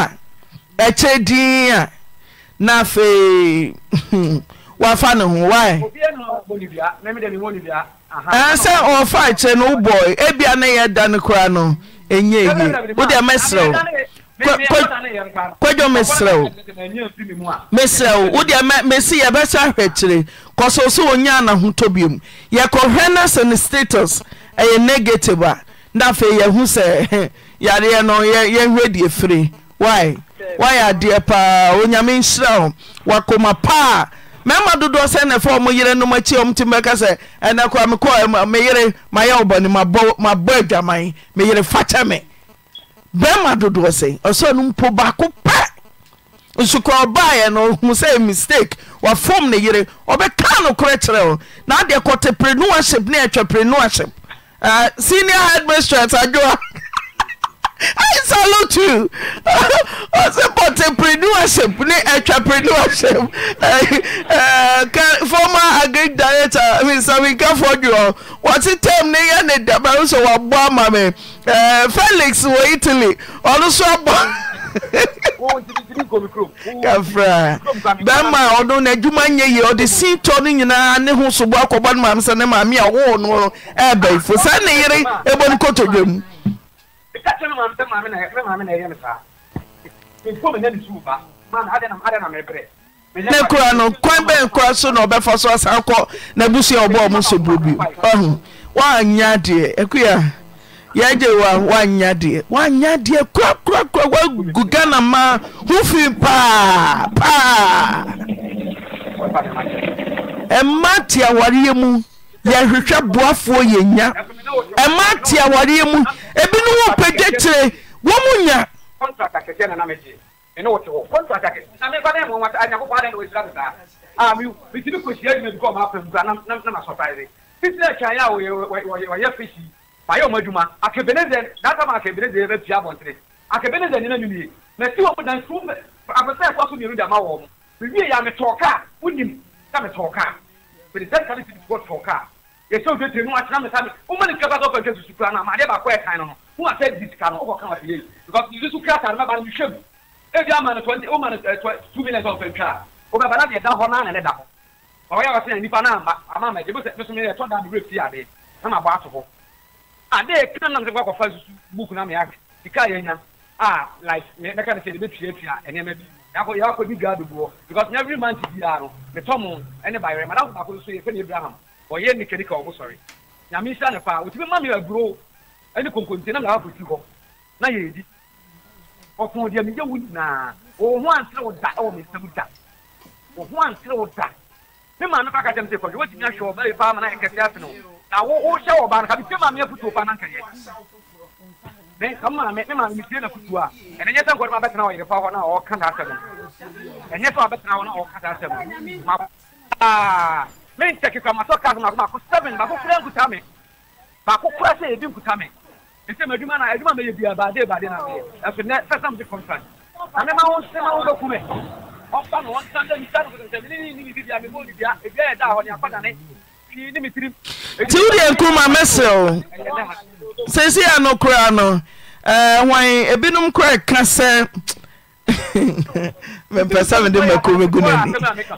akyerɛ dinn a na afei [LAUGHS] wafa ne ho why sɛ ɔfa akyɛ no wobɔ ebia ne yɛ da no koraa no ɛnyɛ yie wode mɛserɛ wo kwadwo meserɛ wo meserɛ wo wodeɛ mɛsi yɛbɛsɛ ahwɛ kɔso so onya anahotɔ biom yɛkɔhwɛ no sɛ ne status ɛyɛ negative a na afei yɛhu sɛ [LAUGHS] yareɛ no yɛnhwɛ deɛ firi why wayɛ adeɛ paa onyame nhyira wo wakoma paa mɛma dodoɔ sɛm ne fa omo yere nomakyia ɔmtimi bɛka sɛ ɛnɛ koa memeyere mayɛ wo bɔne mabɔ adwamae meyere fakyɛ me mɛma dodoɔ sɛm ɔsɔanom po baako pɛ nsuka ɔba ɛ no hu sɛ ɛ mistake waafom ne yere ɔbɛka nokorɛ kyerɛ hɔ na deɛ kɔte prenoaship ne ɛtwa prenuaship eh, senior administrate adoa I salute you. [LAUGHS] What's the entrepreneurship? Entrepreneurship. Uh, uh, former agric director, Mr. Mika Fodio, what's the term? Near the Dabarus or Obama, Felix, or Italy, also kafra bɛrima a ɔno n'adwuma nyɛ yie ɔde siitɔ no nyinaa ne ho sobo akɔba no maame sɛ ne maame a wɔwɔ no ɛɛbɛyifo sɛ ne yere ɛbɔ no kotodwe mu na mɛ maame na ɛyɛ ne na kura no kwan bɛn kura so na ɔbɛfa so asan kɔ na busua ɔbɔ ɔmo so buro bi ɔho wanya deɛ akuya yɛgye wa wanya deɛ wanya deɛ kura kura kura wagu ghana ma ho paa paa ɛma te awareɛ mu yɛhwehwɛ boafoɔ nya. ɛma te awareɛ mu ebinom wɔ pɛgye kyerɛ wɔn mu nya. kɔntrata kɛseɛ na nam agye ɛne wɔte hɔ kɔntrata kɛseɛ na mefa dɛn mɔmɔ anyankopɔn adɛn na wɔsira me saa a ah, mi mitimi kɔhyia adwuma bi kɔ ɔma apɛ nkura na na ma sɔtaade sisi atwan a e wɔyɛ fisi ma yɛ ɔmo adwuma akɛbɛnɛzɛ n'ata ma akɛbɛnɛzɛ yɛ bɛ pia abɔntere akɛbɛnɛzɛ nina mi nie na si wɔn dan so abɛsɛ ɛkɔ so mmienu dama wɔn mi wie yɛ ametɔɔ kaa wunim na metɔɔ kaa pɛrɛsidɛnti kan ti di kɔ tɔɔ kaa yɛsɛ o tete mu akyerɛ mi sami o ma ni kaba sɔ kɔnkɛ susu kura na ma adeɛ baako yɛ kan no mo wa sɛ sika no o kɔ kan wa ti yɛ because susu kura ta no bɛ ba no hwɛ mu ebi ama no twenty o ma no two million sɔn fɛn twɛ o bɛ ba na deɛ da hɔ na na ne da hɔ ɔyɛ wɔ sɛ nipa na ama ama ma ebi sɛ ɛsɛ mi yɛ tɔ da mi wɛ fi ade na ma bɔ ato hɔ ade kan na mi sɛ kɔ fa susu book na mi ahwɛ sika yɛ nya a like mɛ mɛ ka ne sɛ ebi tia tia ɛnɛɛma bi yakɔ yakɔ every month bi ya no mɛ tɔ mu ɛne bayerɛ madam baako abraham ɔyɛ nikanika ɔmo sɔre nyame nhyira ne paa otumi ma mi aburo e ɛne konkonte na mìlá akɔsi hɔ na yɛ edi ɔkùn deɛ miyɛ wo nyinaa ɔwɔ ho ansere wo da ɛwɔ mi nsɛm da ɔwɔ ho ansere wo da ne maa nipa kata mi sɛ kɔjɔ wɔtumi ahyɛ ɔbaa yi paa ma na yɛ kɛse afei no na wo wo hyɛ ɔbaa no kabi fɛn maa mi afutu e ɔbaa na nkɛyɛ ne ka maa mi ne maa mi fie na futu a ɛnɛ nyɛ sɛ nkɔdu ma bɛtena wɔ yɛrɛ fa hɔ na ɔka da asɛm ɛnyɛ sɛ ɔbɛtena hɔ na ɔka da asɛm ma paa. Ah! me ntɛke kura masɔ kaa mako mako seven mako kura nkuta me mako kura sɛ ebi nkuta me nsɛm adwuma na adwuma meyɛ bia baade baade na meyɛ ɛso nɛ sɛ sɛ mde contract na me ma wo nsɛ ma wo bɛku me ɔfa no wɔn sanda mi sanda kosɛm sɛ ne ne ne bibia me bɔ bibia ebi ayɛ da hɔ ne akɔda ne fii ne me tirim. ti O deɛ nkuma mɛsɛw sɛsi ano kura no ɛɛ eh, wɔn ebinom kura ka sɛ mepɛ sɛ mede mako mɛgu no ani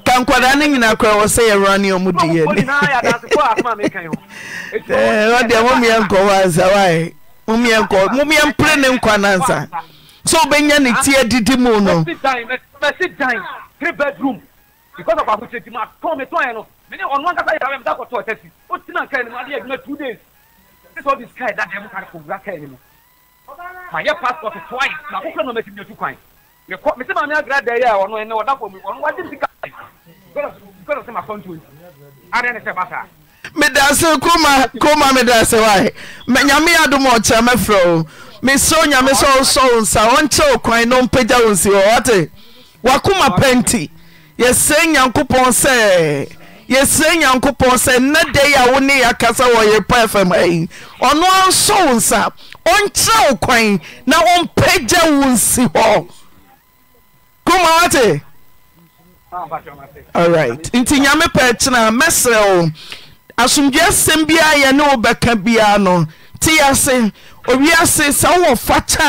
ka nkwadaa no nyina kora wɔ sɛ yɛwora ne ɔmo di yɛniɔdeɛ [LAUGHS] eh, momeɛ nkɔ hɔ ansa wae momeɛ nkɔ momeɛ mpere ne nkwa no ansa sɛ wobɛnya ne ti adidi mu no because of abuja ti ma tọ́ mi tọ́ yẹn no mi ní ọ̀nà ankasa yàrá mi dákọ̀ tọ́ ọ̀tẹ́sì ó ti náà kẹ́rin mu adé ẹ̀dùnmẹ́ two days this all this car ẹ̀dá dẹ̀ mú kárí kò wúrà kẹ́rin mu mà yẹ passport twice mà kókó náà mẹ́tì mi ò tún kwan mekɔ mesi maame agra da yi a ɔno ɛnɛ ɔda fɔ mi ɔno wagye sika gbɛdɔ sɛ ma fɔ ntuo adeɛ ne sɛ ba saa medase koma koma medase wae nyame adom ɔkyerɛ mɛfrɛ o mesrɛ nyame sɛ ɔsɔ wo nsa ɔnkyɛ wo kwan na ɔmpagya wo nsi hɔ ɔte wakoma pɛnti yɛsrɛ nyankopɔn sɛ yɛsrɛ nyankopɔn sɛ nnɛ da yi a wo ne yɛakasa wɔ yepa fm ayi ɔno ansɔ wo nsa ɔnkyerɛ wo kwan na ɔmpagya wo nsi hɔ koma hate right nti nyame pɛ a kenaa mɛserɛ wo asomdwoa asɛm biaa yɛne wo bɛka biaa no nteyɛ ase owiase sɛ wowɔ fata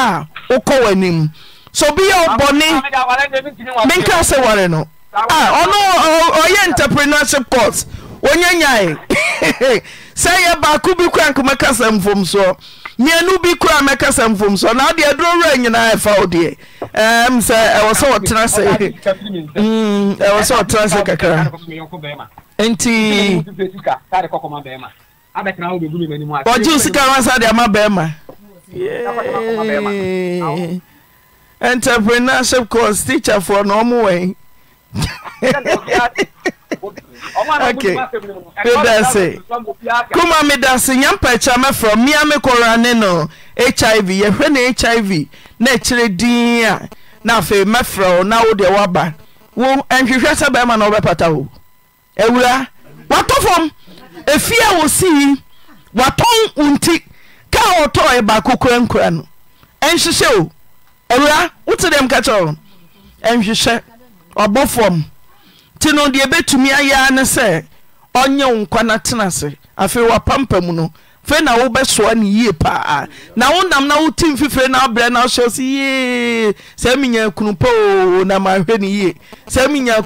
a wokɔ w' anim sɛ obiyɛ ɔbɔne menka sɛ ware no ah, ɔnɔyɛ enterprenarship cors onya nyae [LAUGHS] sɛ ɛyɛ baako bi kwa nkamakasa mfom soɔ miano bi koraa mɛkasa mfom so na wode aduro wera nyinaa ɛfawo deɛ m sɛ ɛwɔ sɛ ɔteasɛwɔsɛ ɔtea sɛ mm, kakrantiɔgye wo sika mosɛ de ama baima enterprenarship cors teacherfoɔ n ɔmw medase kuma medase nyampa kyɛ mɛfrɛ mea me kɔra ne no hiv yɛhwɛ ne hiv na ɛkyerɛ dia, na fe me wo na e e wo deɛ woaba wo ɛnhwehwɛ sɛ bɛrima na wobɛpata wo awura watɔ fam efie a wosii watɔn wo nti ka wɔtɔɔ ɛbaako e kora nkora no ɛnhyehyɛ o awura wote deɛ mka kyerɛ wo se ɔbɔfɔm nti no deɛ bɛtumi ayɛa ne sɛ ɔnyɛ wo nkwanotena se aei wpapa mu nofenawobɛsoa neie pa nawonam na wotim fifiri na ɛ nɛ se saa ia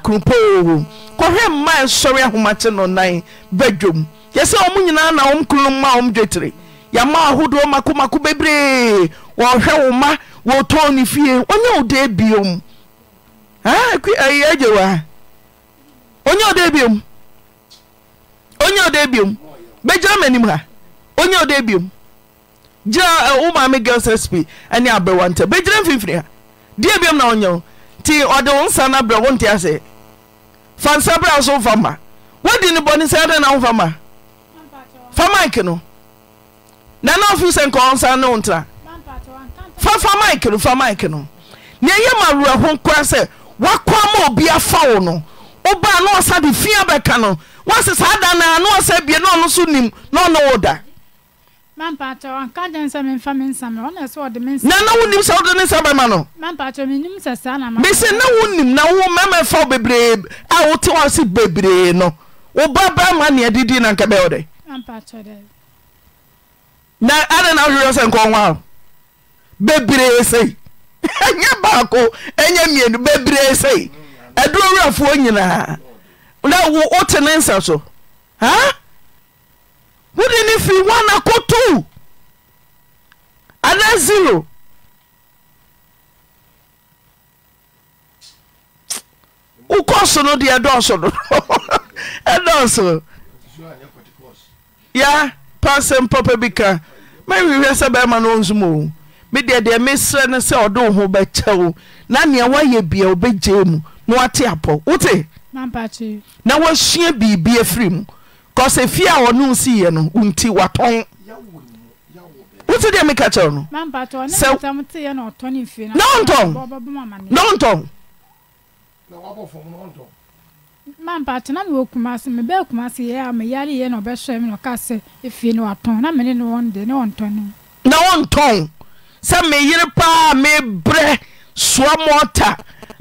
unsaya u ɔhwɛ maɛsɔre ahomakye no n badwom yɛ sɛ ɔ m nyinaa na wɔm koma ɔmdwetire yɛma ahodoɔ maoko bebree ɔhwɛ wo ma wɔtɔno fieɔyɛ wo de biom ejewa onye odebiom onye odebiom be germany ha onye odebiom je ụmụami girls sp anyị abewante be jere mfimfiri ha diebiom eh, na onye ti ọdịwụ nsa na brọ ntị ase fansa bra so fama wedin bọni sị adị na fama fama nke no na na ọfịs nke ọnsa na ụntra fa fama nke no fama nke no na-enye ma ruru ahụ nkwa sị woakoa ma obi afa wo no wobaa na ɔsa de fia bɛka no woase saa da naa na ɔsɛ bie na ɔno so nim na ɔno wo da na na wonim sɛ wode ne nsa bɛma no mese na wonim na wo mɛma fa wo bebree a wote hɔ se bebree no wo ba bɛma nea didi na nka bɛwo dɛ na adɛ na wohwerɛ sɛ nkɔ ho a bebree sei ɛnyɛ baako ɛnyɛ mmienu bebree sɛi aduowurafoɔ nyinaa na wote ne nsa so a wode ne firi woana kɔtoo ana zero wokɔ so no deɛ ɛdɔɔso no [LAUGHS] ɛdɔɔso ya pasɛ mpɔpɛ bi ka ma wihwɛ sɛ bɛrima no ɔnsom o me deɛ deɛ mesrɛ no sɛ ɔde wo ho bɛkyɛ wo na nea woayɛ bia wobɛgyee mu na woate apɔ wote na woasua biribi afiri mu kɔsɛ fie a ɔne wo siiɛ no wonti watɔn wote deɛ meka kyɛw no na ɔntɔn na ɔntɔn mampate na mewɔ kumase mebɛɛ kumase yɛ a meyare yɛ na ɔbɛhwɛ me na ɔka sɛ ɛfie no watɔn na mene ne wɔn de ne ɔntɔn na ɔntɔn sɛ meyere paa mebrɛ soa mte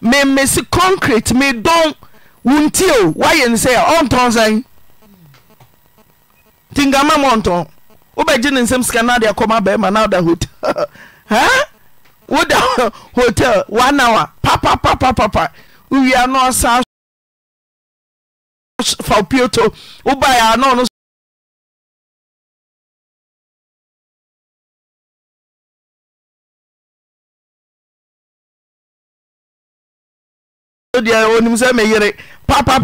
memese concrete medɔn wontio woyɛ n sɛa ɔntɔn sa ntinkama mu ntɔn wobɛgye ne nsɛm ska nadeakɔmabma nada hotel woda hotel wonawa pappa owianosa fapuoto wobano deɛ onim sɛ meyere papaa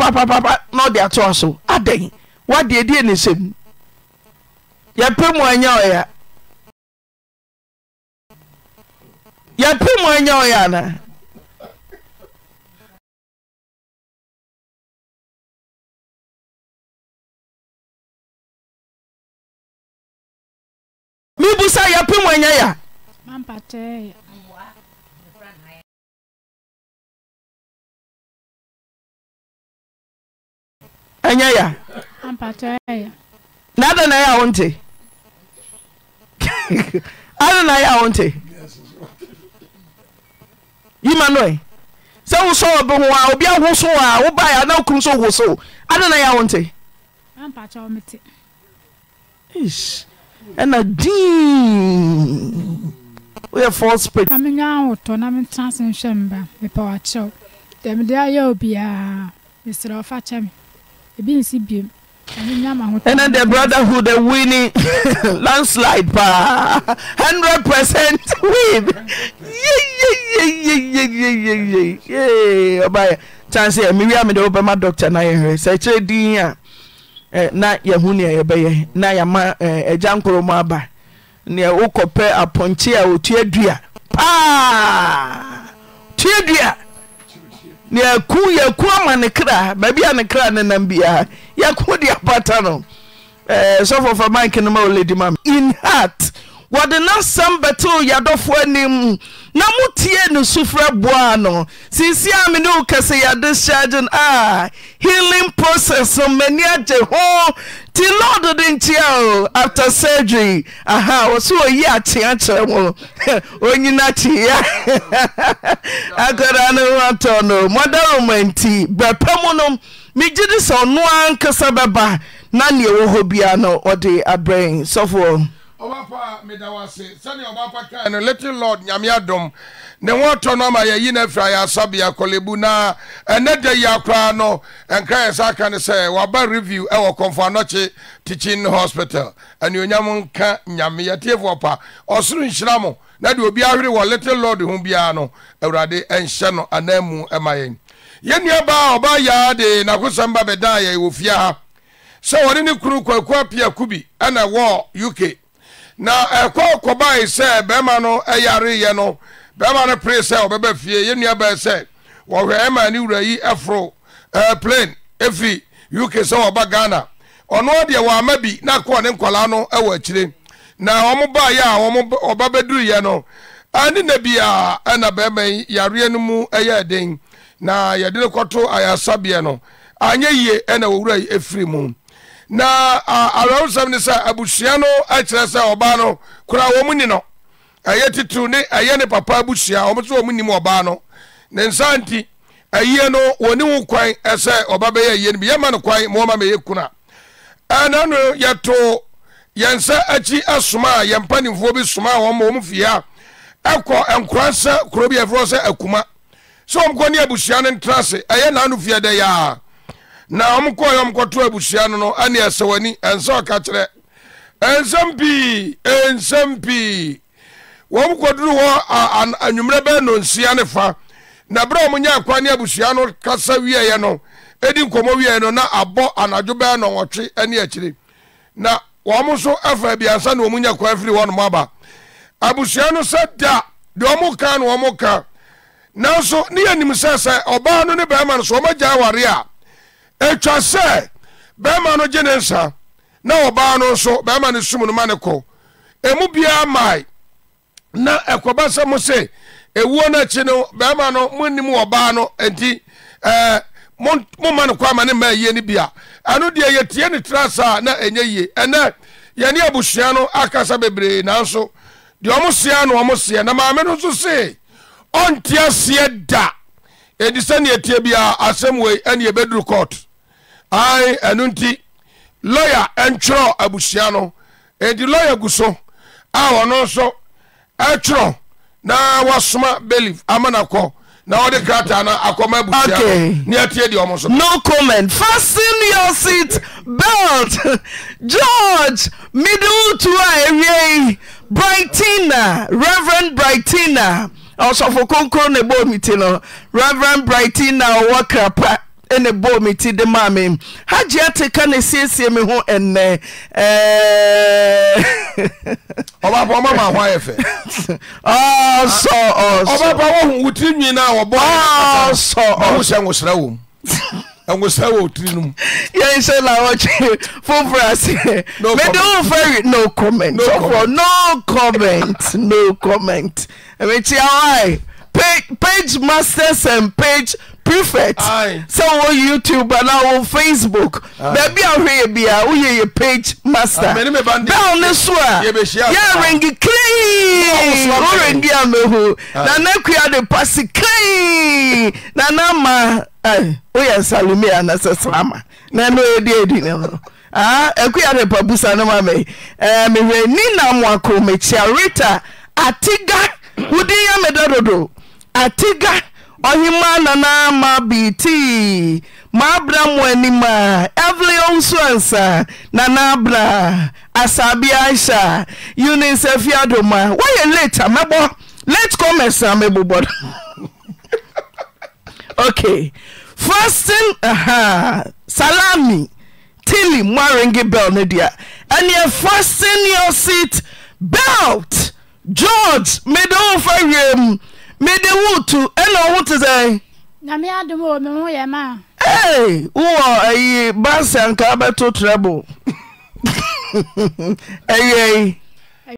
na ɔde atoa so adan wodeɛdeɛ ne sɛm yapɛmaya ɔya yapɛmaya ɔyana mebu sa yɛpɛmuanya ya ɛnyɛ ya na ada na ɛyɛ a wo nte ada na ɛyɛ a wo nte yima no Se sɛ wo sɛ ɔbɛ ho a obi aho so a wobaeɛ na wokum so ho so ada na o a wo nte di. We woyɛ false spirit na menya wotɔ na metena ase nhwɛ mba mepɛ wakyɛw dɛmede ayɛ obiaa mesrɛ ɔfa kyɛ me ɛna the brother hood awiine [LAUGHS] landslide paa 100 percent bay tane sɛ y mewia mede wobɛma dɔctar noyɛheɛ sɛ kyerɛ din a eh, na yɛho neayɛbɛyɛ na yɛma agya eh, nkorɔ mu aba neɛ wokɔpɛ apɔnkye a otua dua paad neyaku yɛaku ama nokra baabi a nokra ne nam biaa yɛko de abata no eh, sɛ fofa mnk nom a wɔlɛ dimam in hart wɔde na sɛm bɛteo yɛadɔfoɔ anim na motie no sufrɛ boaa no sinsi a mene wo kɛsɛ yɛade hyɛagye no ah, healing process no m'ani agye ho ti lord de nkyea after surgery aha wɔ sɛ ɔyi akyea kyerɛ mo ɔnyina [LAUGHS] kyeea [LAUGHS] akɔdaa ne ho atɔ no mɔdaroma nti brɛpɛ mu no megye de sɛ ɔnoa nkasa bɛba na neɛ wɔ hɔ no, odi ɔde abrɛn sɔfoɔ ɔbapa meda wo ase sɛdeɛ ɔbapa kae no little lord nyame adom ne ho ɔtɔ no ama yɛyi no afiri ayɛ asabea kɔlebu na ɛnɛ da yi akoraa no ɛnkra yɛ sa aka no sɛ waba review ɛwɔ kɔmfoanɔkye teaching hospital anuonyam nka nyame yɛtiefoɔ pa ɔsoro nhyira mo na deɛ obi ahwere wɔ little lord ho biara no awurade ɛnhyɛ no anamu ɛma yɛn yɛnnua baa ɔbaa yaa de n'akosɛm ba bɛdaa yɛ wɔ fie ha sɛ wɔne ne kunu kwaku apia kubi ɛna wɔ uk na ɛkɔ kɔbae sɛ bɛrima no yareyɛ no bɛrima no pere sɛ ɔbɛbɛ fie yɛnnua bɛɛ sɛ wɔhwɛ ɛma ne wura yi ɛforo ɛɛ plane ɛfiri uk sɛ ɔba ghana ɔno deɛ wɔama bi na kɔɔ ne nkɔla no ɛwɔ akyire na ɔmo baeɛ a ɔba bɛduruyɛ no ɛne na bia ɛna bɛrima yi yareɛ no mu ɛyɛ ɛden na yɛde no kɔto ayasabeɛ no anya yie ɛna wɔwura yi ɛfiri mu na awerɛwosɛm ne sɛ abusua no akyerɛ sɛ ɔbaa no kora wɔ mu ni no ɛyɛ titiriw ne ɛyɛ ne papa abusua ɔmo so wɔ mu nim ɔbaa no ne nsa nti ayie no wɔne ho kwan ɛsɛ ɔba bɛyɛ ayie no bi yɛma no kwan ma ɔma mɛyɛ kuna ɛna no yɛto yɛn nsa akyi asoma a yɛn mpanimfoɔ bi soma a wɔn ma wɔn fie a ɛkɔ nkora nsa kuro bi yɛfrɛ sɛ akuma sɛ wɔn kɔ ne abusua no ntena ase ɛyɛ n'ano fie dɛ yaa na ɔmokɔɛ ɔmkɔto abusua no no ane asawani ɛnsɛ ɔka kyerɛ ɛnsɛm pii ɛnsɛm pii wɔm kɔduru hɔ anwummerɛ bɛɛ nonsia ne fa na berɛ a ɔmonyɛ akwa ne abusua no kasa wieɛ no ɛdi nkɔmmɔ wieɛ no na abɔ anadwo bɛɛ nɔwɔtwe ne akyire na wɔm nso afa abiansa na ɔmunya kwa firi hɔ nom aba abusua no sɛ da deɛ ɔmo ka na ɔmo ka nanso ne yɛnim sɛ sɛ ɔbaa no ne bɛrima no so ɔmagya ware a ɛtwa sɛ bɛrima no gye ne nsa na ɔbaa no nso bɛrima no sum no ma ne kɔ ɛmu biara mae na ɛkɔba sɛ mo se ɛwuo no no bɛrima no monim ɔbaa no enti moma no kɔ ama ne ma yie no bia ɛno deɛ yɛtie ne tra saa na enye yie ɛnɛ yɛne abusua no akasa bebree nanso deɛ ɔmo seɛ no ɔmo seɛ na maame no nso se ɔnte aseɛ da ɛdi sɛneɛ tie biara asɛm wei ɛne yɛbɛduru court ai ɛno nti lɔye ɛntworɛ abusua no enti lɔyer gu so a wɔno nso ɛtworɛ na wɔasoma belif amanakɔ na wɔde krataano akɔma abusa n na yatiɛ di ɔmo sonocomment fasiniosit belt [LAUGHS] george midewotu a ɛwiei brightina reverɛ brightina ɔsɔfo kronkron ne bɔmiti no reveren brightina ɔwɔ krapa ne bɔɔ me ti de maa me hagye ate ka ne siesie me ho ɛnnɛ ɔbapa ɔma ma ho ayɛ fɛ [LAUGHS] ɔsɔ ɔbapa wohu wo tiri nwi no a wɔbɔ ɔsɔ ɔho sɛ nwosrɛ wɔ m ɛnwosa [LAUGHS] wɔ tiri no mu. yẹn ṣe làwọn ṣe fún fúrasì mẹdẹ wọn fẹ rí no comment ọkọ no comment no comment ẹ̀mí tí a wá page masters and page sɛwo youtbenao facebook bai hɛba oyɛyɛ page maste el ne so ayɛarengi korni a mɛh nanakuade pase kl nanmaninamak mekia rea atega wodi ya medadodo aa ohema nanama bite mabnamo anima evlesuansa nanabna asabi sya unisefiadoma weyɛ latam lat comesa mebod [LAUGHS] k istn salami tily moarngi belno dia ny fisten yor seat belt george medefa wem mede wo tu ɛna wo te sɛn wowɔ ayi base ankaa bɛto trɛble [LAUGHS] ɛyɛi